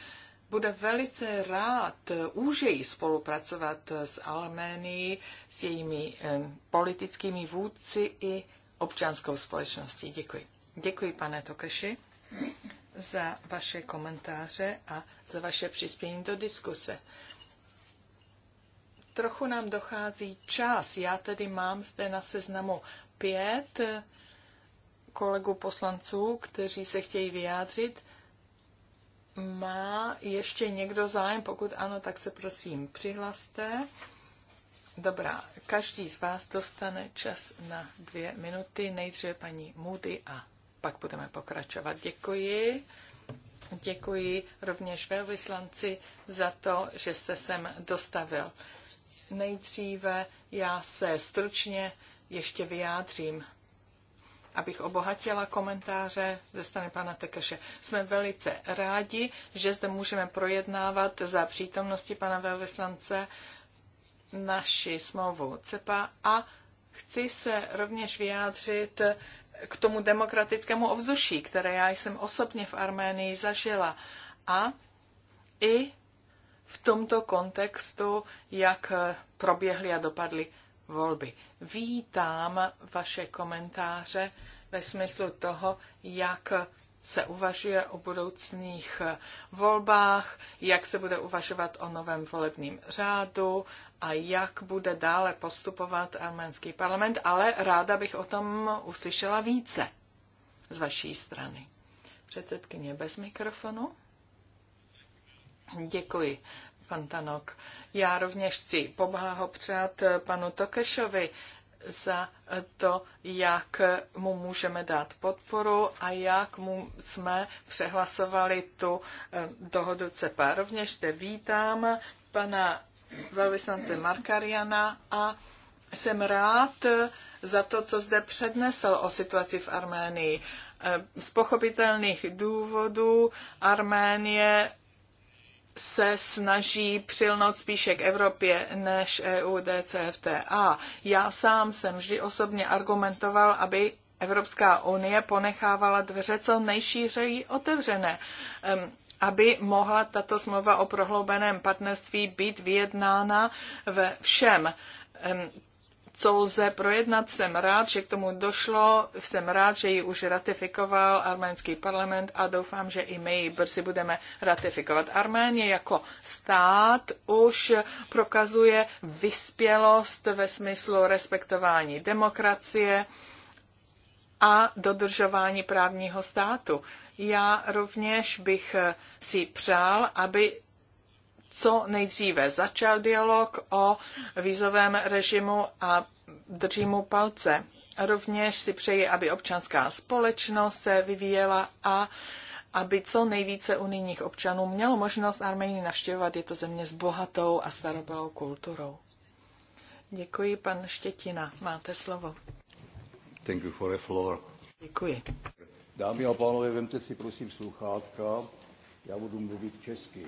A: bude velice rád úžeji spolupracovat s Arménií, s jejími eh, politickými vůdci i občanskou společností. Děkuji. Děkuji, pane Tokeši, za vaše komentáře a za vaše přispění do diskuse. Trochu nám dochází čas. Já tedy mám zde na seznamu pět kolegů poslanců, kteří se chtějí vyjádřit. Má ještě někdo zájem? Pokud ano, tak se prosím přihlaste. Dobrá, každý z vás dostane čas na dvě minuty. Nejdříve paní Moody a pak budeme pokračovat. Děkuji. Děkuji rovněž velvyslanci za to, že se sem dostavil. Nejdříve já se stručně ještě vyjádřím, abych obohatila komentáře ze strany pana Tekeše. Jsme velice rádi, že zde můžeme projednávat za přítomnosti pana velvyslance naši smlouvu CEPA a chci se rovněž vyjádřit k tomu demokratickému ovzduší, které já jsem osobně v Arménii zažila. A i v tomto kontextu, jak proběhly a dopadly volby. Vítám vaše komentáře ve smyslu toho, jak se uvažuje o budoucích volbách, jak se bude uvažovat o novém volebním řádu a jak bude dále postupovat arménský parlament, ale ráda bych o tom uslyšela více z vaší strany. Předsedkyně bez mikrofonu. Děkuji, pan Tanok. Já rovněž chci poblahopřát panu Tokešovi za to, jak mu můžeme dát podporu a jak mu jsme přehlasovali tu eh, dohodu CEPA. Rovněž zde vítám pana velvyslance Markariana a jsem rád za to, co zde přednesl o situaci v Arménii. Eh, z pochopitelných důvodů Arménie se snaží přilnout spíše k Evropě než EU DCFTA. Já sám jsem vždy osobně argumentoval, aby Evropská unie ponechávala dveře co nejšířejí otevřené. Ehm, aby mohla tato smlouva o prohloubeném partnerství být vyjednána ve všem co lze projednat. Jsem rád, že k tomu došlo, jsem rád, že ji už ratifikoval arménský parlament a doufám, že i my ji brzy budeme ratifikovat. Arménie jako stát už prokazuje vyspělost ve smyslu respektování demokracie, a dodržování právního státu. Já rovněž bych eh, si přál, aby co nejdříve začal dialog o vízovém režimu a držím mu palce. Rovněž si přeji, aby občanská společnost se vyvíjela a aby co nejvíce unijních občanů mělo možnost Armenii navštěvovat. Je to země s bohatou a starobylou kulturou. Děkuji, pan Štětina. Máte slovo.
B: Thank you for the floor. Děkuji. Dámy a pánové, vemte si prosím sluchátka, já budu mluvit česky.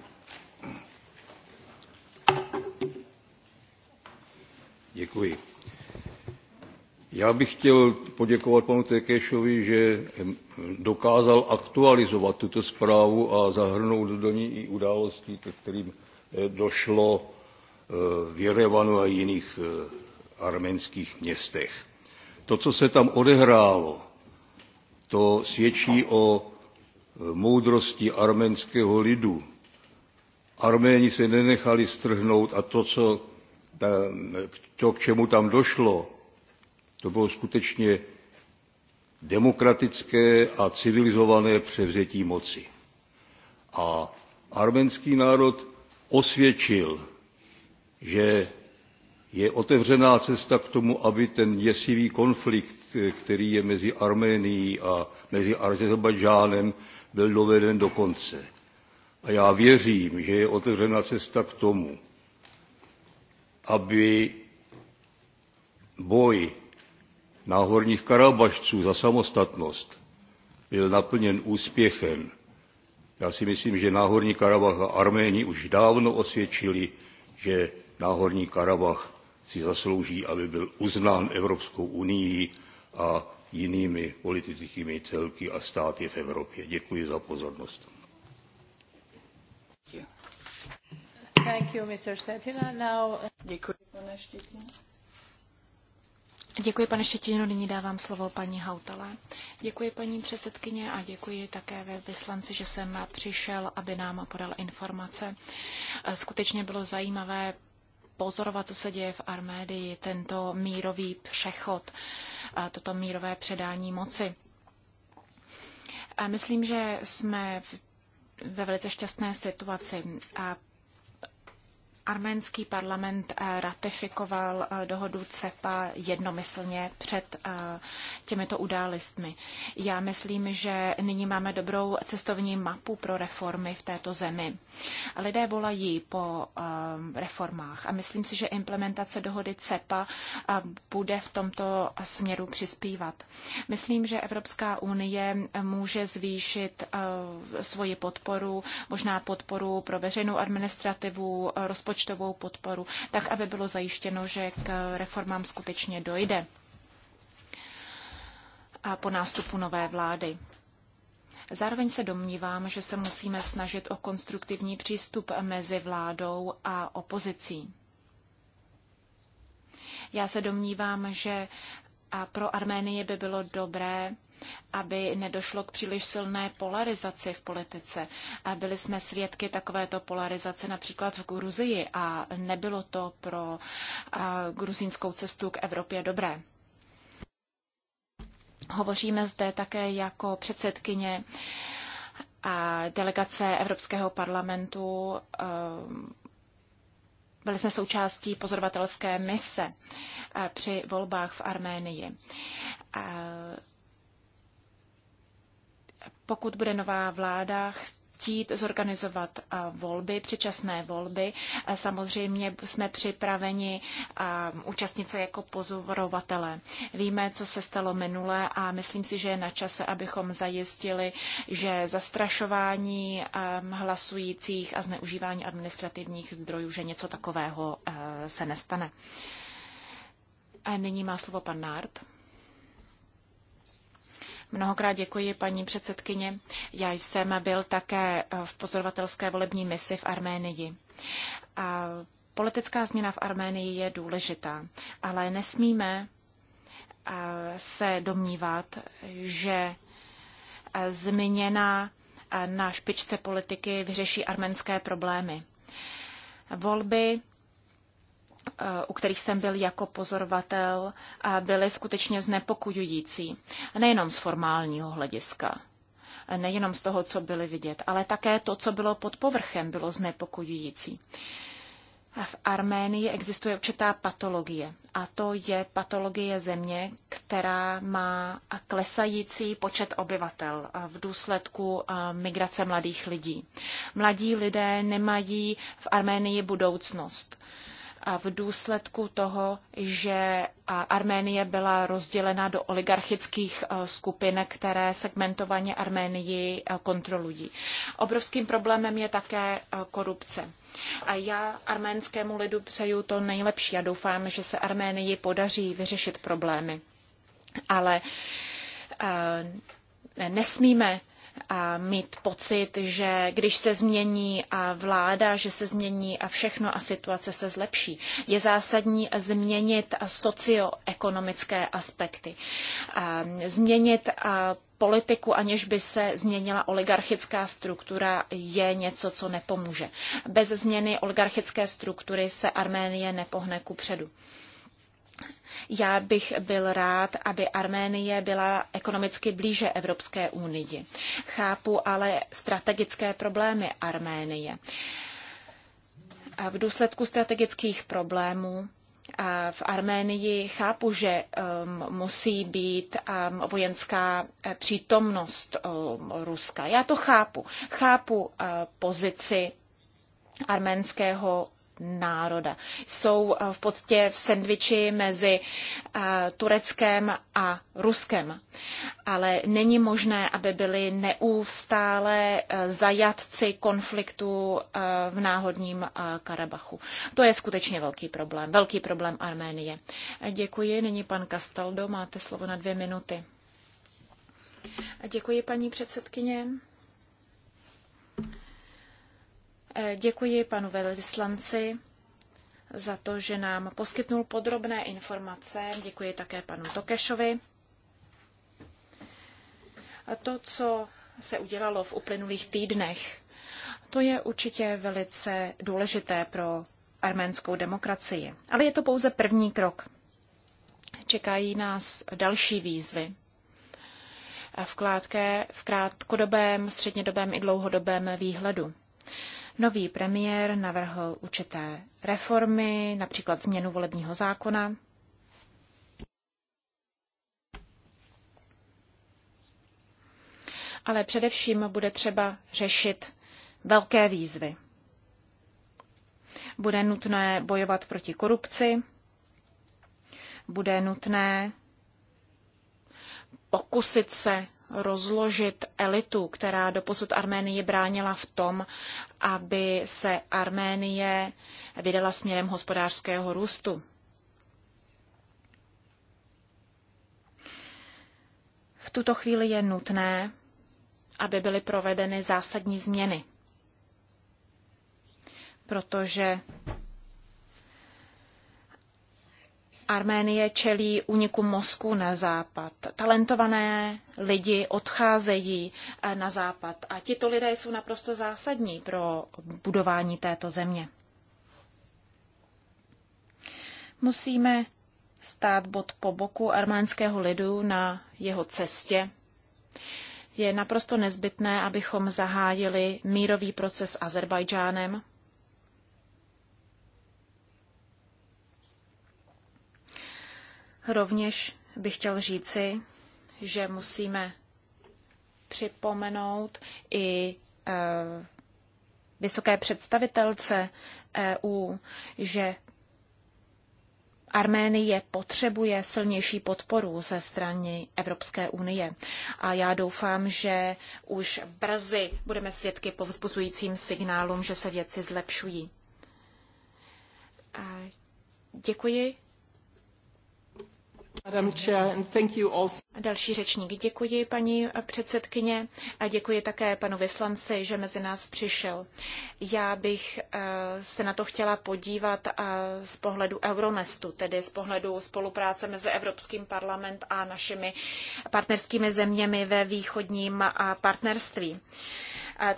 B: Děkuji. Já bych chtěl poděkovat panu Tekešovi, že dokázal aktualizovat tuto zprávu a zahrnout do ní i události, ke kterým eh, došlo eh, v Jerevanu a jiných eh, arménských městech to, co se tam odehrálo, to svědčí o e, moudrosti arménského lidu. Arméni se nenechali strhnout a to, co, to, k čemu tam došlo, to bylo skutečně demokratické a civilizované převzetí moci. A arménský národ osvědčil, že je otevřená cesta k tomu, aby ten děsivý konflikt, který je mezi Arménií a mezi Azerbajdžánem, byl doveden do konce. A já věřím, že je otevřena cesta k tomu, aby boj náhorních karabašců za samostatnost byl naplněn úspěchem. Já si myslím, že náhorní Karabach a Arméni už dávno osvědčili, že náhorní Karabach si zaslouží, aby byl uznán Evropskou unii a jinými politickými celky a státy v Evropě. Děkuji za pozornost. Uh,
D: děkuji, pane Štětino.
E: Děkuji, pane Nyní dávám slovo paní Hautalé. Děkuji, paní předsedkyně, a děkuji také ve vyslanci, že jsem přišel, aby nám podal informace. Skutečně bylo zajímavé pozorovat, co se děje v Armédii, tento mírový přechod, toto mírové předání moci. A myslím, že jsme ve velice šťastné situaci. A Arménský parlament eh, ratifikoval eh, dohodu CEPA jednomyslně před eh, těmito událostmi. Já myslím, že nyní máme dobrou cestovní mapu pro reformy v této zemi. Lidé volají po reformách a myslím si, že implementace dohody CEPA bude v tomto směru přispívat. Myslím, že Evropská unie může zvýšit svoji podporu, možná podporu pro veřejnou administrativu, rozpočtovou rozpočtovou podporu, tak aby bylo zajištěno, že k reformám skutečně dojde a po nástupu nové vlády. Zároveň se domnívám, že se musíme snažit o konstruktivní přístup mezi vládou a opozicí. Já se domnívám, že pro Arménie by bylo dobré aby nedošlo k příliš silné polarizaci v politice. A byli jsme svědky takovéto polarizace například v Gruzii a nebylo to pro gruzínskou cestu k Evropě dobré. Hovoříme zde také jako předsedkyně a delegace Evropského parlamentu. Byli jsme součástí pozorovatelské mise při volbách v Arménii pokud bude nová vláda chtít zorganizovat eh, volby, předčasné volby. Eh, samozřejmě jsme připraveni eh, účastnit se jako pozorovatele. Víme, co se stalo minule a myslím si, že je na čase, abychom zajistili, že zastrašování hlasujících a zneužívání administrativních zdrojů, že něco takového se nestane. A nyní má slovo pan Nárb. Mnohokrát děkuji, paní předsedkyně. Já jsem byl také eh, v pozorovatelské volební misi v Arménii. A politická změna v Arménii je důležitá, ale nesmíme eh, se domnívat, že eh, změna na špičce politiky vyřeší arménské problémy. Volby Eh, u kterých jsem byl jako pozorovatel, byly skutečně znepokojující. Nejenom z formálního hlediska, nejenom z toho, co byly vidět, ale také to, co bylo pod povrchem, bylo znepokojující. V Arménii existuje určitá patologie a to je patologie země, která má klesající počet obyvatel v důsledku eh, migrace mladých lidí. Mladí lidé nemají v Arménii budoucnost v důsledku toho, že Arménie byla rozdělena do oligarchických e, skupin, které segmentovaně Arménii e, kontrolují. Obrovským problémem je také e, korupce. A já arménskému lidu přeju to nejlepší a doufám, že se Arménii podaří vyřešit problémy. Ale nesmíme mít pocit, že když se změní a vláda, že se změní a všechno a situace se zlepší. Je zásadní změnit socioekonomické aspekty. Změnit politiku, aniž by se změnila oligarchická struktura, je něco, co nepomůže. Bez změny oligarchické struktury se Arménie nepohne ku předu. Já bych byl rád, aby Arménie byla ekonomicky blíže Evropské unii. Chápu ale strategické problémy Arménie. A v důsledku strategických problémů v Arménii chápu, že um, musí být um, vojenská eh, přítomnost um, Ruska. Já to chápu. Chápu eh, pozici arménského národa. Jsou eh, v podstatě v sendviči mezi eh, Tureckem a Ruskem. Ale není možné, aby byli neustále eh, zajatci konfliktu v náhodním Karabachu. To je skutečně velký problém. Velký problém Arménie. Děkuji. Nyní pan Castaldo. Máte slovo na dvě minuty. Děkuji, paní předsedkyně. Eh, děkuji panu velvyslanci za to, že nám poskytnul podrobné informace. Děkuji také panu Tokešovi. A to, co se udělalo v uplynulých týdnech, to je určitě velice důležité pro arménskou demokracii. Ale je to pouze první krok. Čekají nás další výzvy. V, krátké, v krátkodobém, střednědobém i dlouhodobém výhledu. Nový premiér navrhl určité reformy, například změnu volebního zákona. Ale především bude třeba řešit velké výzvy. Bude nutné bojovat proti korupci, bude nutné pokusit se rozložit elitu, která doposud Arménii bránila v tom, aby se Arménie vydala směrem hospodářského růstu. V tuto chvíli je nutné, aby byly provedeny zásadní změny, protože Arménie čelí úniku mozku na západ. Talentované lidi odcházejí eh, na západ a tito lidé jsou naprosto zásadní pro budování této země. Musíme stát bod po boku arménského lidu na jeho cestě. Je naprosto nezbytné, abychom zahájili mírový proces s Azerbajdžánem Rovněž bych chtěl říci, že musíme připomenout i eh, vysoké představitelce EU, že Arménie potřebuje silnější podporu ze strany Evropské unie. A já doufám, že už brzy budeme svědky povzbuzujícím signálům, že se věci zlepšují. děkuji Další řečník. Děkuji, paní předsedkyně, a děkuji také panu vyslanci, že mezi nás přišel. Já bych eh, se na to chtěla podívat eh, z pohledu Euronestu, tedy z pohledu spolupráce mezi Evropským parlament a našimi partnerskými zeměmi ve východním eh, partnerství.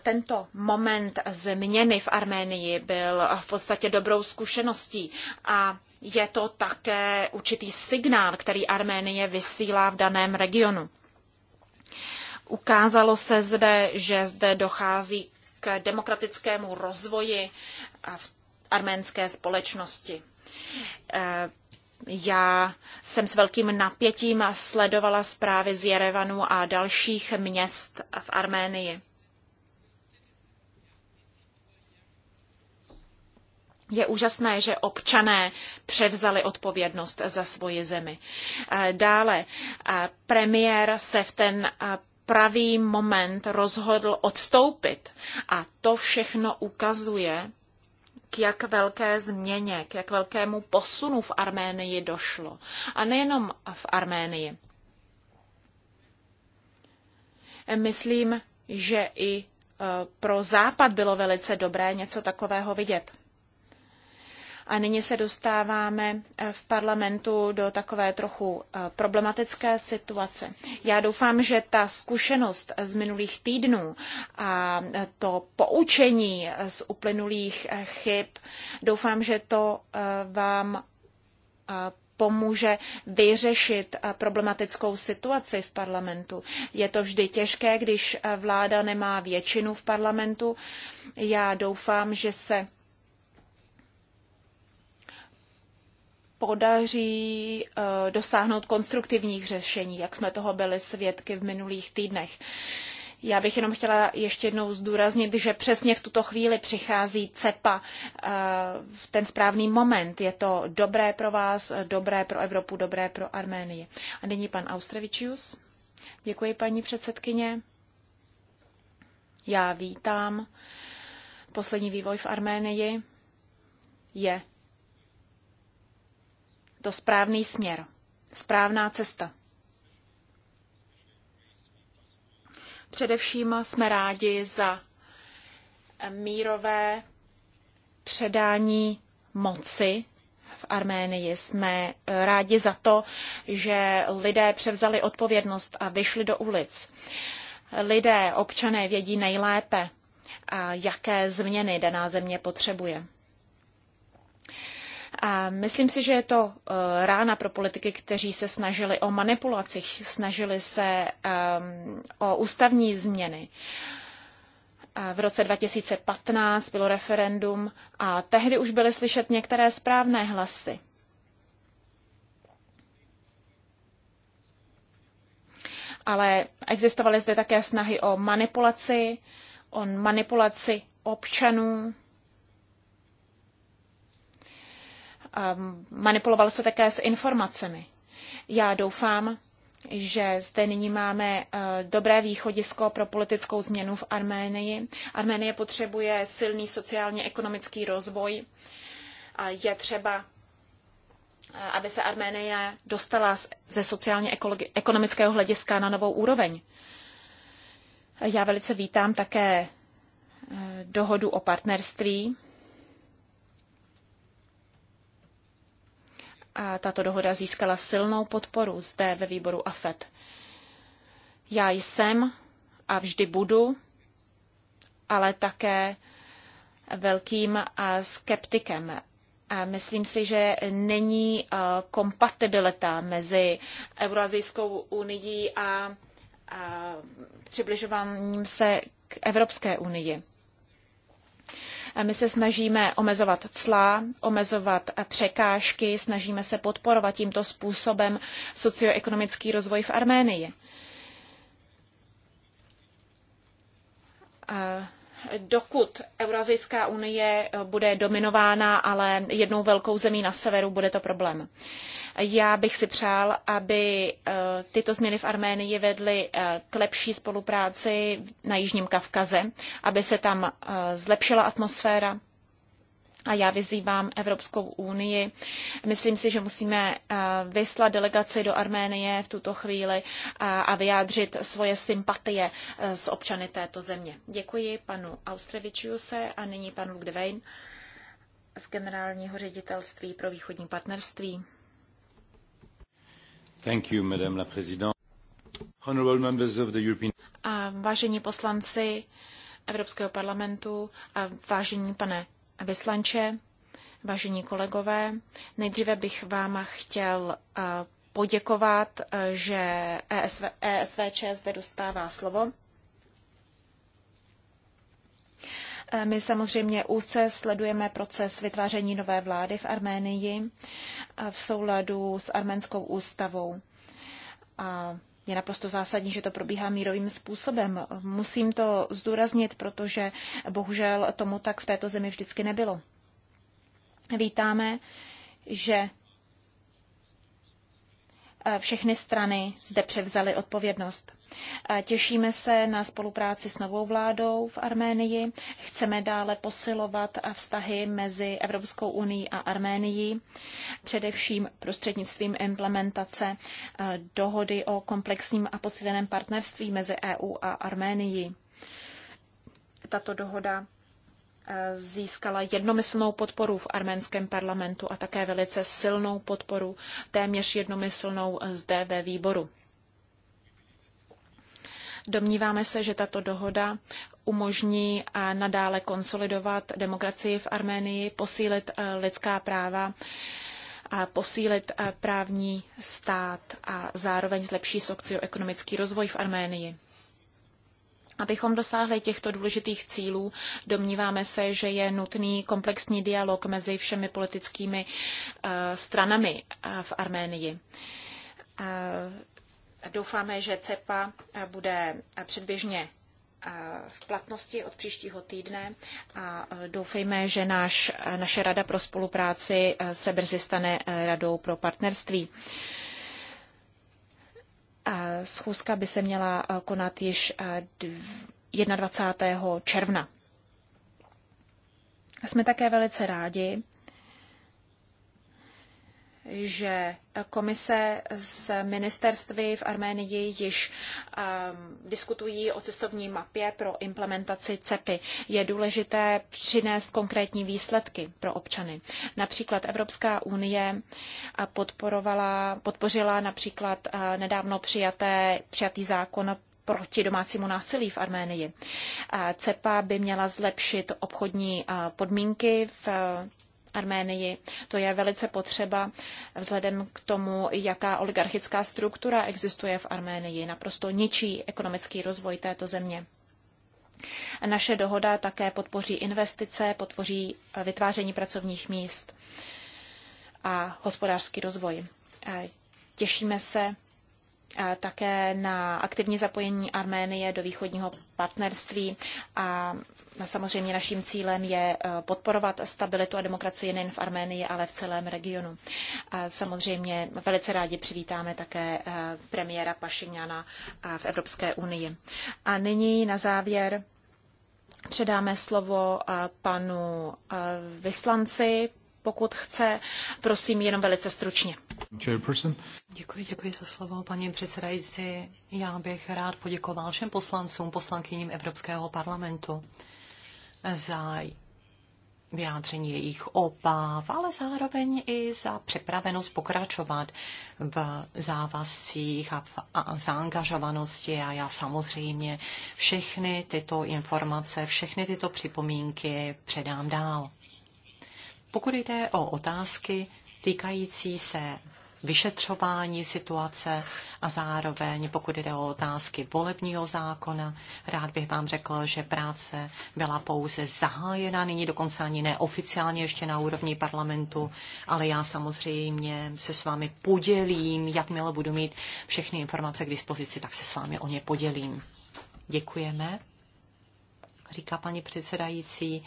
E: Tento moment změny v Arménii byl v podstatě dobrou zkušeností a je to také určitý signál, který Arménie vysílá v daném regionu. Ukázalo se zde, že zde dochází k demokratickému rozvoji v arménské společnosti. Já jsem s velkým napětím sledovala zprávy z Jerevanu a dalších měst v Arménii. Je úžasné, že občané převzali odpovědnost za svoji zemi. Eh, dále eh, premiér se v ten eh, pravý moment rozhodl odstoupit a to všechno ukazuje, k jak velké změně, k jak velkému posunu v Arménii došlo. A nejenom v Arménii. Myslím, že i pro Západ bylo velice dobré něco takového vidět. A nyní se dostáváme eh, v parlamentu do takové trochu eh, problematické situace. Já doufám, že ta zkušenost z minulých týdnů a eh, to poučení z uplynulých chyb, doufám, že to vám pomůže vyřešit problematickou situaci v parlamentu. Je to vždy těžké, když vláda nemá většinu v parlamentu. Já doufám, že se podaří eh, dosáhnout konstruktivních řešení, jak jsme toho byli svědky v minulých týdnech. Já bych jenom chtěla ještě jednou zdůraznit, že přesně v tuto chvíli přichází CEPA eh, v ten správný moment. Je to dobré pro vás, dobré pro Evropu, dobré pro Arménii. A nyní pan Austrevičius. Děkuji, paní předsedkyně. Já vítám poslední vývoj v Arménii. Je to správný směr, správná cesta. Především jsme rádi za mírové předání moci v Arménii. Jsme rádi za to, že lidé převzali odpovědnost a vyšli do ulic. Lidé, občané vědí nejlépe, jaké změny daná země potřebuje. A myslím si, že je to eh, rána pro politiky, kteří se snažili o manipulacích, snažili se um, o ústavní změny. V roce 2015 bylo referendum a tehdy už byly slyšet některé správné hlasy. Ale existovaly zde také snahy o manipulaci, o manipulaci občanů manipulovalo se také s informacemi. Já doufám, že zde nyní máme eh, dobré východisko pro politickou změnu v Arménii. Arménie potřebuje silný sociálně-ekonomický rozvoj. Je třeba, eh, aby se Arménie dostala ze sociálně-ekonomického hlediska na novou úroveň. Já velice vítám také eh, dohodu o partnerství tato dohoda získala silnou podporu zde ve výboru AFET. Já jsem a vždy budu, ale také velkým skeptikem. Myslím si, že není kompatibilita mezi Euroazijskou unii a přibližováním se k Evropské unii. My se snažíme omezovat cla, omezovat překážky, snažíme se podporovat tímto způsobem socioekonomický rozvoj v Arménii dokud Eurazijská unie eh, bude dominována ale jednou velkou zemí na severu, bude to problém. Já bych si přál, aby eh, tyto změny v Arménii vedly eh, k lepší spolupráci na Jižním Kavkaze, aby se tam zlepšila atmosféra a já vyzývám Evropskou unii. Myslím si, že musíme eh, vyslat delegaci do Arménie v tuto chvíli eh, a vyjádřit svoje sympatie eh, s občany této země. Děkuji panu Austrevičiuse a nyní panu Gdevein z Generálního ředitelství pro východní partnerství.
B: Thank you, madame la présidente. Honorable members of the European...
E: A vážení poslanci Evropského parlamentu a vážení pane vyslanče, vážení kolegové, nejdříve bych vám chtěl eh, poděkovat, eh, že ESV, ESVČ zde dostává slovo. Eh, my samozřejmě úzce sledujeme proces vytváření nové vlády v Arménii v souladu s arménskou ústavou. A je naprosto zásadní, že to probíhá mírovým způsobem. Musím to zdůraznit, protože bohužel tomu tak v této zemi vždycky nebylo. Vítáme, že eh, všechny strany zde převzaly odpovědnost. Těšíme se na spolupráci s novou vládou v Arménii. Chceme dále posilovat vztahy mezi Evropskou unii a Arménií, především prostřednictvím implementace eh, dohody o komplexním a posíleném partnerství mezi EU a Arménií. Tato dohoda eh, získala jednomyslnou podporu v arménském parlamentu a také velice silnou podporu, téměř jednomyslnou eh, zde ve výboru. Domníváme se, že tato dohoda umožní nadále konsolidovat demokracii v Arménii, posílit e, lidská práva, a posílit e, právní stát a zároveň zlepší socioekonomický rozvoj v Arménii. Abychom dosáhli těchto důležitých cílů, domníváme se, že je nutný komplexní dialog mezi všemi politickými e, stranami v Arménii. Doufáme, že CEPA bude předběžně eh, v platnosti od příštího týdne a eh, doufejme, že náš, eh, naše Rada pro spolupráci se brzy stane Radou pro partnerství. Schůzka by se měla konat již 21. června. Jsme také velice rádi, že komise s ministerstvy v Arménii již um, diskutují o cestovní mapě pro implementaci CEPy. Je důležité přinést konkrétní výsledky pro občany. Například Evropská unie podporovala, podpořila například uh, nedávno přijaté, přijatý zákon proti domácímu násilí v Arménii. Uh, CEPA by měla zlepšit obchodní uh, podmínky v Arménii. To je velice potřeba vzhledem k tomu, jaká oligarchická struktura existuje v Arménii. Naprosto ničí ekonomický rozvoj této země. Naše dohoda také podpoří investice, podpoří vytváření pracovních míst a hospodářský rozvoj. Těšíme se také na aktivní zapojení Arménie do východního partnerství a samozřejmě naším cílem je eh, podporovat stabilitu a demokracii nejen v Arménii, ale v celém regionu. A samozřejmě velice rádi přivítáme také eh, premiéra Pašiňana eh, v Evropské unii. A nyní na závěr předáme slovo panu vyslanci, pokud chce, prosím jenom velice stručně. Chairperson.
C: Děkuji, děkuji za slovo, paní předsedající. Já bych rád poděkoval všem poslancům, poslankyním Evropského parlamentu za vyjádření jejich obav, ale zároveň i za připravenost pokračovat v závazcích a v a zaangažovanosti. A já samozřejmě všechny tyto informace, všechny tyto připomínky předám dál. Pokud jde o otázky, týkající se vyšetřování situace a zároveň, pokud jde o otázky volebního zákona, rád bych vám řekl, že práce byla pouze zahájena, nyní dokonce ani neoficiálně ještě na úrovni parlamentu, ale já samozřejmě se s vámi podělím, jakmile budu mít všechny informace k dispozici, tak se s vámi o ně podělím. Děkujeme, říká paní předsedající.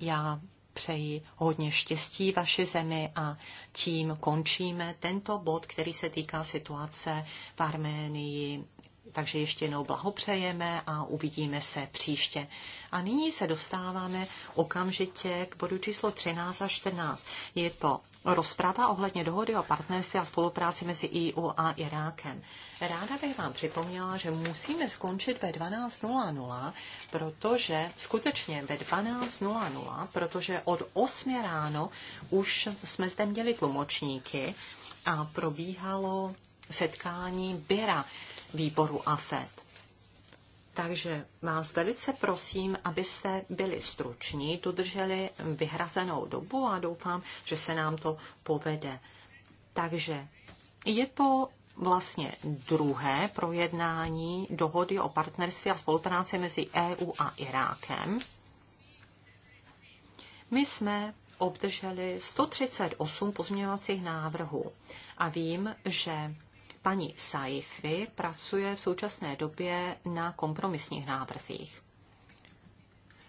C: Já přeji hodně štěstí vaši zemi a tím končíme tento bod, který se týká situace v Arménii. Takže ještě jednou blahopřejeme a uvidíme se příště. A nyní se dostáváme okamžitě k bodu číslo 13 a 14. Je to rozprava ohledně dohody o partnerství a spolupráci mezi EU a Irákem. Ráda bych vám připomněla, že musíme skončit ve 12.00, protože skutečně ve 12.00, protože od 8 ráno už jsme zde měli tlumočníky a probíhalo setkání Běra výboru AFET. Takže vás velice prosím, abyste byli struční, dodrželi vyhrazenou dobu a doufám, že se nám to povede. Takže je to vlastně druhé projednání dohody o partnerství a spolupráci mezi EU a Irákem. My jsme obdrželi 138 pozměňovacích návrhů a vím, že Paní Saifi pracuje v současné době na kompromisních návrzích.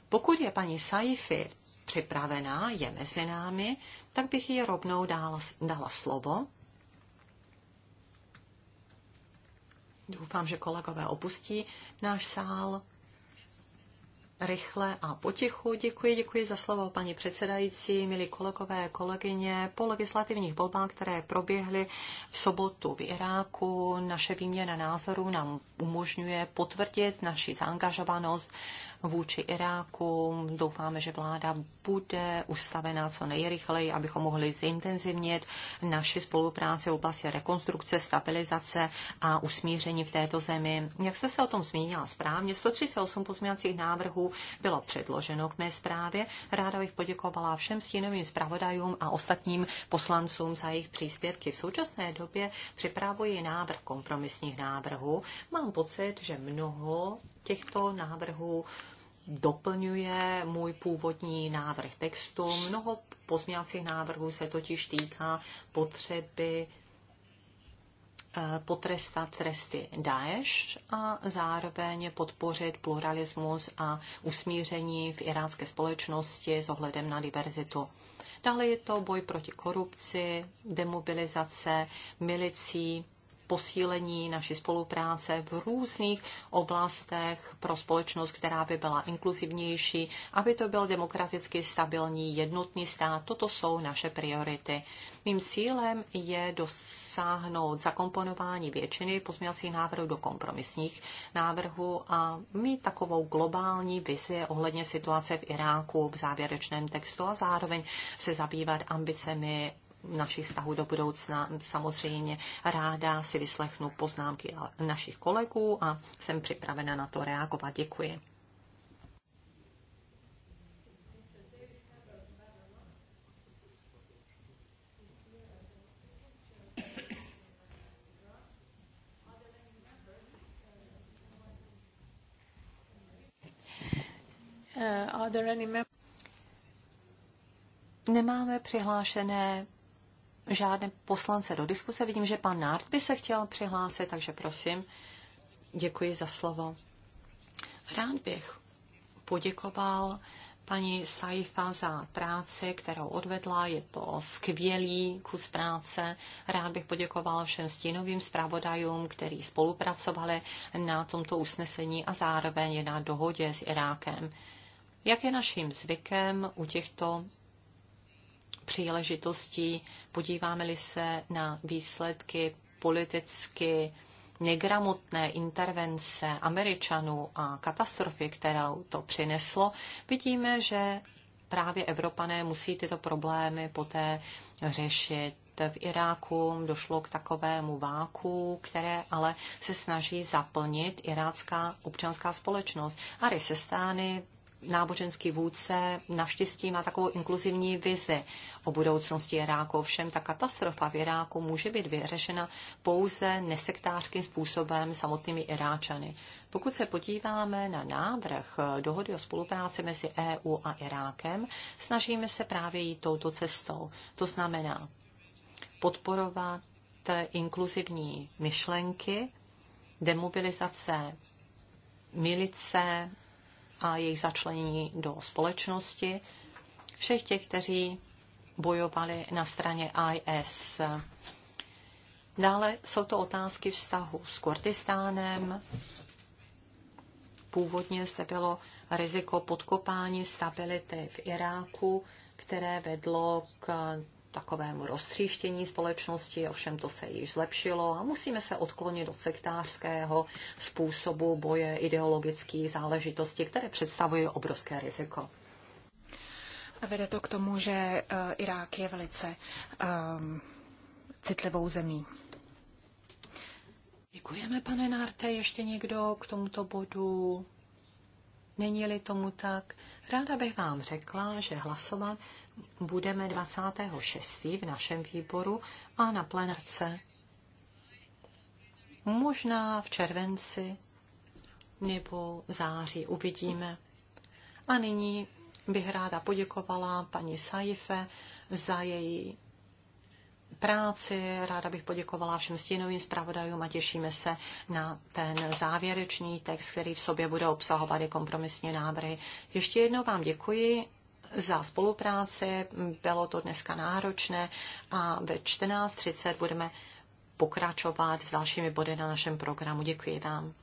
C: Pokud je paní Saifi připravená, je mezi námi, tak bych ji rovnou dala, dala slovo. Doufám, že kolegové opustí náš sál rychle a potichu. Děkuji, děkuji za slovo, paní předsedající, milí kolegové, kolegyně. Po legislativních volbách, které proběhly v sobotu v Iráku, naše výměna názorů nám umožňuje potvrdit naši zaangažovanost vůči Iráku. Doufáme, že vláda bude ustavená co nejrychleji, abychom mohli zintenzivnit naši spolupráci v oblasti rekonstrukce, stabilizace a usmíření v této zemi. Jak jste se o tom zmínila správně, 138 pozměňovacích návrhů bylo předloženo k mé zprávě. Ráda bych poděkovala všem stínovým zpravodajům a ostatním poslancům za jejich příspěvky. V současné době připravuji návrh kompromisních návrhů. Mám pocit, že mnoho těchto návrhů doplňuje můj původní návrh textu. Mnoho pozměňovacích návrhů se totiž týká potřeby eh, potrestat tresty Daesh a zároveň podpořit pluralismus a usmíření v iránské společnosti s ohledem na diverzitu. Dále je to boj proti korupci, demobilizace milicí, posílení naší spolupráce v různých oblastech pro společnost, která by byla inkluzivnější, aby to byl demokraticky stabilní, jednotný stát. Toto jsou naše priority. Mým cílem je dosáhnout zakomponování většiny pozměňovacích návrhů do kompromisních návrhů a mít takovou globální vizi ohledně situace v Iráku v závěrečném textu a zároveň se zabývat ambicemi našich vztahů do budoucna. Samozřejmě ráda si vyslechnu poznámky našich kolegů a jsem připravena na to reagovat. Děkuji.
D: Uh,
C: Nemáme přihlášené žádné poslance do diskuse. Vidím, že pan Nárt by se chtěl přihlásit, takže prosím, děkuji za slovo. Rád bych poděkoval paní Saifa za práci, kterou odvedla. Je to skvělý kus práce. Rád bych poděkoval všem stínovým zpravodajům, kteří spolupracovali na tomto usnesení a zároveň je na dohodě s Irákem. Jak je naším zvykem u těchto příležitostí, podíváme-li se na výsledky politicky negramotné intervence Američanů a katastrofy, kterou to přineslo, vidíme, že právě Evropané musí tyto problémy poté řešit. V Iráku došlo k takovému váku, které ale se snaží zaplnit irácká občanská společnost. A Rysestány náboženský vůdce naštěstí má takovou inkluzivní vizi o budoucnosti Iráku. Ovšem ta katastrofa v Iráku může být vyřešena pouze nesektářským způsobem samotnými Iráčany. Pokud se podíváme na návrh dohody o spolupráci mezi EU a Irákem, snažíme se právě jít touto cestou. To znamená podporovat inkluzivní myšlenky, demobilizace milice a jejich začlenění do společnosti. Všech těch, kteří bojovali na straně IS. Dále jsou to otázky vztahu s Kurdistánem. Původně zde bylo riziko podkopání stability v Iráku, které vedlo k takovému roztříštění společnosti, ovšem to se již zlepšilo a musíme se odklonit od sektářského způsobu boje ideologických záležitostí, které představují obrovské riziko.
E: A vede to k tomu, že eh, Irák je velice um, citlivou zemí.
C: Děkujeme, pane Nárte. Ještě někdo k tomuto bodu? Není-li tomu tak, ráda bych vám řekla, že hlasovat budeme 26. v našem výboru a na plenarce. Možná v červenci nebo v září uvidíme. A nyní bych ráda poděkovala paní Saife za její práci. Ráda bych poděkovala všem stínovým zpravodajům a těšíme se na ten závěrečný text, který v sobě bude obsahovat i kompromisní návrhy. Ještě jednou vám děkuji za spolupráci. Bylo to dneska náročné a ve 14.30 budeme pokračovat s dalšími body na našem programu. Děkuji vám.